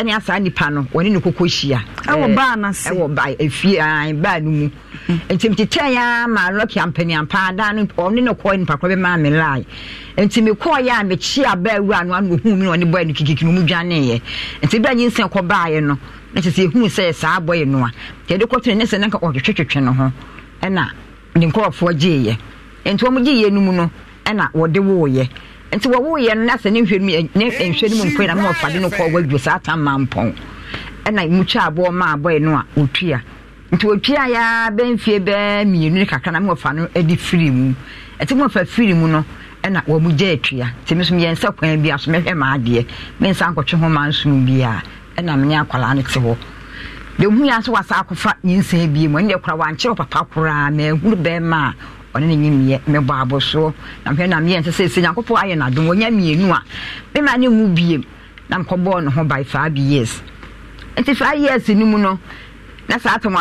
ɛne asaa nipa no wɔne ne koko hyia ɛwɔ baa n'ase ɛwɔ baa efie ɛn baa no mu nti mi tete ya ma lɔki ampaniampa adan no ɔne ne kɔɔ nipa kɔ bɛ maa mi laae nti mi kɔɔ ya mi kyi abaa ewura no ano ohun mi na ɔne bɔɔ no kikiki no mu dwane yɛ nti bɛɛ nyi nsɛn kɔ baa yɛ no na kyerɛ ehun sɛ saa abɔ yɛ no a yɛde kɔtɔ ne ne sɛ nanka no ho ɛna ne nkorɔfoɔ gyee yɛ nti wɔn gyee yɛ no mu no ɛna wɔde wɔɔ yɛ nti wɔwoyɛ no na sɛ ne nhwɛ no mu mpɔ na ma ɔfade no kɔ wadwo saa tam ma mpɔn ɛna mutwa aboɔ ma abɔe no a ɔtua nti ɔtua yɛa bɛmfie bɛɛ mmienu ne kakra na ma ɔfa no adi firi mu ɛti ma ɔfa firi mu no ɛna wɔ mu gya atua nti me so meyɛnsɛ kwan bi a so mɛhwɛ ma adeɛ mensa nkɔtwe ho ma nsom biaa ɛna mene akwaraa no te hɔ deɛ ɔhu yɛ nso wasa akɔfa nyinsaa bie mu ɛne deɛ kora papa koraa maahuru bɛɛma a ɔne ne mebɔ na mehwɛ na nsɛ sɛ ɛsɛ nyankopɔn ayɛ ɔnya mmienu a mema ne nwu biem na mekɔbɔɔ ne ho by five years nti five years no mu no na saa bi so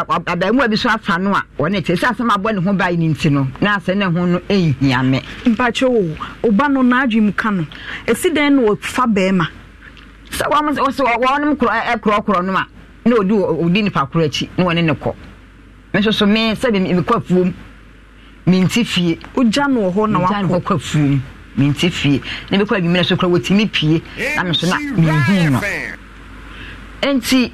afa a wɔne kyerɛ sɛ asɛm abɔ ne ho bae no nti na asɛ ne ho no ɛnhia me mpakyɛ o ɔba no n'adwe ka no ɛsi dɛn na wɔfa bɛɛma sɛ wɔnom korɔkorɔ a na ɔdi nipa korɔ akyi na ne kɔ nso Minti fie wogya no wɔ hɔ na wakɔkɔ fuom Minti fie na bɛkɔ adwumina so kora wɔtumi pie na me so na menhu no enti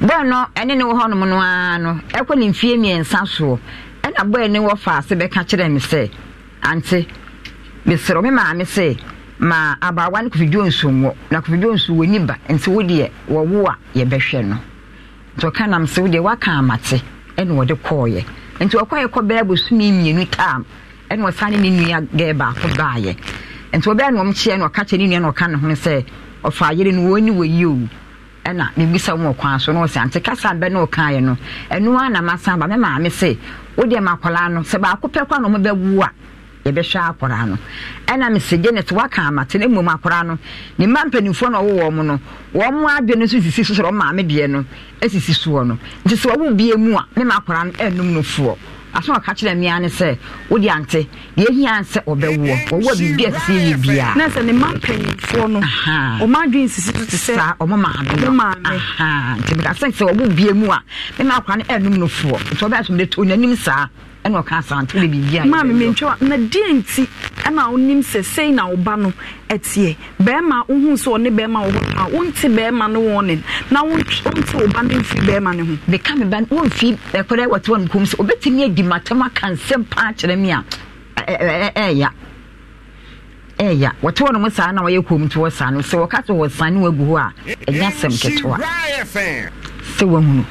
bɛɛ no ɛne ne wɔ hɔnom no ara no ɛkɔ ne mfie mmiɛnsa soɔ ɛna bɔɛ ne wɔ faase bɛka kyerɛ me sɛ ante meserɛ me maame sɛ ma abawa no kofidwo nso nwɔ na kofidwo nso wɔ niba nti wodeɛ wɔwo a yɛbɛhwɛ no nti ɔka nam sɛ wodeɛ woaka amate ɛne wɔde kɔɔyɛ nti ɔkɔɛ kɔ bɛɛ bosome mmienu tam ɛna ɔsane ne nua gɛɛ baako baayɛ nti ɔbɛɛ na ɔmkyeɛ na ɔka kyɛ ne nua na ɔka ne ho sɛ ɔfa yere no wɔni wɔyi o ɛna mebisa wo ɔkwan so na ɔsɛ ante kasa bɛ na ɔkaeɛ no ɛno na masan ba me maame sɛ wodeɛ ma no sɛ baako pɛ kɔ a na ɔmobɛwo a yɛbɛhwɛ akwaraa no ɛna mesɛ gyenet waka amate no mmom akwaraa no ne mma mpanimfoɔ no ɔwowɔ mu no wɔn abia no nso sisi so sɛ ɔmaame deɛ no asisi soɔ no nti sɛ wɔwo bia mu a ne akwaraa no ɛnum no foɔ aso ɔka kyerɛ mmea ne sɛ wode ante deɛ ɛhia sɛ ɔbɛwoɔ wɔwɔ biribi asie yi biaa na sɛ ne ma mpanimfoɔ no ɔma adwen sisi so te sɛ saa ɔmo maame nti meka sɛ sɛ wɔwo bia mu a ne akwaraa no ɛnum no foɔ nti ɔbɛyɛ so mde to onanim saa ɛna ɔka asante ne biribi ayɛ maame mentwa na deɛ nti ɛna wonim sɛ sei na woba no ɛteɛ bɛrima wohu sɛ ɔne bɛrima wɔ a wonte bɛrima no wɔ ne na wonte wo no mfiri bɛrima no ho meka me ba womfi ɛkɔdɛ eh, wɔte wɔ nokom sɛ wobɛtumi adi matam aka nsɛm paa kyerɛ me a ɛɛya ɛɛya wɔte wɔ mu saa na wɔyɛ kom to wɔ saa no sɛ wɔka sɛ wɔ sane wagu hɔ sɛ wahunu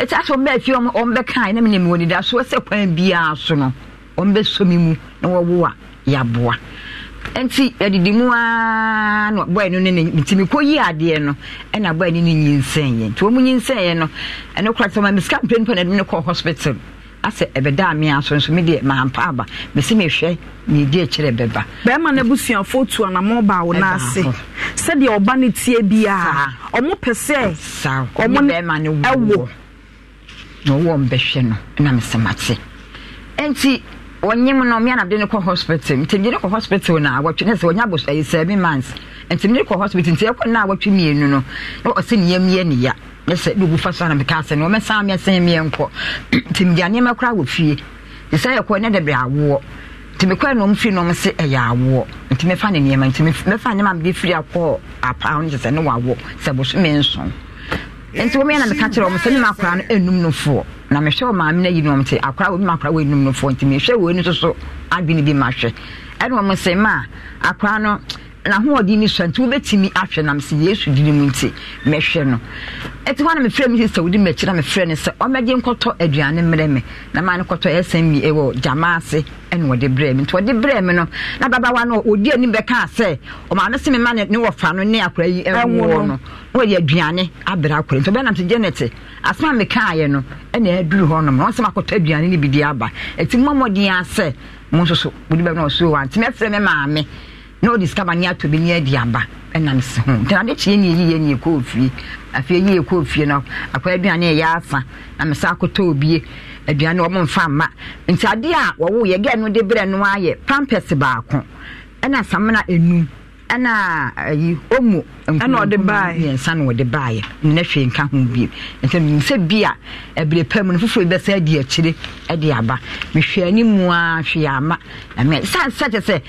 ɛkyɛ sɛ ɔmbɛ afie ɔmbɛkae na menim wɔnidasoɔ sɛ kwan biara so no ɔmbɛsɔ me mu na wɔwo a yɛaboa nti adidi mu aa na bɔɛ no ne ne nti mi kɔ yi adeɛ no ɛna bɔɛ no ne nyinsɛn yɛ nti wɔn mu nyinsɛn yɛ no ɛno kora sɛ ɔma mi sika mpɛ nipa na ɛdum ne kɔ hospital asɛ ɛbɛda me aso nso medeɛ mampa aba mɛsɛ mehwɛ neɛdi akyirɛ bɛba bɛrima no abusuafoɔ tu anamɔ baa wo no ase sɛdeɛ ɔba no tie biaa ɔmo pɛ sɛ ɔmo no ɛwo na ɔwɔ mbɛhwɛ no na mesɛ mate ɛnti ɔnyem no mmea na de no kɔ hospital nti mede no kɔ hospital na awɔtwe ne sɛ ɔnya abɔsɛ seven months nti mede kɔ hospital nti ɛkɔ na awɔtwe mmienu no na ɔsɛ neyam ne ya ɛsɛ de obu fa so ana meka asɛ no wɔmɛsan meɛsɛn meɛ nkɔ nti mede anneɛma kora wɔ fie nti sɛ yɛkɔ ne dɛbrɛ awoɔ nti mekɔɛ na ɔmfiri na ɔm se ɛyɛ awoɔ nti mɛfa ne nneɛma nti mɛfa nneɛma mede firi akɔ apaa no kyɛ sɛ ne wawɔ sɛ bosome nson nti wɔmɛyɛ na meka kyerɛ ɔm sɛ ne ma akora no ɛnum no foɔ na mehwɛ ɔmaame no ayi no ɔm te akora wɔ bi ma akora wɔ ɛnum no foɔ nti mehwɛ wɔ ɛnu soso adwene bi ma hwɛ ɛne ɔm sɛ ma akora no n'ahoɔden ni sua nti wobɛtumi ahwɛ nam sɛ yesu dini mu nti mɛhwɛ no ɛti hɔ na mefrɛ mi sista wodi m'akyi na mefrɛ no sɛ ɔmɛgye nkɔtɔ aduane mmerɛ me na maa no kɔtɔ ɛsɛn mi ɛwɔ gyama ase ɛna wɔde brɛ mi nti wɔde brɛ mi no na babawa no odi anim bɛka sɛ ɔmaame si mi ma ne wɔfa no ne akora yi ɛwɔ no wɔyɛ aduane abere akora nti ɔbɛnam sɛ janet asoma mi kaa yɛ no ɛna ɛduru hɔ nom na wɔn sɛ makɔtɔ aduane ne bi di aba ɛti mmɔmɔden asɛ mo nso so wodi bɛ na ɔdiscover ne atɔ bi ne adi aba ɛnam si ho nti ade kyeɛ ne yɛyiyɛ ne yɛkɔɔ fie afei yie kɔɔ fie no akɔyɛ aduane ɛyɛ afa na mesa akɔtɔ obie aduane wɔn mfa mma nti adeɛ a wɔwɔ yɛ gɛɛ no de berɛ no ayɛ pampers baako ɛna samina enum ɛna ayi eh, ɔmu ɛna ɔde baayɛ mmiɛnsa na ɔde nka ho bi nti nim sɛ bi a ɛbere pɛ mu no foforɔ bɛ sɛ adi akyire ɛde aba mehwɛ anim a ama ɛmɛ saa nsa kyɛ sɛ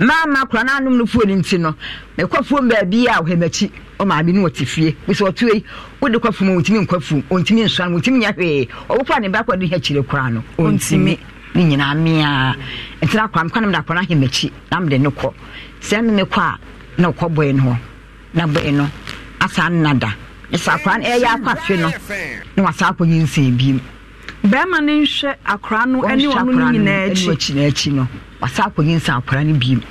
maama kora na anom no fuo ne nti no mekɔ fuo mu baabi a ɔhɛ m'akyi ɔmaame no wɔte fie bisɛ ɔto yi wode kɔ fum ɔntumi nkɔ fum ɔntumi nsoa no ɔntumi nya hwee ɔwokɔ a ne ba kɔ de hɛ kyire no ɔntumi ne nyinaa mmea nti na akwa mekɔ akɔ sɛ me a na ɔkɔ bɔe no hɔ na bɔe no asa nnada ɛsɛ akora no ɛyɛ akɔ no na wasa akɔ yi nsɛn biem bɛrima no nhwɛ no ɔno nyinaa no wasa yi nsɛn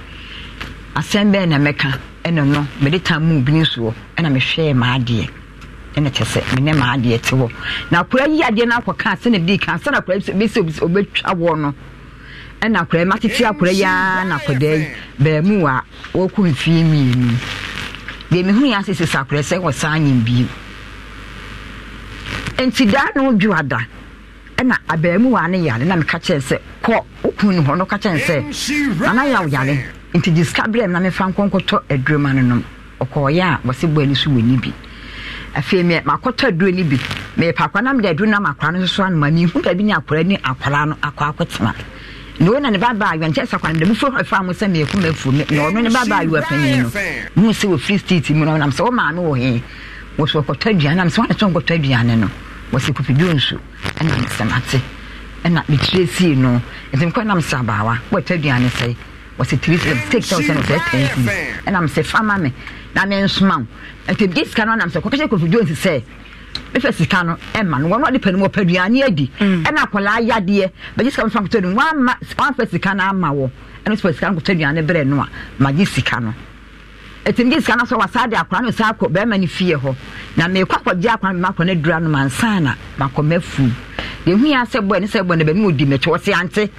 no bɛɛ na mɛka ɛna no mede tam mu bi ɛna ɛna kyɛ sɛ te hɔ na akora yi adeɛ no akɔka sɛ na ka sɛ na ɛna akora matete akora yi ara na akwadaa yi baamu a wɔkɔ mfie mmienu deɛ mehunu yɛ asese sɛ akora sɛ wɔsan nyɛ bio nti daa na ɔdwo ada ɛna abaamu a ne yare na meka kyerɛ sɛ kɔ wokun ne hɔ no ka kyerɛ sɛ nana yɛ awoyare nti gye sika berɛ m na mefa nkɔnkɔtɔ aduroma no nom ɔkɔɔyɛ a wɔse bɔ ani so wɔ ni bi afei mɛ makɔtɔ aduro no bi mɛpɛ akora na mede aduro no ama akora no soso ano mehu baabi ne akora ne akora no akɔ akɔtena na ona ne babaayewa nkyɛ sɛ kwan dɛm furo ɛfa mo sɛ meeku ma afu me na ɔno ne babaayewa panyin no mu sɛ wɔ free state mu no nam sɛ wo maame wɔ hee wɔsɛ wɔkɔtɔ aduane nam sɛ wane sɛ nkɔtɔ aduane no wɔsɛ kopidwo nsu ɛna nsɛm ate ɛna mekyerɛ sii no ɛnti mekɔ nam sɛ abaawa wɔtɔ aduane sɛe wɔsɛ tiri sɛ steak sɛ wɔsɛ sɛ ɛtɛn fi ɛnam sɛ fama me na mensoma wo ɛnti gye no nam sɛ kɔkɔhyɛ mefɛ sika no ɛma no wɔn ɔde pɛ no wɔpɛ aduane adi ɛna akwadaa yadeɛ bɛgye sika no fa nkotɔ no wɔn amfa sika no ama wɔ ɛna sɛ sika no nkotɔ aduane berɛ no a magye sika no ɛtɛm gye sika no sɛ wɔsaa de akwadaa no saa akɔ bɛrima no fie hɔ na mekɔ akɔgye akwadaa no makɔ no adura no mansa na makɔ mafu deɛ hu yɛ sɛ bɔ ne sɛ bɔ ne bɛni odi mɛkyɛ wɔsi ante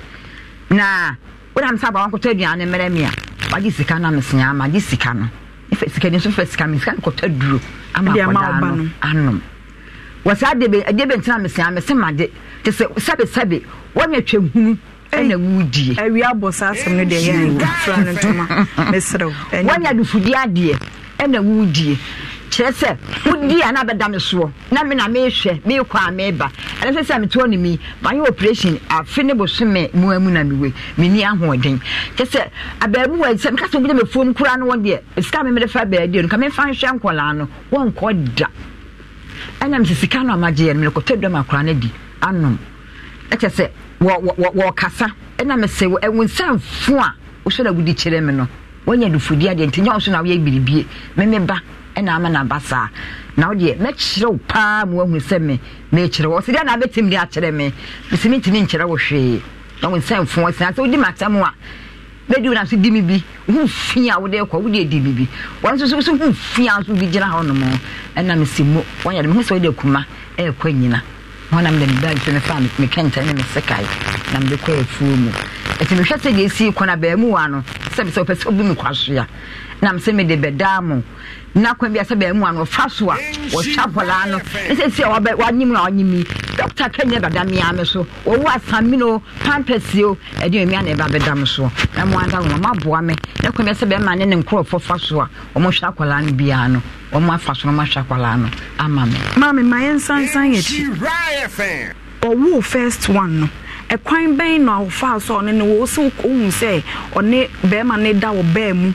na wɔnam sɛ abawa nkotɔ aduane mmerɛ mi a magye sika no amesea magye sika no efɛ sika no nso fɛ sika mi sika no kɔtɔ duro ama akwadaa no anom wɔ saa adeɛ bɛ adeɛ bɛ ntina mesia mesi ma de te sɛ sɛbesɛbe wɔnyɛ twɛ hunu ɛna wudie. awia bɔ saa asɛm no deɛ yɛn fura no ntoma mesrɛw. wɔnyɛ dufudie adeɛ ɛna wudie kyerɛ sɛ wodi a na bɛda me soɔ na me na mehwɛ meekɔ a meeba ɛne sɛ sɛ metoɔ ne mi mayɛ operation afe ne bosome mu amu na mewe menni ahoɔden kyɛ sɛ abaamuwa sɛ meka sɛ wogya mefuom koraa no wɔ deɛ sika me mede fa baadi no ka memfa nhwɛ nkɔlaa no wɔnkɔ da ɛnam sɛ sika no amagyeɛ no mekɔtɔ dɔm akora no di anom ɛkyɛ sɛ wɔkasa ɛnam sɛ ɛwo nsa mfo a wosɛ na wodi kyerɛ me no wanya adufodi adeɛ nti nyɛ wo so na woyɛ biribie me ba ɛna ama naba saa na wodeɛ mɛkyerɛ wo paa ma woahu sɛ me mekyerɛ wo ɔsɛ deɛ na abɛtim de akyerɛ me mesɛ mentimi nkyerɛ wo hwee na wo nsa mfo ɔsena sɛ wodi matam a bɛdi wo nase di mi bi ho fi a wode kɔ wode di mi bi wɔn nso so ho fi a nso bi gyina hɔ nom ɛna me si mu wɔnyɛ de me ho sɛ wode akuma ɛɛkɔ nyina hɔnam de me bag mefa me ne me sekae na mede kɔ afuo mu ɛti mehwɛ sɛ deɛ ɛsii kɔ no abaamuwa no sɛ me wopɛ sɛ wobi me kwa so nam sɛ mede bɛdaa mo na kwan bia sɛ bɛamu ano ɔfa so a wɔhwa bɔlaa no ɛsɛsie a wanyem na wanyem yi dɔkta kanya bɛda mea me so wɔwo asammine o pampɛsie o ɛde mamia na ɛba bɛda mo soɔ na moada wo me na kwan bia sɛ bɛma ne ne nkurɔfoɔ fa so a akwadaa no biara no afa so na ɔmoahwɛ akwadaa no ama me maame ma yɛnsansan yɛkyi ɔwoo first one no ɛkwan bɛn na ɔfaa so ɔne no sɛ ɔne bɛrima ne da wɔ mu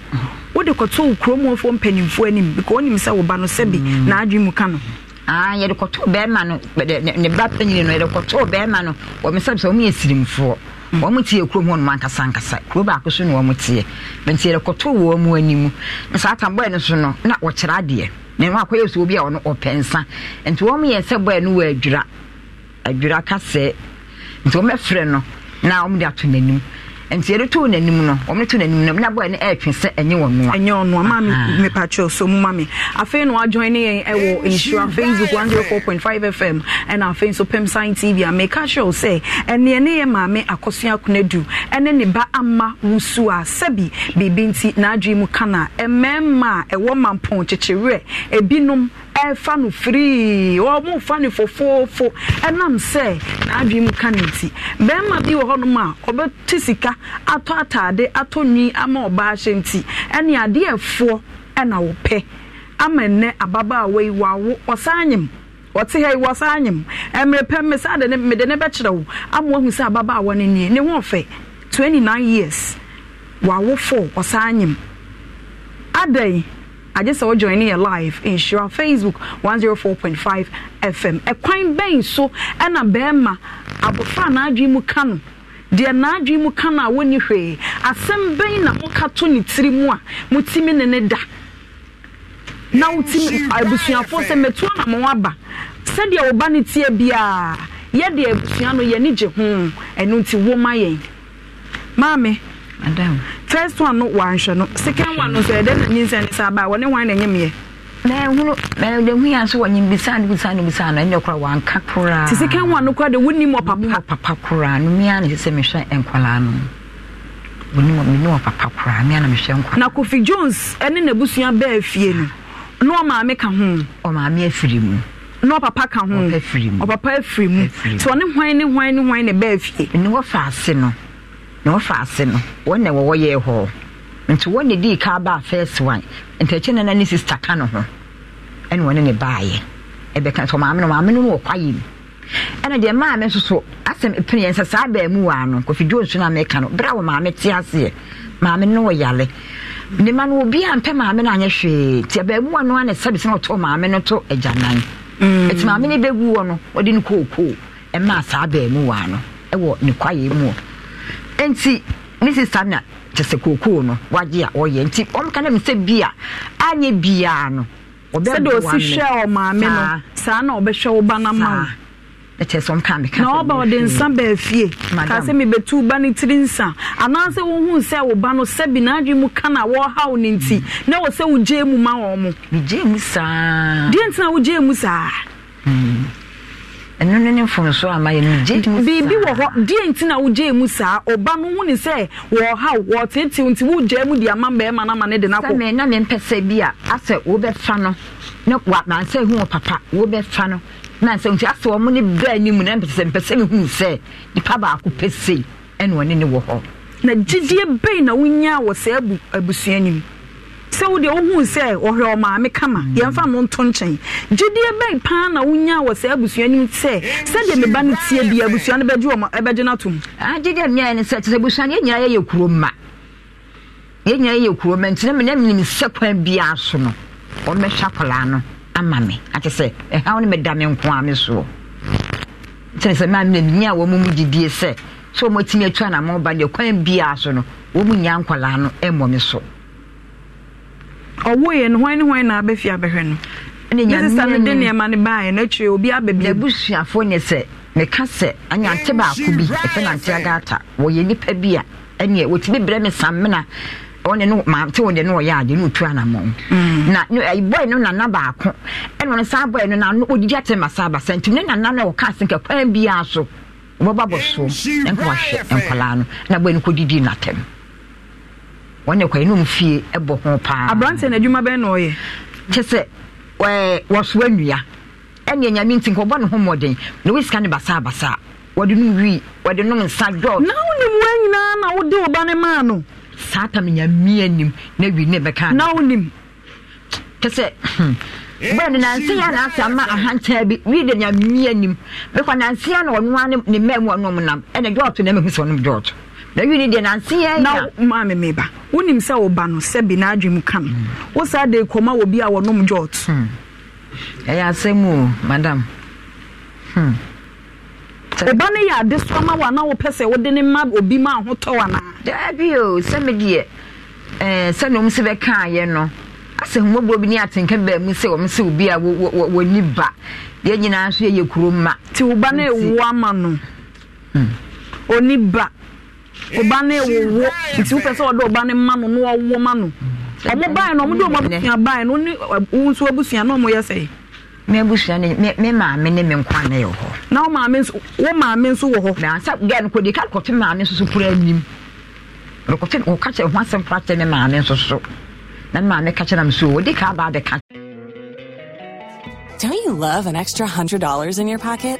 wode kɔto wo kurom ɔfoɔ mpanimfoɔ anim because wonim sɛ wo ba no sɛbi mm. na adwe mu ka no ah, yɛde kɔtoo bɛrima no ne ba panyini no yɛde kɔtoo bɛrima no wɔm sɛ sɛ wɔmyɛ sirimfoɔ mm. wɔn tie kurom hɔnom ankasa kuro baako so na wɔn tie nti yɛde kɔtoo wɔn mu anim nsa atambɔɛ no so no na wɔkyerɛ adeɛ na wɔn akɔyɛ so obi a wɔn ɔpɛ nsa nti wɔn yɛ sɛ bɔɛ no wɔ adwira adwira kasɛɛ nti wɔn afrɛ no na wɔn de ato n'anim nti yɛde too n'anim no wɔn to n'anim no na bɔyɛ no ɛretwe sɛ ɛnyɛ wɔn noa. ɛnyɛ wɔn noa maami ah. mipatrɔ so mu maami afei na wajoin ne yɛn ɛwɔ nsira facebook one zero oh four point five fm ɛna afei nso pem sign tv a meka kyerɛw sɛ ɛneɛ ne yɛ maame akɔsua kunadu ɛne ne ba ama wusu a sɛbi biribi nti n'adwi mu kana ɛmɛɛma a ɛwɔ mampɔn kyekyereɛ ebinom ɛfa no firii ɔmomfa no fofoofo ɛnam sɛ n'adwene mu ka ne nti bɛrima bi wɔ hɔnom a ɔbɛte sika atɔ ataade atɔ nwi ama ɔbaa hyɛ nti ɛne adeɛ adeɛfoɔ ɛna ɔpɛ ama nnɛ ababaawa yi wawo ɔsan nyim ɔte ha yi wɔsan nyim mmerɛ pɛ mme saa de ne mede ne bɛkyerɛ wo ama wahu sɛ ababaawa no nie ne ho ɔfɛ twenty nine years wawo four ɔsan nyim adan. agye sɛ wojoin ne yɛ live nhyira facebook 104.5 fm ɛkwan bain so ɛna bɛrima abɔfra anaadwe mu ka no deɛ n'adwe mu ka no a wɔnni hwee asɛm bɛn na moka to ne tiri mu a motumi ne ne da na wotumi abusuafoɔ sɛ mɛtoa na mo aba sɛdeɛ wɔba ne tie biara yɛde abusua no yɛne gye ho ɛno nti first one no wanhwɛ no second one no sɛ ɛdɛ na nyinsɛn ne sɛ aba wɔne wan na ɛnyɛ meɛ na ehunu na ehunu yɛ nso wɔ nyimbisa ne bisa ne bisa na ɛnyɛ kora wanka kora te second one no kora de wunim wɔ papa wɔ papa kora no mmea na sɛ mehwɛ nkwaraa no wunim mene wɔ papa kora mmea na mehwɛ nkwaraa na kofi jones ɛne n'abusua bɛɛ fie no na ɔmaame ka ho ɔmaame afiri oh, mu na ɔpapa ka ho ɔpapa afiri mu sɛ ɔne hwan ne hwan ne hwan na ɛbɛɛ fie ne wɔfa ase no na wɔfa ase no wɔn na wɔwɔ yɛ hɔ nti wɔn na di ka aba first one nti akyi na na ne sista ka ne ho ɛna wɔn ne ne baayɛ ɛbɛka nso maame no maame no wɔ kwaeɛ mu ɛna deɛ maame nso so asɛm epini yɛn sɛ saa baamu waa no kofi jo nso na mɛka no bere a wɔ maame te aseɛ maame no wɔ yale ne ma no obi a mpɛ maame no anyɛ hwee tia baamu waa no ana sɛbi sɛ ɔtɔ maame no to agyanan ɛti mm. maame no bɛgu wɔ no ɔde no kookoo ɛmaa saa baamu waa no ɛwɔ ne kwaeɛ mu wɔ. nti ne Samia na kookoo no wagye a ɔyɛ nti ɔmka na mi sɛ bia anyɛ biaa no sɛde ɔsi hwɛ ɔmaame no saa na ɔbɛhwɛ wo ba no ma na ɔba ɔde nsa baafie ka sɛ mebɛtu wo ba no tiri nsa anaasɛ wohu sɛ wo ba no sɛbi naadwe mu ka na wɔhaw no nti mm. na wɔ sɛ wogyee mu ma wɔ mo deɛ ntina wogyee mu saa ɛno ne ne mfomso ama yɛ no gye mu biribi wɔ hɔ deɛ nti na wogye mu saa ɔba mo hu ne sɛ wɔɔhaw wɔɔtetew nti wogyaa mu de ama bɛrima no ama ne de nakɔ na mempɛ sɛ bi a asɛ wobɛfa no na mansɛ hu wɔ papa wobɛfa no na nsɛ nti asɛ ɔmo ne bra anim na mpɛ sɛ mpɛ sɛ mehu sɛ nipa baako pɛ sei ɛne ɔne ne wɔ hɔ na gyidie bɛi na wonyaa wɔ saa abusua no sɛ wo deɛ wohu sɛ ɔhwɛ ɔmaame kama mm. yɛmfa no nto nkyɛn gyedeɛ bɛn paa na wonya wɔ sɛ abusua no sɛ sɛdeɛ meba no tie bi abusua no bɛgye ɛbɛgye no atom ah, gyedeɛ mmeaɛ no sɛ kyerɛ abusua no yɛnyina yɛyɛ kuro ma yɛnyina yɛyɛ kuro ma nti na mene menim sɛ kwan biaa so no ɔmmɛhwɛ akwaraa no ama me ate sɛ ɛhaw no meda me nko a me soɔ kyerɛ sɛ ma mnani wɔ mu mu gyidie sɛ sɛ ɔmatumi atua na ma ɔba deɛ kwan biaa so no wɔ mu nya nkwalaa no ɛmmɔ me so ɔwo yɛ no hwan ne hwan na abɛfi abɛhwɛ no mesesa no de nneɛma no baeɛ no akyire obi abɛbia abusuafoɔ nyɛ sɛ meka sɛ anyante baako bi ɛfɛ nante agata wɔyɛ nipa bi a ɛneɛ wɔtumi brɛ me sammena ɔne no maate wɔde no ɔyɛ ade mm. no ɔtu anammɔn na bɔe no nana baako ɛne ɔno saa bɔe no nano ɔdidi atɛ ma saa basa nti ne nana no ɛwɔka asenka kwan biara so wɔbɛba bɔ soɔ ɛnkɔ ahwɛ nkwaraa no na bɔe no kɔdidi natɛm wɔne kwae nom fie bɔ ho paa aberante no adwuma bɛn na ɔyɛ kyɛ sɛ wɔsoa nnua ɛne nyame nti nkɔbɔ ne ho mmɔden na wɔsika ne basaabasa wɔde nom wii wɔde nom nsa dɔt na wonim wa nyinaa na wode wo ba ne maa no saa tam nyamea nim na wi ne bɛka na wonim kyɛ sɛ hmm, bẹẹni nansi ya na asa ama ahantan bi wi de nyamea nim bẹkọ nansi ya na ọnua ne mẹmu ọnum nam ẹna jọọtu na ẹmẹ hu sọ ọnum baabi ni deɛ nansi yɛ na maa mi mi ba wonim sɛ ɔba no sɛbi n'adwi mu kan wosa de kɔma wɔ a wɔnom jɔt. Hmm. ɛyɛ asɛm o madam. ɔba hmm. no yɛ ade so ama wa na wopɛ sɛ wode ne ma obi ma ahotɔ wa eh, na. daabi o sɛmi deɛ ɛɛ sɛni omu si bɛ kan yɛ no asɛ humɔborɔ bi ne atenka baa mu sɛ wɔm sɛ obi a wɔni ba deɛ nyinaa nso yɛyɛ kuro ma. ti wo ba no ɛwo ama no hmm. oni ba ɔba no ɛwɔwɔ nti wopɛ sɛ ɔde ɔba no ma no na ɔwɔ ma no ɔmo bae no ɔmo de ɔmo abusua bae no ne wo nso abusua na ɔmo yɛ sɛ me abusua ne me maame ne me nkwa ne yɛ hɔ na wo maame nso wo maame nso wɔ hɔ na sɛ gɛn kɔ de ka maame nso kura anim mekɔtwe wɔka kyerɛ ho asɛm kora maame nso so na maame ka nam so wɔde ka aba abɛka Don't you love an extra hundred dollars in your pocket?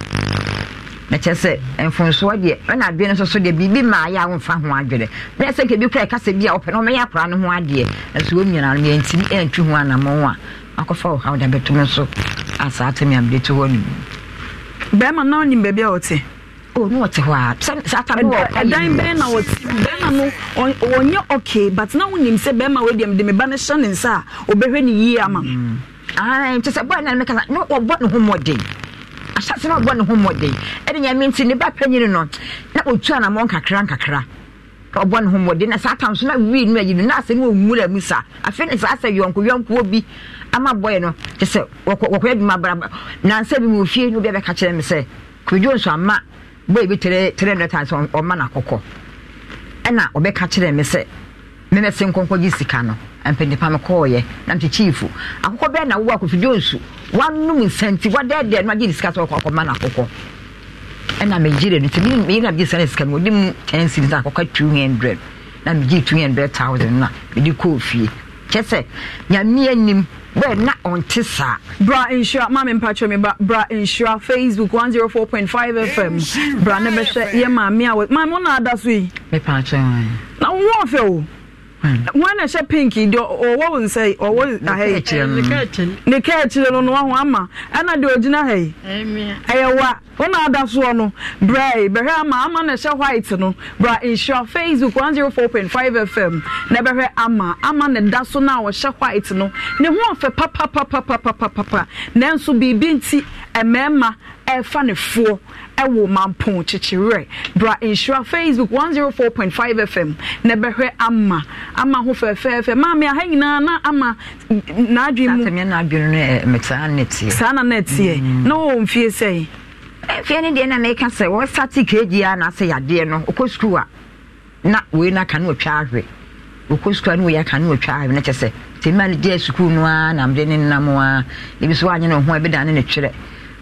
na sɛ mfonsoɔ deɛ ɛna adeɛ no nsoso deɛ biribi maa yɛ a ho na ɛkasa bi a ɔmɛyɛ akora no ho adeɛ nso wɔm nyinaa no ɛntwi ho a akɔfa asaa hɔ nom bɛrima na wonim baabi a wɔte o oh, ne wɔte hɔ a ɛdan bɛn na wɔte bɛrima no wɔnyɛ ɔkee but na wonim sɛ bɛrima wɔdeɛ ba hyɛ ne nsa asase no abɔ ne ho mmɔden ɛne nyame nti ne ba panyini no na ɔtu anammɔ nkakra nkakra ɔbɔ ne ho mmɔden na saa tam so na wii no ayi no na asɛ ne ɔmmura mu sa afei ne saa sɛ yɔnko yɔnkoɔ bi ama bɔyɛ no kyɛ sɛ wɔkɔyɛ adwuma bra nansa bi mu ofie no obi abɛka kyerɛ me sɛ kwadwo nso ama bɔyɛ bi tere tere nɛta sɛ ɔma no akɔkɔ ɛna ɔbɛka kyerɛ me sɛ ne ne se nkɔnkɔgye sika no mpanipa no kɔɔyɛ na nkyekyiyifo akokɔ bɛɛ na wowɔ akɔfidie nsu wanom nsa nti wadɛɛdɛɛ no agye ne sika sɛ ɔkɔma no akokɔ ɛna megyere no nti meyi na megye sika no sika no wɔde mu 10 cedi sɛ akɔka 200 na megye 200000 no a mede kɔɔ fie kyɛ sɛ nim bẹẹ na ọ̀ntì sá. bra nsura maami mpatwa mi ba bra nsura facebook one zero oh four point five fm bra ne bɛ hwɛ yɛ maami a wɔ maami wọn na ada so yi. mi pa atwa na wọn wọn na ɛhyɛ pink deɛ ɔwɔ wo nsa yi ɔwɔ aha yi ne kaa akyire no no waho ama ɛna deɛ ɔgyina ha yi ɛyɛ wa wọn ada soɔ no brɛ bɛhwɛ ama ama na ɛhyɛ white no bra nhyira facebook one zero four five fm na bɛhwɛ ama ama na da so na ɔhyɛ white no ne ho ɔfɛ papapapapapapa nanso biribi nti mmarima ɛɛfa ne foɔ. ɛwɔ mampɔn kyekyerɛ bra nhyira facebook 104.5 fm na ɛbɛhwɛ ama ama ho fɛfɛɛfɛ maame aha nyinaa na ama n'adwen na na eh, na mm. wɔwɔ mfie sɛe mfie eh, no deɛ na meka sɛ wɔsate kg a naasɛ yadeɛ no ɔkɔ sukuu a na wei no aka ne wɔtwa ahwɛ ɔkɔ sukuu a ne wɔyɛ aka ne wɔtwa ahwɛ no kyɛ sɛ tèmi ali jẹ sukuu nua na amdi ne nam wa ebi so anyɛ ne ho ebi dan ne ne twerɛ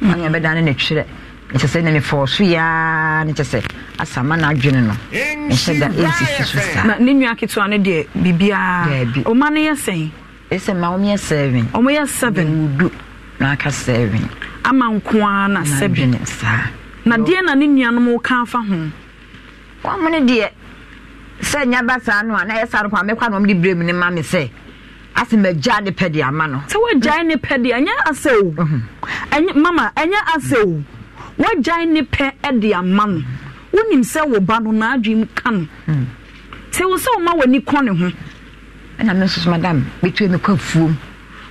mm. anyɛ ebi ne ne twerɛ. nkyɛ sɛ ne mefɔɔ so yɛa no kyɛ sɛ asama no adwene no nhyɛ da ɛnsisi so saa ne nua ketewa no deɛ biribiaa ɔma no yɛ sɛn ɛsɛ ma wɔmyɛ seven ɔmoyɛ seven wudu na aka seven ama nko ara na seven saa na deɛ na ne nuanom ka fa ho wɔmone deɛ sɛ nya ba saa no a na yɛ saa no kɔ a mɛkɔ na ɔmde berɛ mu ne ma me sɛ ase magya ne pɛ de ama no sɛ woagyae ne pɛ de ɛnyɛ asɛ mhm. mama ɛnyɛ asɛ o wagyae ne pɛ de ama no wonim sɛ wo ba no naadwem ka no hmm. sɛ wo sɛ woma w'ani kɔ ne ho ɛna me nso madam bɛtue me kɔ afuom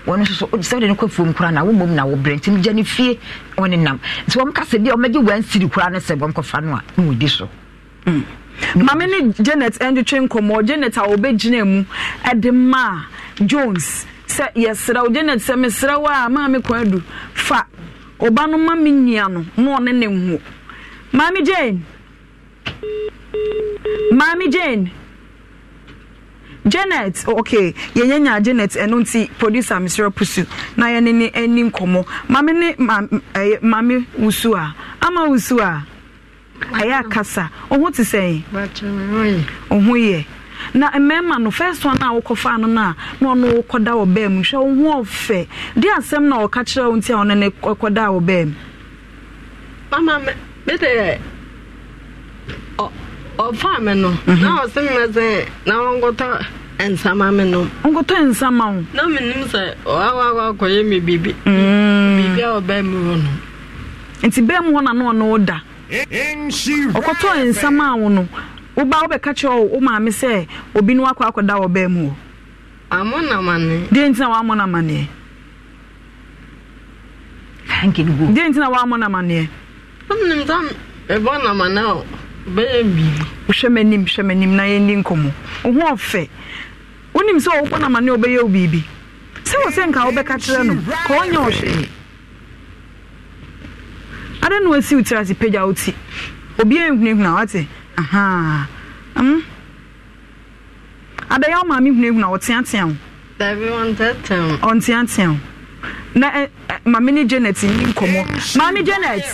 wɔno nso so sɛ wode no kɔ afuom koraa na wommom na wobrɛ nti megya ne fie wɔne nam nti wɔmka sɛ bia ɔmɛgye wansiri koraa no sɛ bɔmkɔfa no a ne wɔdi so hmm. maame ne janet ndetwe nkɔmmɔ janet a wɔbɛgyina mu ɛde maa jones sɛ yɛserɛ wo janet sɛ meserɛ wo a maa me kwan adu fa ọba no ma me nua no na ọ ne nwo maame jane maame jane janet ok yɛnyɛ nyaa janet ɛno nti producer mesrɛ pusu na yɛne ne ani nkɔmmɔ mame ne mame wusu a ama wusu a ɛyɛ akasa ọhụ te sɛn ɔho yɛ na mmarima no first one a no no a na ɔno wɔ mu hwɛ wo ho ɔfɛ de asɛm na ɔka kyerɛ wo nti a ɔno ne kɔda wɔ baa mu mama mede ɔfaa me no na ɔse sɛ na ɔnkɔtɔ nsama me nom ɔnkɔtɔ nsama wo na menim sɛ ɔawawɔ akɔyɛ me biribi biribi a mu hɔ nti baa mu hɔ na na ɔno nsama wo no woba wobɛka kyerɛ wo maame sɛ obi no wakɔ akɔda wɔ baa mu o deɛ na amanneɛ amanneɛ wohwɛ m'anim hwɛ m'anim na yɛndi nkɔmmɔ wo ho ɔfɛ wonim sɛ wowobɔ no amanneɛ wobɛyɛ wo biribi sɛ wɔ sɛ nka wobɛka kyerɛ no ka ɔnyɛ ɔhwee ada na wasi wo tiri pagya wo ti nhunahuna aha hmm? abɛyɛ ɔmaa mi hunahuna ɔteatea ɔnteatea na maame ne janet ni nkɔmɔ maame janet.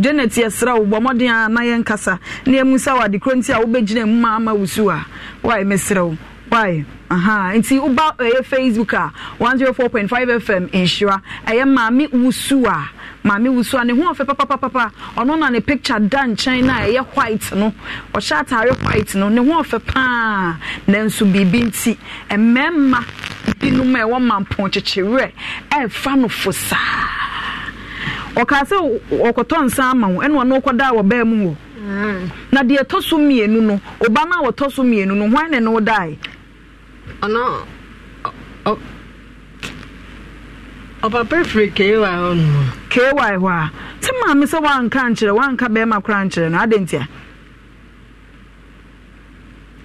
janet yɛsrɛ wo a na yɛn nkasa na yɛn musa wɔ adekoro nti a wobɛgyina mu ma ama wusu a waayɛ mɛsrɛ wo aha nti woba ɛyɛ facebook a 104.5 fm nhyira ɛyɛ maame wusu a maame wusu a ne ho ɔfɛ papapapa ɔno na ne picture da nkyɛn na ɛyɛ white no ɔhyɛ ataare white no ne ho ɔfɛ paa na nanso biribi nti mmarima binom a ɛwɔ mampɔn kyekyereɛ ɛɛfa no fo saa ɔkaa sɛ ɔkɔtɔ nsa ama wo ɛna ɔno ɔkɔda wɔ bɛɛ mu wɔ na deɛ ɛtɔ so mmienu no ɔba no a wɔtɔ so mmienu no hwan ne no dae ɔno ọba firi ky hɔ nom ky hɔ a nti maame sɛ woanka nkyerɛ woanka bɛrima kora nkyerɛ no adɛn ntia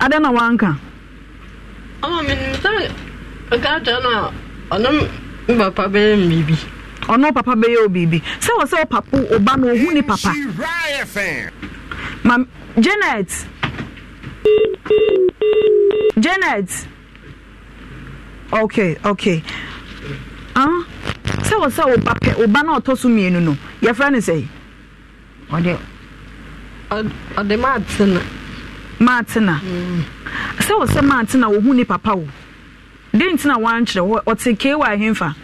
adɛn na woanka ɔno papa bɛyɛ o biribi sɛ wɔ sɛ wopapo oba no ohu ne papa ma janet janet okay okay Ah, sɛ wɔ sɛ woba pɛ woba na ɔtɔ so mmienu no yɛfrɛ no ɔde maatena maatena mm. sɛ wɔ sɛ maatena wɔhu ne papa wo na woankyerɛ ɔte ahemfa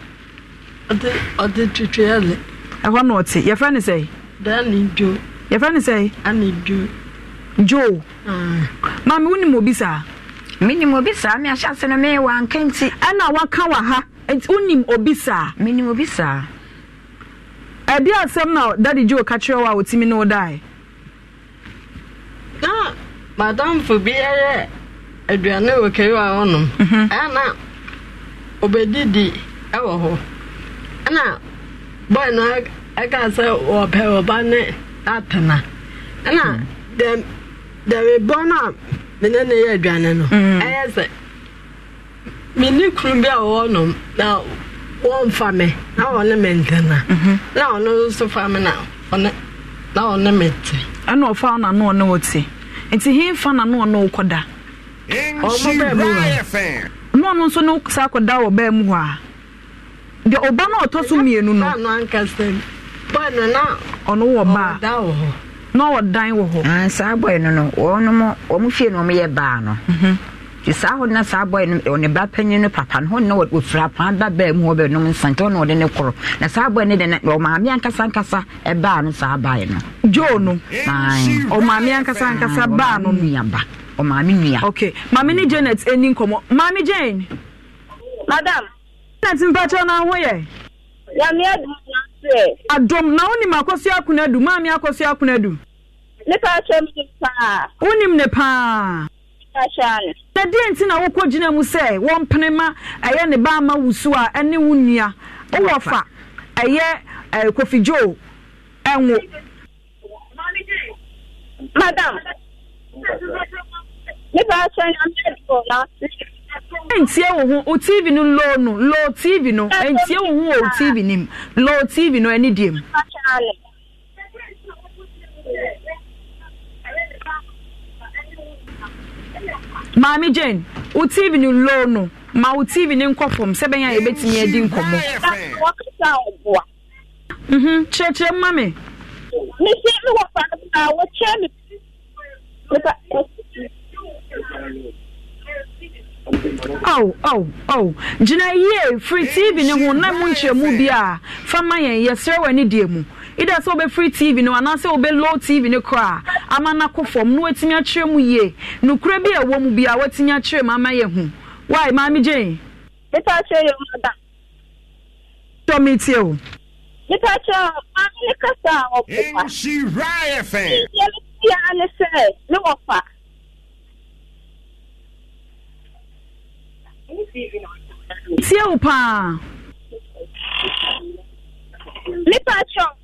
ɔde ɛhɔ na ɔte yɛfrɛ no sɛ dani dwo yɛfrɛ no sɛ ane dwo dwo maame wonim obi saa menim obi saa meahyɛ ase no mewɔ anka nti ɛna ha nti wonim obi saa menim obi saa ɛde asɛm na dade gye woka kyerɛ wo a wotumi ne wo dae na madamfo bi ɛyɛ aduane wɔ kɛyiwa hɔnom mhm. ɛna obɛdidi ɛwɔ hɔ ɛna bɔi no ɛka sɛ wɔpɛ ɔba ne atena ɛna mhm. dɛmebɔ no a mene ne yɛ aduane no mhm. ɛyɛ sɛ me ne kunu bi a na wɔmfa me na wɔne me ntena mhm. na ɔno nso fa me na ɔne na ɔne me te ɛna ɔfa na no ɔne wo te nti fa na no ɔne da ɔmo bɛɛ mu nso ne wɔ bɛɛ mu a deɛ ɔba na ɔtɔ so mmienu no na ɔno wɔ na ɔwɔ dan wɔ hɔ saa no wɔn na wɔn yɛ baa no. Mhm. nti saa hɔ na saa bɔyɛ no ɔne ba panyin no papa no hɔn na wɔfiri apan ba baa mu hɔ bɛnom nsa nti ɔna ɔde ne korɔ na saa bɔyɛ no de na ɔmaame ankasa ankasa ɛbaa no saa baeɛ no joo no ɔmaame ankasa ankasa baa no nuaba ɔmaame nua okay maame ne janet ani nkɔmmɔ maame jane madam janet mpakyɛ no ho yɛ nyame adum nase adom na wonim akɔsi akona du maame akɔsi akona du nipa akyɛm ne paa wonim ne paa na deɛ nti na wokɔ gyina mu sɛ wɔmpene ma ɛyɛ ne ba ama wusu a ɛne wo nua wowɔ fa ɛyɛ eh, kofidwoo ɛnwo madam ntie wo ho o tv no low no low tv no ntie wo ho wɔ tv nim low tv no ani diem maame jane wo tv no low no ma wo tv no nkɔ fam sɛ bɛnya yɛbɛtumi adi nkɔmmɔ mhm. kyerɛkyerɛ mma me mese me wɔ fa no a wɔkyerɛ me Oh, oh, oh. Gyina yie firi TV ne ho na mu nkyerɛmu bi a fa ma yɛn yɛsrɛ wɔ ani deɛ mu either sɛ wobɛfiri tv no anaasɛ wobɛlow oh, tv no koraa ama no akɔ na watumi akyerɛ mu yie nokora bi a ɛwɔ mu bia watumi akyerɛ mu ama yɛ hu wae maame gyen mepa kyerɛ yɛ mada sɛ o mepa kyerɛ maame ne kasa a ɔboa fɛ ne sɛ ne wɔfa tie wo paa mepa kyerɛ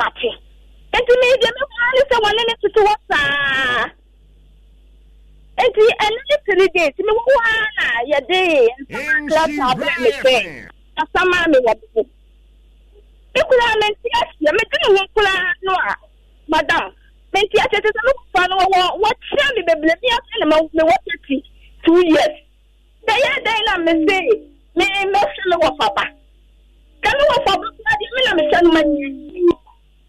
ate nti mi deɛ mi wɔn ani sɛ wɔn ne tutu hɔ saa nti ɛno ne three days mi wɔ hɔ na yɛde nsɛm akyerɛ abɛn mi fɛ asam mi wɔ do mi kura mi nti ahyia mi di ne ho kura no a madam mi nti ahyia ti sɛ mi kɔ no wɔ hɔ wɔkyerɛ mi bebree mi afɛ na mi wɔ thirty two years dɛyɛ dɛn na mi se mi mi fi mi wɔ fa ba wɔ fa kura deɛ mi na mi hyɛ no ma nyɛ.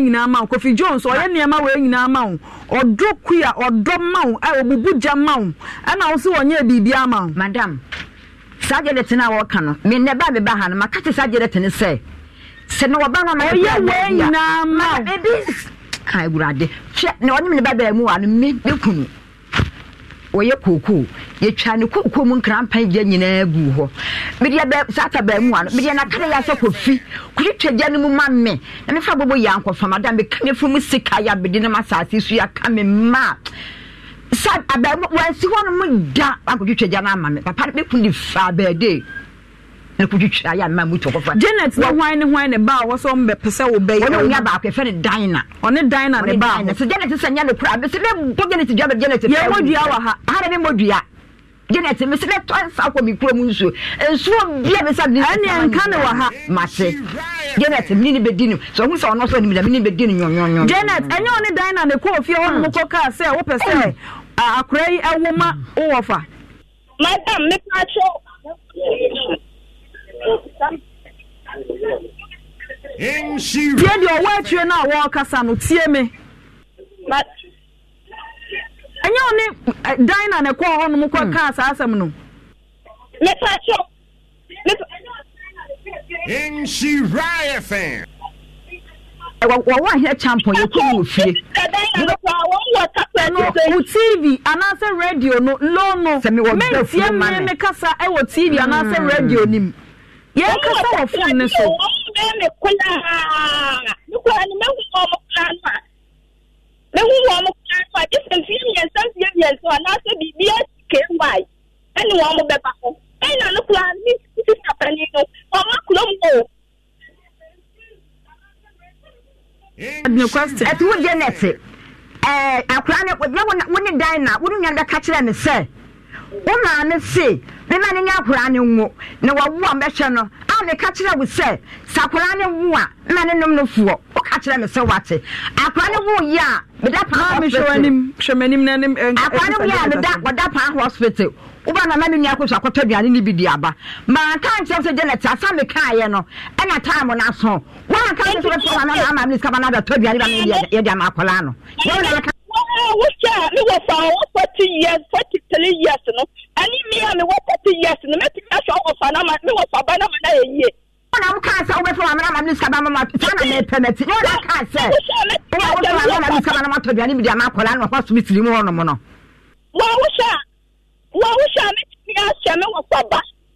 nyinaa ma wo kofi jones ɔyɛ nneɛma wei nyinaa ma wo ɔdɔ kuya ɔdɔ ma wo ɔbubu gya ma wo ɛna wo so wɔnyɛ biribi ama wo madam saa gyere tena a wɔka no menɛ ba meba ha no maka te saa gyere tene sɛ sɛ na wɔba no mayɛ wei nyinaa ma wo awurade hwɛ na ɔne mene babaa mu wa no me ne kunu wɔyɛ kookoo yɛtwa ne kookoo mu nkra mpa gya nyinaa gu hɔ medeɛ saa tabaa mu wa no medeɛ nakare yɛ sɛ kɔfi twagya no mu ma me na mefa bɔbɔ yɛ ankɔfam ada meka ne fom sika yɛ abede no m so yɛaka me ma sa abaamu wansi hɔ no mo da akɔtwitwagya no ama me papa no mɛku de fa abaade nakɔtwitwa yɛ ama mutu kɔfa janet ne hwan ne hwan ne ba a wɔsɛ ɔmbɛpɛ sɛ wobɛyɛ ɔne onya baako ɛfɛ ne dina ɔne dina ne ba sɛ janet sɛ nyɛ no kora sɛ mɛbɔ janet dwa bɛ janet yɛwɔ dua wɔ ha ha ne memmɔ dua janet me sɛ dɛtɔ nsa akɔ me kurom nsuo nsuo bia me sɛ ɛne nka ne wɔ ha mate janet ni ne bɛdi no sɛ ɔhu sɛ ɔno sɛ nim da mene ne bɛdi no nwɔnwɔnwɔ janet ɛnyɛ ɔne dan na ne kɔɔ fie hɔ nom mm. kɔkaa sɛ wopɛ sɛ mm. akora yi ɛwo ma wowɔ fa madam mepa kyɛ tie deɛ ɔwɔ akyire no a wɔrekasa no tie me ɛnyɛ wo ne dan na ne kɔɔ hɔ nom kɔ hmm. kaa saa asɛm no mepakyɛ nhyira fm wɔwɔ ahɛ champion yɛkɔm wɔ fie no wo tv anaasɛ radio no lo no mentie mmere me kasa ɛwɔ tv anaasɛ hmm. radio nim yɛnkasa wɔ fone ne so ne ho wɔn mo kasa gye sɛ mfie mmiɛnsa mfie mmiɛnsa anaasɛ biribi asi ky ɛne wɔn mo bɛba hɔ ɛna no kura ne sisa panin no ɔmo akoro mu o. ɛti wo deɛ nɛte ɛɛ akora ne wo ne dan na wo ne nua bɛka kyerɛ ne sɛ wo maame se bɛma ne nyɛ akwaraa ne nwo na wawo a mɛhwɛ no a meka kyerɛ wo sɛ sɛ akwaraa ne wo a ma ne nom no foɔ woka kyerɛ me sɛ wate akwaraa ne wo yi a meda paa akwaraa ne wo yi a meda wɔda paa hospital woba na ma me nua kɔsu akɔtɔ aduane no bi di aba maanka nkyerɛ sɛ janet asa mekaeɛ no ɛna time no aso woanka sɛ sɛ wɛtɔ ma no ama me sika ma no adatɔ aduane ba meyɛde ama akwaraa no Ah, wotia mewɔ fa wɔ forty years forty three years no ɛne me a mewɔ forty years no mɛtumi ahyɛ wɔ fa na ma mewɔ fa ba na ma na yɛyie wọnà mu kaa sẹ wọbẹfọ maame náà maame ní sábà mama sanni mi pẹmẹ ti wọnà kaa sẹ wọnà wọfọ maame náà maame ní sábà náà wọtọ duane bi di ama akọla ní ọkọ sumi tiri mu wọnà mu nọ. wọ́n awúṣà wọ́n awúṣà mi ti mi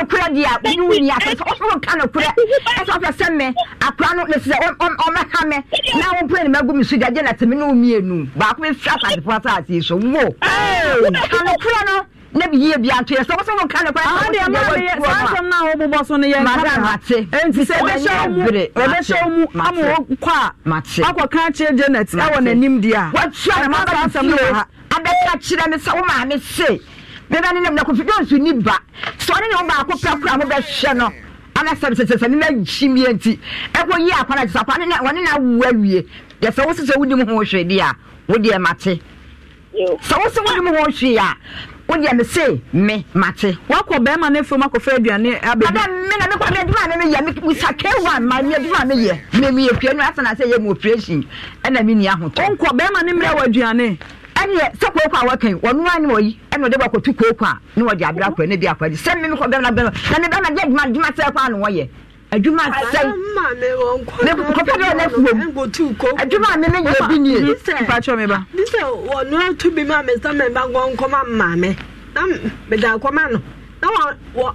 no kura a bi ni asɛ sɛ ɔsoro ka no ɛsɛ ɔsɛ sɛ mɛ akura no lesi sɛ mɛ na wɔn ne mɛ gu so gya na tɛmi no mmienu baako efi asase asase so wo ka no no ne bi yie bi ato yɛ sɛ wɔsɛ wɔn ka no kura ɛsɛ wɔsɛ wɔn yɛ saa asɛm na wɔn bobɔ so no yɛ nkata mate nti sɛ ɛbɛhyɛ mu ɛbɛhyɛ mu ama wɔn kɔ a akɔ kan kyerɛ janet ɛwɔ n'anim di a wɔtua ne ma ba asɛm no wɔ ha abɛka kyerɛ ne sɛ wɔn maame se bẹbẹ ni nam na kofi jones ni ba sọ ọ ni wọn baako kurakura ho bẹ hyẹ no ana sẹbi sẹbi sẹbi nina yi mi nti ẹkọ yi akwana ti sapa wọn nina wu awie yẹsẹ wosi sẹ wudi mu ho hwẹ di a wodi ẹ ma te sẹ wosi wudi mu ho hwẹ a wodi ẹ mi se mi ma te. wakɔ bɛrima ne fom akɔfɛ aduane abɛbi. ada mi na mi kɔ mi aduma mi yɛ mi sa k1 ma mi aduma mi yɛ mi mi yɛ pie no asan ase yɛ mu operation ɛna mi ni ahotɔ. o nkɔ bɛrima ne mìíràn wɔ aduane ɛneɛ sɛ kooko a wɔkan ɔno ani ɔyi ɛne ɔde bɛkɔto kooko a ne wɔde abrɛ akɔ ne de akɔde sɛ me mekɔ bɛma bɛma na me bɛma de adwuma adwuma sɛ kɔ a ne wɔyɛ adwuma asɛn ne kɔpɛ dɛ ɔna fuom adwuma a meme yɛ bi nie mpakyɛ me ba bi sɛ wɔno ato bi ma mesɛ meba gɔnkɔma mmaame na meda akɔma no na wɔ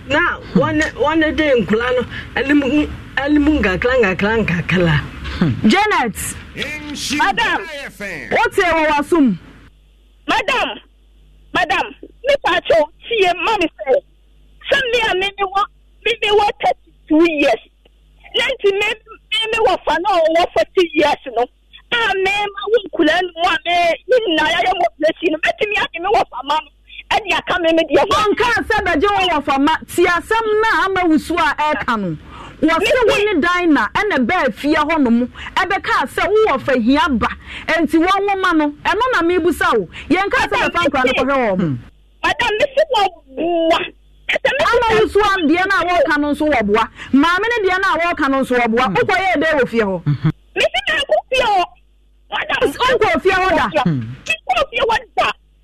na wane de nkula no alimu nkakra nkakra nkakra hmm. janet madam wote wɔ waso mu madam madam mepa kyɛ tie ma me sɛ sɛ me a memewɔ memewɔ thirty two years na nti memewɔ fa na ɔwɔ forty years no a mema wo nkula no mu a me ne nyinaa yɛyɛ mɔpirɛsi no mɛtumi ade mewɔ fa ma no ɛde aka me me deɛ. ɔnka sɛ bɛgye wɔn wɔ fama ti asɛm na ama wusu a ɛka no wɔsi wo ne dan na ɛna bɛɛ fie hɔnom ɛbɛka sɛ wowɔ fa hia ba nti wɔn nwoma no ɛno na o wo yɛnka sɛ bɛfa nkora no kɔhwɛ wɔn. madam mesi wɔ bua. ama wusu a deɛ na a ka no nso wɔ boa maame ne deɛ na a ka no nso wɔ boa wokɔyɛ ɛdɛ wɔ fie hɔ. mesi na akɔ fie hɔ. wokɔ fie hɔ da. kikɔ hmm. fie hɔ da.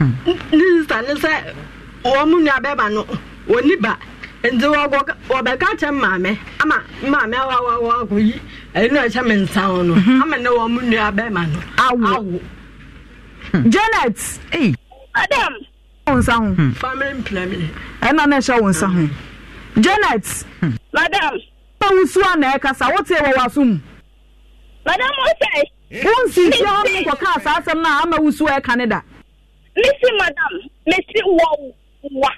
ne sista ne sɛ wɔn mu nua bɛɛba no wɔni ba nti wɔkɔ wɔbɛka kyɛ maame ama maame awa awa awa akɔ yi ɛyɛ no ɛhyɛ mi nsa no ama ne wɔn mu nua bɛɛba no awo. Hmm. janet ee. adam. Hmm. wo nsa ho. family planning. ɛna na ɛhyɛ wo nsa ho. janet. Hmm. madam. awusu a na ɛkasa wote wɔ waso mu. madam wosɛ. wo nsi nsia hɔ no nkɔka asaasɛm no a ama wusu a ɛka ne da. mesi madam mesi wɔ wa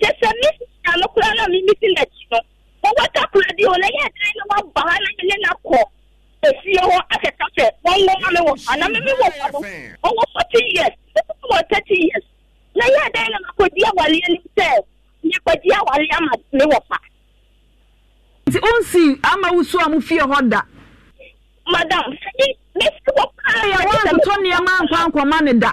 kyesɛ mesi ano kura na mi mesi n'akyi no wɔwɔ takura di o na yɛ dan na waba ha na yɛ ne na kɔ esie hɔ akɛkɛ sɛ wɔn wɔ ma mi wɔ ana mi mi wɔ wa no wɔwɔ forty years wɔwɔ wɔ thirty years na yɛ dan na ma kɔ di awaleɛ ni sɛ nyɛ kɔ di awaleɛ ama mi wɔ fa. nti o nsi ama wusu a mo fie hɔ da. madam sɛ ni mesi wɔ paa yɛ wɔn a tutɔ nneɛma nkwa nkwa ma ne da.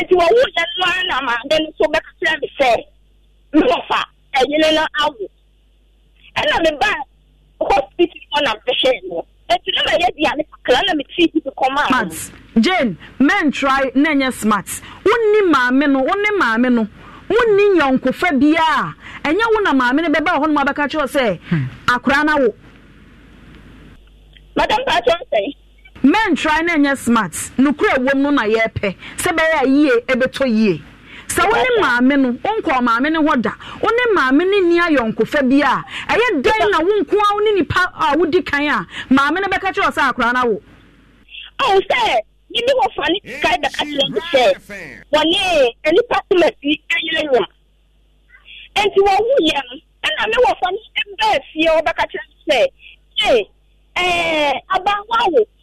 nti wɔn wo yɛ no ara na maame no nso bɛkakyerɛ mi sɛ mmɔfa ɛyere no awo ɛna e me ba hospital hɔ na bɛhwɛ no nti e na ma yɛ di ane kakra na me tii bi kɔma ano. jane men try na nyɛ smart wonni maame no wonni maame no wonni yɔnkofa biara ɛnyɛ e wo na maame no bɛba hɔ abɛka kyerɛw sɛ hmm. akora no awo. madam paatɔ nsɛn. try na enye smart nukuri ɛwɔ mu na se sɛ ya yie ɛbɛtɔ e yie sɛ wo maame no wonkɔ maame no hɔ da maame ni ayɔnkofa bi a ɛyɛ dɛn na wo wo ne nipa a wodi kan a maame e no e bɛka kyerɛ sɛ akora no wo sɛ wɔ bɛka kyerɛ no sɛ wɔne no ɛna me no fie wɔbɛka kyerɛ ee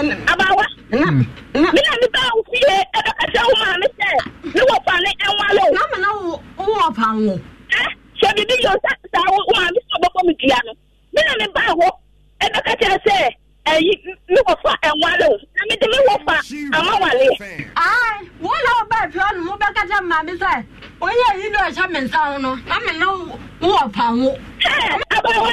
abawa hmm. mi na mi ta o fi ye ẹ e bẹ kẹsẹ o maa mi sẹ ne wo pa ni ẹ e wa lo. n'a mana wo wo pa n wo. ẹ e? sẹbi bi yọ sa sa o sọ bọkọ mi diya nù mi na mi ba ẹ bẹ kẹsẹ sẹ ẹyi mi wo fa ẹ wa lo na mi mi wo fa a ma wa le. wọn náà bá fi ọ nù mo bẹ kẹsẹ maa mi sẹ o yìí ló ẹ sẹ mi nsàwọn nù n'a mi náà wo pa n wo. ẹ abawa.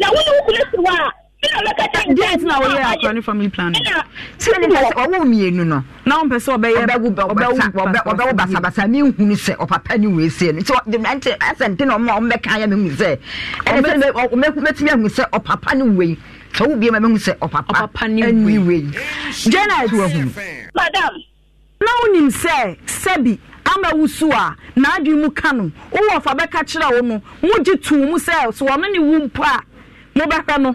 na wo ne wo kunu si hɔ a deɛ nti na wɔyɛ akɔne family planning sɛne deɛ ɔwo mmienu no na wompɛ sɛ ɔbɛyɛɔbɛwo basabasa menhunu sɛ ɔpapa ne wei sie no nti asɛnte na ɔma ɔmbɛka yɛ mehu sɛ ɛnɛmɛtumi ahu sɛ ɔpapa ne wei sɛ wo biama mehu sɛ ɔpapa ne wei janet madam na wonim sɛ sɛbi ama wusu a n'adwene mu ka no wowɔ fa bɛka kyerɛ wo no mogye too mu sɛ so ɔno ne wo mpo a mobɛka no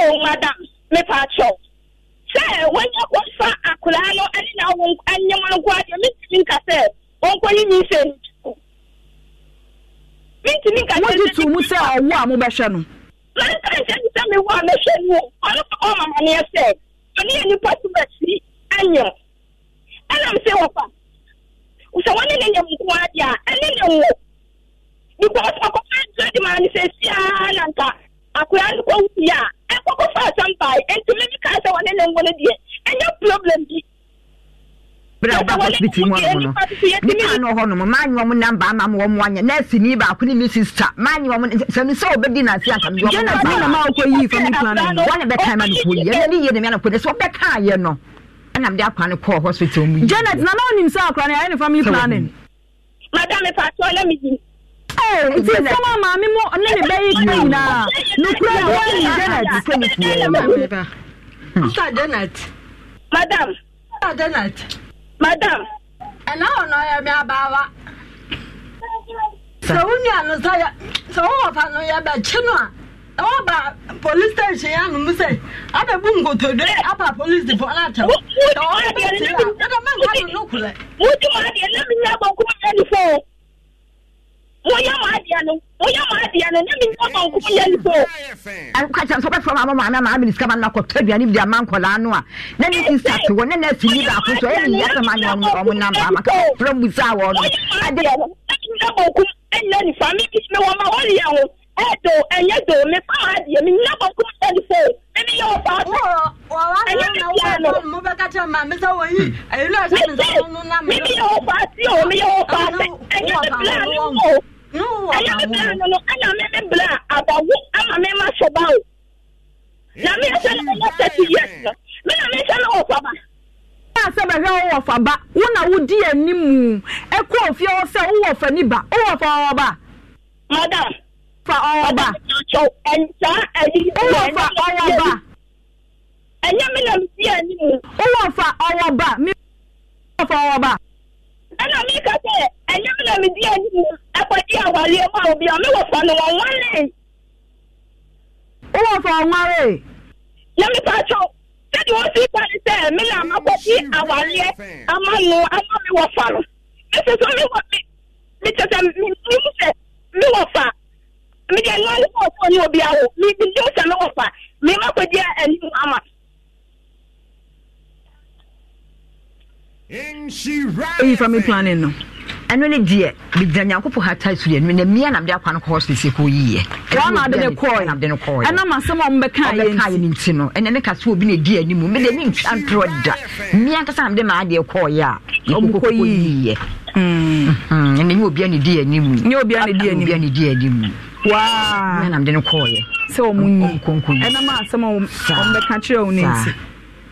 oh madam mepa akyɛw sɛ wɔnyɛ kɔfa akoraa no ɛne na wo anyɛm no ko adeɛ mentumi nka sɛ ɔnkɔyi nyi sɛ mentumi nka wogye to mu sɛ ɔwo a mobɛhwɛ no manka nkyɛ ne sɛ mewo a mɛhwɛ no ɔno ɔma maneɛ sɛ ɔne yɛ nnipa to basi anyɛm ɛnam sɛ wɔfa sɛ wɔne ne yɛ nko adeɛ a ɛne ne wo because ọkọkọ ẹjọ ma ni sẹ si aa na nka akoya ni kò wù yá ẹ kọkọ fà sàn báyìí ẹntì mi kà sẹ wọn nínú ngbọn diẹ ẹ nyẹ problem bi. bẹẹ ọba hospital mu ọmọ no nípa ní ọhọ nomu maa nyi ọmọ namba ama mu ọmọ anya nẹẹsì ní ibà akuni mi sista maa nyi ọmọ sẹmi sẹ ọbẹ di n'asi aka mi ọmọ namba yẹn na maa ọkọ yìí fún mi kura náà wọn bẹ ká ẹ ma ní kò yẹ ẹ ní yẹ ní mi ẹ na kò dé sọ ọbẹ ká yẹ nọ ẹ na mi de akwa ni kọ hospital mu yìí. janet nana onim sẹ akora ni ayé ni family planning. Um, madam ipa tí ọ lẹ́mi yìí nti sɛm a maame mu ne ne bɛyɛ kiri nyinaa nokura bi wɔn ne janet sɛ ne tuo sa janet madam sa janet madam ɛna ɔno yɛ me abaawa sɛ wo nua no sɛ sɛ wo wɔfa no yɛbɛkye no a ɔba police station yɛ anum sɛ abɛbu nkotodwe aba police fo na kyɛw sɛ ɔbɛkye a ɛdɛma nka no no kulɛ wotuma adeɛ na menyɛ abɔnkɔ ɛnifo wòye mu adiẹ no wòye mu adiẹ no ne mi nyɛ ɔmɔ nkumu yɛ nipo. nkakyɛ nso bɛ fɔlɔ maa maa maa mi ni sikama na kɔtɔ aduane bi a ma nkɔla ano a ne ni nsa te wɔ ne na fi yi baako so ɛyɛ ne yɛ sama nyɛ ɔmo ɔmo nam ama fura mu sa wɔ no. wòye mu adiɛ no ɛnyɛ ɔmɔ nkumu ɛnyɛ nifa mi bi mi wɔ ma wɔli yɛ ho ɛdo ɛnyɛ do mefa ha deɛ menyina bɔnko telephone ɛbi yɛ ɔfa mebi yɛ ɔfa ase o meyɛ ɔfa ase ɛnyɛ me bla no o ɛnyɛ me bla no no ɛna me me bla abawo ama me ma hyɛ ba o na me ɛsɛ no ɔyɛ thirty years no me na me ɛsɛ no ɔfa ba asɛ bɛhwɛ wo wɔfa ba wo na wodi anim ɛkɔɔ fie hɔ sɛ wo e ni ba wo wɔ ba madam fa ọwọ ba. ẹnsa ẹni ẹwọ fa ọwọ ba. ẹnyẹ mi na mi si ẹni mu. ọwọ fa ọwọ ba mi ọwọ fa ọwọ ba. ẹnna mi ka sẹ ẹnyẹ mi na mi di ẹni mu ẹkọ di awari ẹmọ obi a mi wọ fa ni wọn wọlé. ọwọ fa ọwọre. na mi pa atọ sẹni wọn fi pa ni sẹ mi na ma kọ di awari ẹ ama nu mi wọ fa no. mi sẹ sọ mi wọ mi mi sẹ mi mi sẹ mi wọ fa mi deɛ nua ne kɔɔfoɔ ne obi awo mi mi de sɛ mi wɔ mi ma ko di anim ama. eyi family planning no ɛno ne deɛ megyina nyankopɔn hata so yɛ no na mmia namde akwa no kɔɔ sɛsɛ kɔ yiyɛ ɛnam asɛm ɔmbɛkaayɛ no nti no ɛnɛ ne ka sɛ obi ne di ani mu mede ne ntwa ntorɔ da mmia nkasa namde maadeɛ kɔɔyɛ a yɛkɔkɔ yiyɛ ɛnɛ nyɛ obia ne di ani mu nyɛ obia ne di ani mu waa mmia namde no kɔɔyɛ sɛ ɔmo nyi ɛnam asɛm ɔmbɛka kyerɛ wo no nti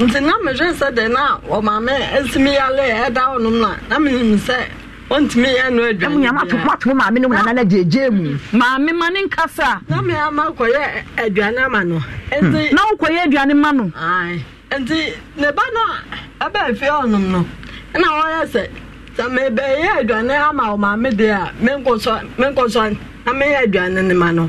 nti na mehwɛ sɛ de na ɔmaame asimi yale ɛda eh, hɔ nom na na menim sɛ ɔntumi yɛ eh, no aduane nyama to pot mo maame no mu na gyegye mu maame ma ne nkasa na me ama kɔyɛ eh, aduane ama no hmm. nti na wokɔyɛ aduane ma no nti ne ba no ɛbɛɛ fie ɔnom no ɛna wɔyɛ sɛ sɛ mebɛyɛ aduane ama ɔmaame deɛ a menkɔsɔ na meyɛ aduane ne ma no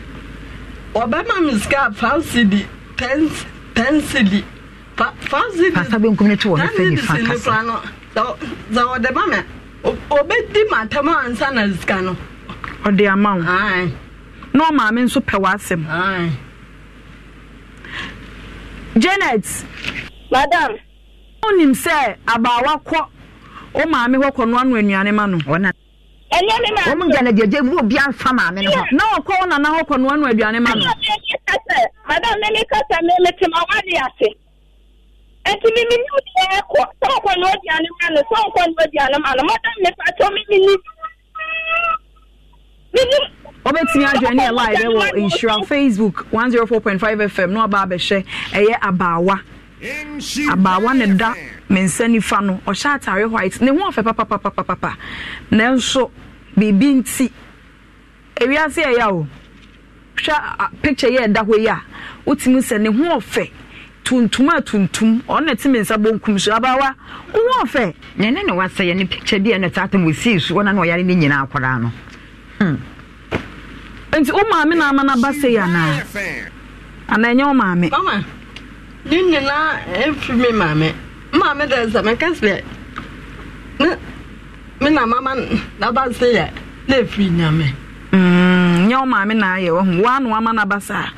ɔbɛma me sika fausidi pensidi fausidisnekora no sɛ ɔde ma me ɔbɛdi matam ansa na sika no ɔde ama wo na ɔmaame nso pɛ w'asɛm janet madam wonim sɛ abaawa kɔ wo maame hɔ kɔnoa no anuane ma no ɛnyɛ mi maa. wɔn gya na gyegye mu obi anfa maame no ho. na ɔkɔ wɔn nana hɔ kɔnua no aduane ma no. ɛnyɛ mi kasa madam mi mi kasa mi mi ti ma wadi ase ɛti mi mi ni di ɛkɔ sɛ ɔkɔ nua aduane ma no sɛ ɔkɔ nua ma no madam mi patɔ mi mi mi ni. wobɛtumi adwene ne ɛlive nhyira facebook 104.5 fm na ɔba ɛyɛ abaawa abaawa ne da me nsa nifa no ɔhyɛ atare white ne ho ɔfɛ papapapapapa nanso biribi nti ewiase ɛyɛ o hwɛ picture yɛ ɛda hɔ yi a wotumi sɛ ne ho ɔfɛ tuntum a tuntum ɔno ɛte me nsa bonkum so abawa wo ho ɔfɛ na ne wasɛ yɛne picture bi a ɛno ɛtaa tam wɔsii so ɔna na ɔyare ne nyinaa akwadaa no hmm. nti wo maame na ama no aba sɛ yi anaa anaa ɛnyɛ wo maame ne nyinaa ɛmfi me maame maame dɛ sɛ meka sɛ me na mama naba se yɛ na ɛfiri nyame mm, nyɛ wo maame na ayɛ wahu woa no ama no aba saa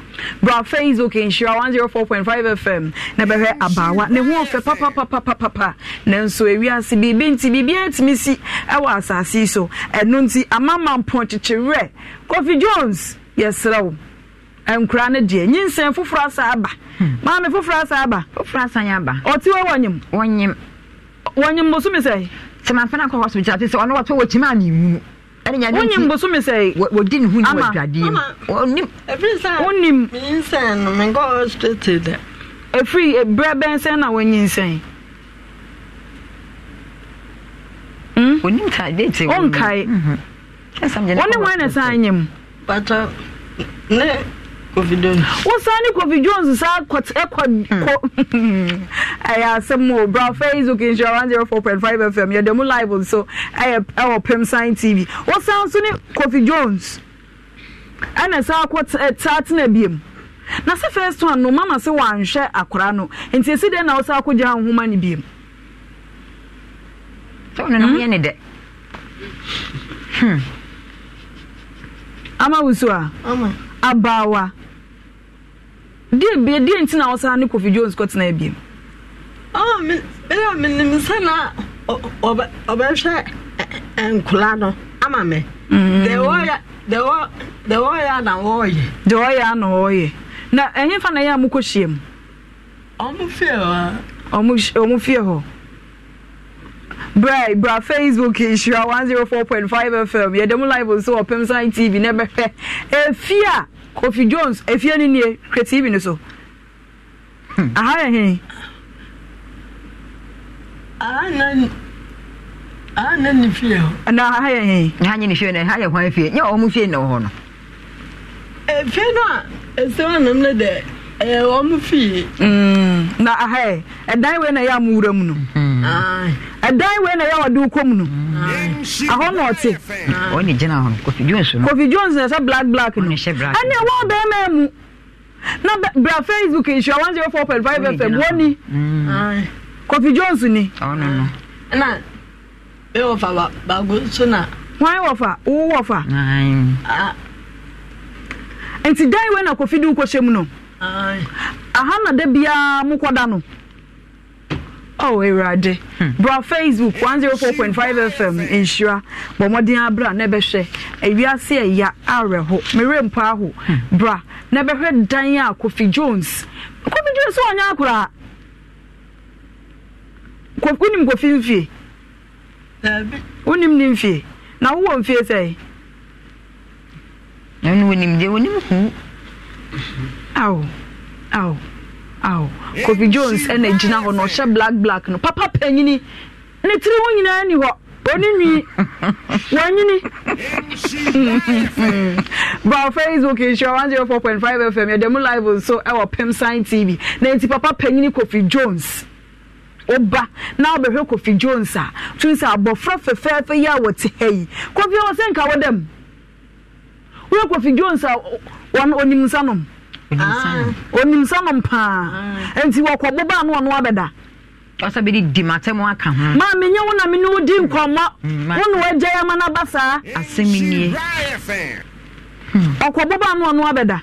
brafa is okay nhyira 104.5 fm na bɛhwɛ abaawa ne ho ɔfɛ papapapapapa nanso ewiase biribi nti biribiara tumi si ɛwɔ asase yi so ɛno nti amama mpɔnkyekyerɛ Coffee jones yɛserɛ wo nkura no deɛ nyinsɛn foforɔ asa aba hmm. maame foforɔ asa aba foforɔ asa yɛ aba ɔte hɔ wɔnyim wɔnyim wɔnyim bosomi sɛ sɛmanfa no akɔ hospital te sɛ ɔno wɔto wɔ kyima ne mu wonyim bosomi sɛ wɔdi ne ho ni wɔadwadeɛ mu wonim nyinsɛn no menkɔ hospital da ɛfiri eh, berɛ bɛnsɛn na wɔnyinsɛn onim ka date wɔnkae wɔne wɔn nyim kofi jones wosan ne kofi jones saa ɛkɔ eh, hmm. kɔ ɛyɛ asɛm o bra facebook nhyira one zero oh four point five fm yɛ dɛm live nso ɛyɛ ɛwɔ pem sign tv wosan nso ne kofi jones ɛna saa akɔ eh, saa tena biem na sɛ first one no mama sɛ wanhwɛ akora no nti esi dɛ na wosan akɔ gya nhoma ne biem. sɛ ɔno no woyɛ hmm? ne hmm. ama wusu a abaawa. deɛ bia deɛ nti na ɔsa ne kofi jones kɔ tena ebien. ɔɔ mi bɛrɛ mi ni mi sɛ na ɔbɛ ɔbɛhwɛ nkula no ama mi. Mm. deɛ wɔyɛ deɛ wɔ deɛ wɔyɛ na wɔyɛ. deɛ na wɔyɛ na ɛnyɛ fa na yɛ a mo kɔ hyia mu. ɔmo fie hɔ. ɔmo ɔmo fie hɔ. brai bra facebook nhyira 104.5 zero fm yɛde mu live nso open pemsan tv na ɛbɛhwɛ efi a. kofi jones efie ni nie hwɛ tv ni so hmm. aha yɛ eh, hen. Eh. aha na aha na ni fie hɔ. na aha eh, yɛ hen. ni fie na aha yɛ hwan fie nye ɔmo fie na ɔhɔ no. efie no a esiwa nam ne dɛ ɛyɛ ɔmo fie. na aha yɛ ɛdan wei na yɛ amowura mu no. Mm. ɛdan wei na yɛwɔ de wo kɔm no ahɔ na ɔte ɔne gyina hɔ kofi jones no kofi jones na ɛsɛ black black no ɛne ɛwɔ bɛrima mu na bra facebook nhyira one zero four point five fm wɔni mm. kofi jones ni. na ɛwɔ fa bago so na. wɔn wɔ fa wo wɔ fa. nti dan wei na kofi de wo kɔhyɛ mu no aha na da biara mo kɔda no. oh ewurade hmm. bra facebook 104.5 fm nhyira bɔ mmɔden a na ɛbɛhwɛ ewiase ɛya awerɛho mmerɛ mpo aho hmm. bra na ɛbɛhwɛ dan a kofi jones kofi jones wɔnyɛ akora wonim kofi a wonim ne mfie na wowɔ mfie sɛ ɛno wonim deɛ aw kofi jones ɛna gyina hɔ na ɔhyɛ black black no papa panyini ne tiri ho nyinaa ni hɔ oni nwi wanyini ba facebook nhyɛ one zero four point five fm yɛde mu live nso ɛwɔ pem sign tv na nti papa panyini kofi jones woba na wobɛhwɛ kofi jones a tumi sɛ abɔfra fɛfɛɛfɛ yi a wɔte ha yi kofi wɔ sɛ nka wɔ dɛm woyɛ kofi jones a ɔnim nsa nom Ah. onim sɛ nom paa ah. nti wɔkɔbo baa no ɔno abɛda ɔsɛ bɛde aka ho ma menyɛ wo na mene wodi nkɔmmɔ hmm, wo ne ama no aba saa hmm. ɔno abɛda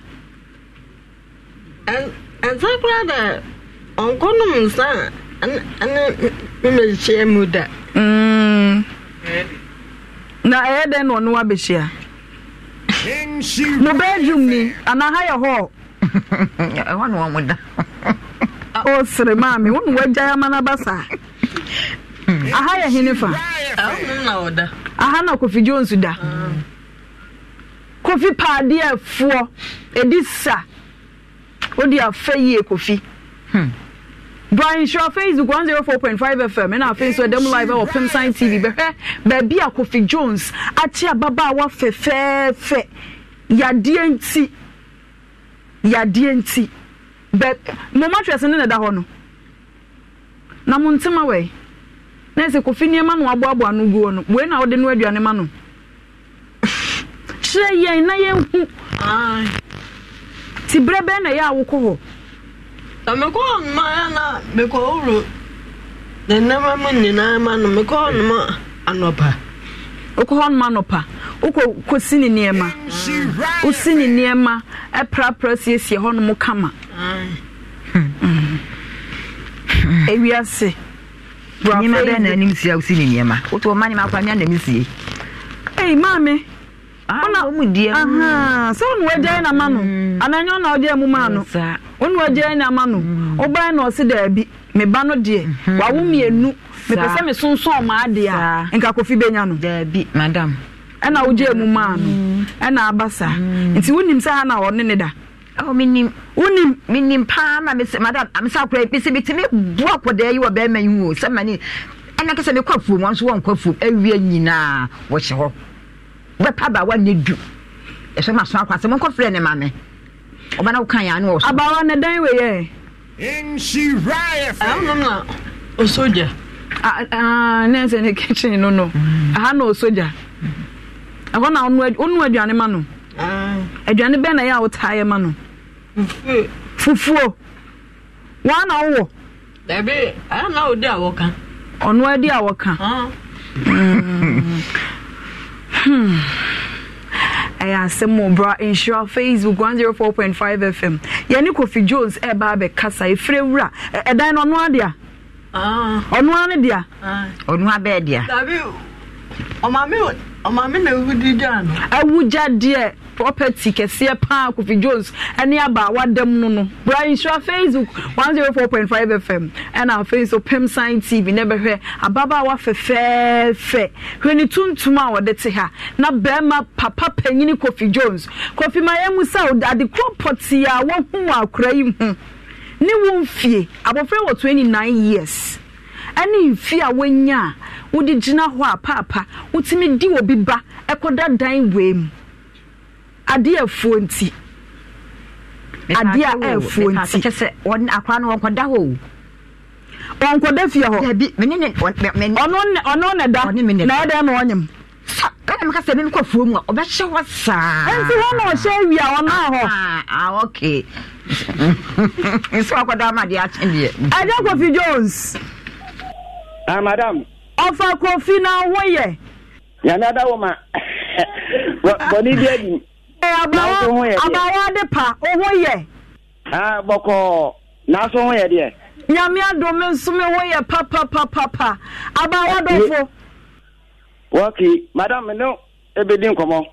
hmm. na ɛyɛ dɛn na ɔno abɛhyia ni anaa yɛ hɔ ɛhɔ ne wɔn da o sere maame wɔn wagya ama na basa aha yɛ hene fa aha na kofi jones da mm. kofi paadeɛ foɔ edi sa o di afɛ yie kofi. Hmm. one zero oh four point five FM ɛna afei nso ɛdɛm live ɛwɔ Sign TV bɛhwɛ baabi a Kofi Jones akye ababaawa fɛfɛɛfɛ yadeɛ nti yadeɛ nti but mo mattress no na ɛda hɔ no na mo ntoma wɛ na ɛsɛ kofi nneɛma no aboaboa no guo no wei na wɔde no aduane ma no kyerɛ yɛn na yɛn hu ti berɛ bɛn na yɛ a wokɔ hɔ. na mekɔ ɔnoma ya na mekɔ owuro na nneɛma mu nyinaa ma no mekɔ ɔnoma anɔpa. wokɔ hɔ noma nɔpa wokɔsi ne nneɛma wosi ne nneɛma ɛprapra siesie hɔ nom kama hmm. Hmm. ewiase nneɛma bɛɛ na anim sie a wosi ne nneɛma wotɔ ɔma nneɛma akora mea na mi sie maame die ah, na mepɛ sɛ mesonso ɔma a nka bɛnya no madam ɛna wogye mu maa no mm. ɛna aba saa mm. nti wonim sɛ ha na ɔne ne da oh, paa na madam amesa mesɛ metumi boa kɔdaa yi wɔ bɛrima yi ho sɛ mane ɛna kɛ sɛ mekɔ afuom wa wɔnkɔ afuom awia nyinaa wɔhyɛ hɔ wobɛpa ba du ɛsɛ maso akɔ ne ma me ɔba woka yɛ ne ne dan nɛɛsɛ ah, ah, ah, ne kitchen no no mm. aha na ɔsogya ɛhɔ mm-hmm. na ɔnu aduane ma no aduane bɛn na yɛ a wotaayɛ ma no fufuo wɔn na wowɔ dabi aha na odi a wɔka ɔno adi a wɔka ɛyɛ asɛm wɔ bra nhyira facebook 104.5 fm yɛne kofi jones ɛba abɛkasa ɛfiri wura ɛdan e-, no ɔno a ɔno ara ne dea ɔno abɛɛ dea ɔmaame na awudi gya no awugya deɛ property kɛseɛ paa kofi jones ɛne abaawa dɛm no no bra nsura facebook one zero four point five fm ɛna afei nso pem sign tv ne bɛhwɛ ababaawa fɛfɛɛfɛ hwɛ ne tuntum a wɔde te ha na bɛrima papa panyini kofi jones kofi ma yɛn mu sɛ ade kuro pɔtee wɔ akora yi ho ne wo mfie abɔfra wɔ 29 years ɛne mfie a wanya a wode gyina hɔ a paapa wotumi di wɔ bi ba ɛkɔda dan wei mu adeɛ afuo nti adeɛ a ɛfuo nti akora no wɔnkɔda hɔ wɔnkɔda fie hɔ ɔno ne da na ɛdɛn na ɔnyem ɛnti hɔ na ɔhyɛ awia ɔna hɔ ah, ah, nso akwado amadi achi akye deɛ. kofi jones. ah madam. Ofe kofi na ho yɛ. nyame ada wo ma bɔnni bi adi. abawo abawo de pa o ho ah bɔkɔ n'aso ho yɛ deɛ. nyame adome nso mi ho yɛ papapapapa abawo adɔfo. wɔki madam ne ebedi nkọmọ.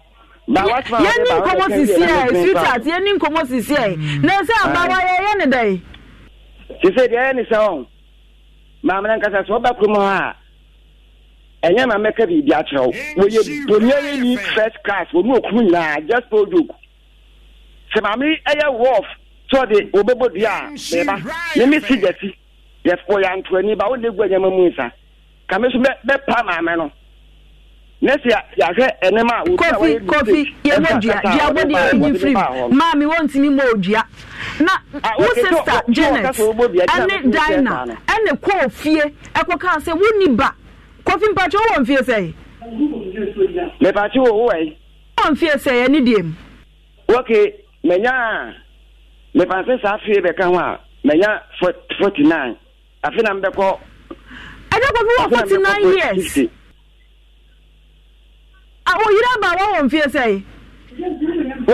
yɛne nkɔmmɔ sisiɛ sweetheart yɛne nkɔmmɔ sisiɛ na sɛ abawa yɛyɛ ne dɛn sise deɛ ɛyɛ ne sɛ ɔ maamena nkasa sɛ woba kurom hɔ a ɛnyɛ ma mɛka biribi akyerɛ wo wɔyɛ boniayɛ ni first class wɔmu ɔkuru nyinaa just po joke sɛ maame eh, ɛyɛ eh, wolf sɛ ɔde wɔbɛbɔ dua a bɛɛba ne me si gyasi wɔyɛ antoani ba wo ne gu anyama mu nsa ka me so bɛpa maame eh, no nẹ́sì yàhwẹ́ ẹni máa wò ó kofi kofi yẹn bẹ dua dua bó di ẹni jí maami wọn ti ni ya. na ah, wo sista janet ẹni dina ene kọ ofie ekwuka kan sẹ wọn ba kofi mpàtí wọn fie yi mipàtí wo wọ yìí. wọn fie sẹ yẹn ni diẹ mu. wọ́kì mẹ̀nyà mipàtí sáà fie ka kàn a mẹ̀nyà forty nine àfi nà ń bẹ kofi forty nine years. woyere abaawa wɔ mfie sɛe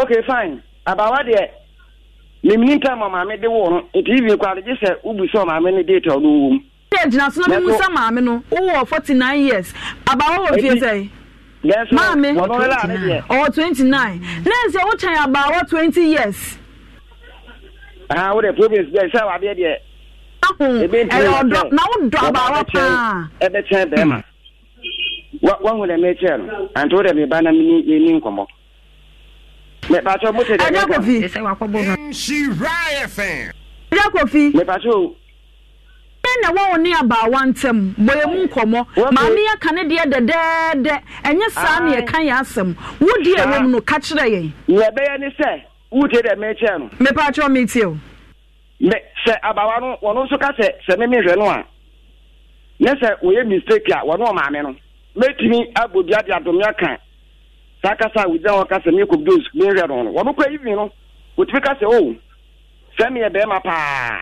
okay fine Ok, fine. memni ntam a maame de wo no ibi kwade gye sɛ wobu sɛ ɔmaame ne data ɔno wɔ mu yɛ gyinasono bi mu sɛ maame no wowɔ 49 years abaawa wɔ mfie sɛe maame ɔwɔ 29 na ɛsɛ wokyɛn abaawa 20 years wode province dɛ sɛ wadeɛ deɛ ɛyɛ ɔdɔ na wodɔ abaawa paa ɛbɛkyɛn bɛrima wahu dɛ mekyerɛ no anto wo dɛ meba na meni nkɔmmɔ mepakyɛ mote dɛkofi mepakyɛ na wɔn ne abaawa ntɛm bɔyɛ mu nkɔmɔ maame yɛ ka ne deɛ dɛdɛɛdɛ ɛnyɛ saa na yɛka yɛ asɛm wo deɛ ɛwɔ mu no ka kyerɛ yɛn. nea ɛbɛyɛ ne sɛ wutie dɛ mɛkyɛ no. mepa atwa mi tie o. mɛ sɛ abaawa no wɔn nso ka sɛ sɛ mímí hwɛ no a ne sɛ wɔyɛ mistake a wɔn wɔ maame no. mɛtumi abɔ dua de aka saa kasa no no o oh, bɛrima paa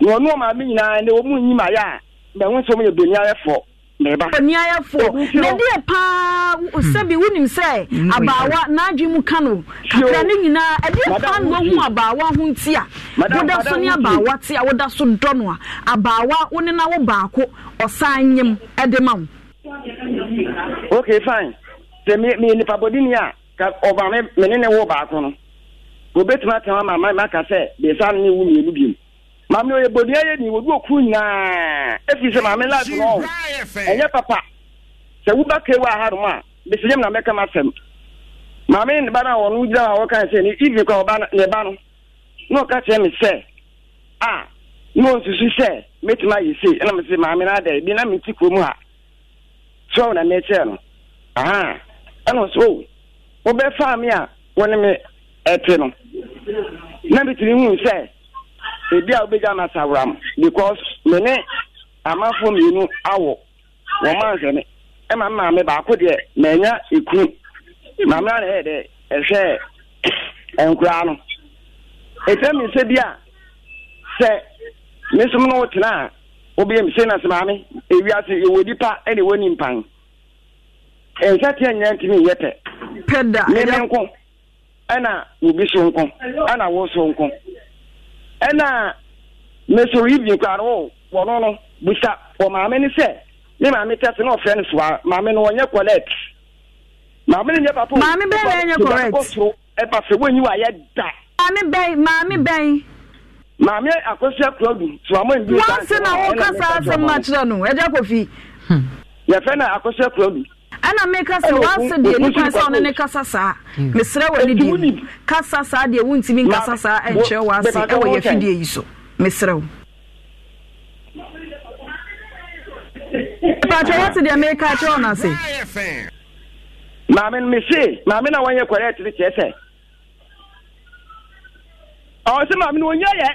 na ɔno me nyinaa a mahu sɛ ɔmyɛ boniayɛfoɔ meba boniayɛfoɔ na deɛ paa sɛbi wonim sɛ abaawa n'adwe mu ka kakra no nyinaa ɛdeɛ paa no wahu abaawa ho a woda so ne abaawa te woda so dɔ no a na baako ɔsan ok fine sɛ me nipa bɔdini a ka ɔba me me ne ne wo baako no obetuma tɛn ama ma ma ka sɛ besa ne wu mmienu biem maame oyɛ bɔdini ayɛ ni wodu oku nyinaa efi sɛ maame laafi eh, n'ɔwɔ ɛnyɛ papa sɛ wuba kewa ahanom a besi yɛm na mɛka ma sɛm maame ne ba na wɔn gyina hɔ a wɔka sɛ ne ivi kɔ ne ba no na ɔka kyerɛ me sɛ a na onsusu sɛ metuma yi se ɛna me se maame ah, e na ada ebi na me ti kurom ha. twelve na ne kyerɛ no aha ɛna so o oh, wɔbɛfaa mi a wɔne me ɛte no na bitiri hu sɛ ebi a wobɛgya no asawram because me ne amanfoɔ mmienu awɔ wɔn mansɛne ɛma maame baako deɛ mɛnya ekunu maame a na yɛ dɛ ɛhwɛ nkoraa no ɛtɛ mi sɛ bi a sɛ na no wotena a wobɛyɛ msɛnas maame ewiase yɛwɔ nipa ɛne wɔ ni mpan nsateɛ nyɛ ntumi yɛ pɛ pɛda meme nko ɛna obi so nko ɛna wo so nko ɛna mesoro yi bi wɔno no busa wɔ maame ne sɛ ne maame tɛ se na ɔfrɛ no soa maame no ɔnyɛ kɔlɛt maame no nyɛ papa maame bɛn na kɔlɛt ɛba sɛ wɔnyi wɔ ayɛ da maame bɛn maame bɛn maame akosua kulodu tuwamo ndu. wọn si na wọn kasa asem na kyerɛ no ɛdi kofi. yɛfɛ na akosua kulodu. ɛna mmeka sɛ waase deɛ nipa sɛ ɔne ne kasa saa hmm. mesrɛ wɔ ne deɛ kasa saa deɛ wontimi nkasa saa ɛnkyerɛ waase ɛwɔ yɛfidie yi so mesrɛ wo patwɛ di deɛ meka kyerɛ ɔno ase maame no mese maame na wɔnyɛ kɔrɛ ɛtere kyerɛ sɛ ɔwɔ sɛ maame no ɔnyɛ yɛ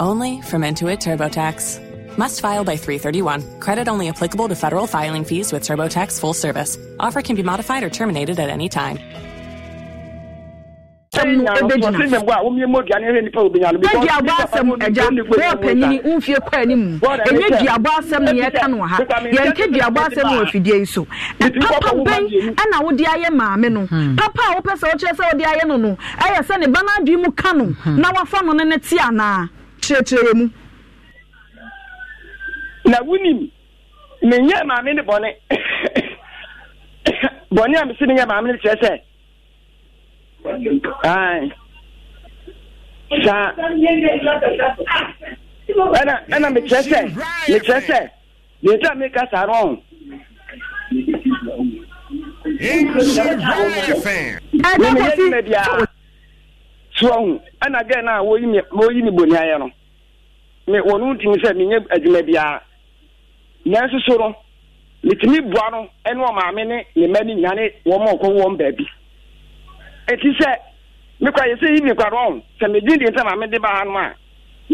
only from Intuit TurboTax. Must file by 331. Credit only applicable to federal filing fees with TurboTax full service. Offer can be modified or terminated at any time. papa a wopɛ hmm. sɛ wokyerɛ sɛ wode ayɛ no no ɛyɛ sɛ ne mu ka no hmm. na wafa no ne ne te anaa kyerɛkyerɛ mu. na wunim menyɛ maame ne bɔne bɔne a mesi menyɛ maame ne kyerɛ sɛ saa ɛna ɛna mekyerɛ sɛ mekyerɛ sɛ deɛ a meka saa no ɔho tuahu ɛna gɛn na wɔyi ne boni ayɛ no me wɔn ntumi sɛ menyɛ adwuma biara nanso so no metumi boa no ɛne ne ne ne nyane wɔn wɔn baabi eti sɛ yi sɛ di nsɛm ba ha no a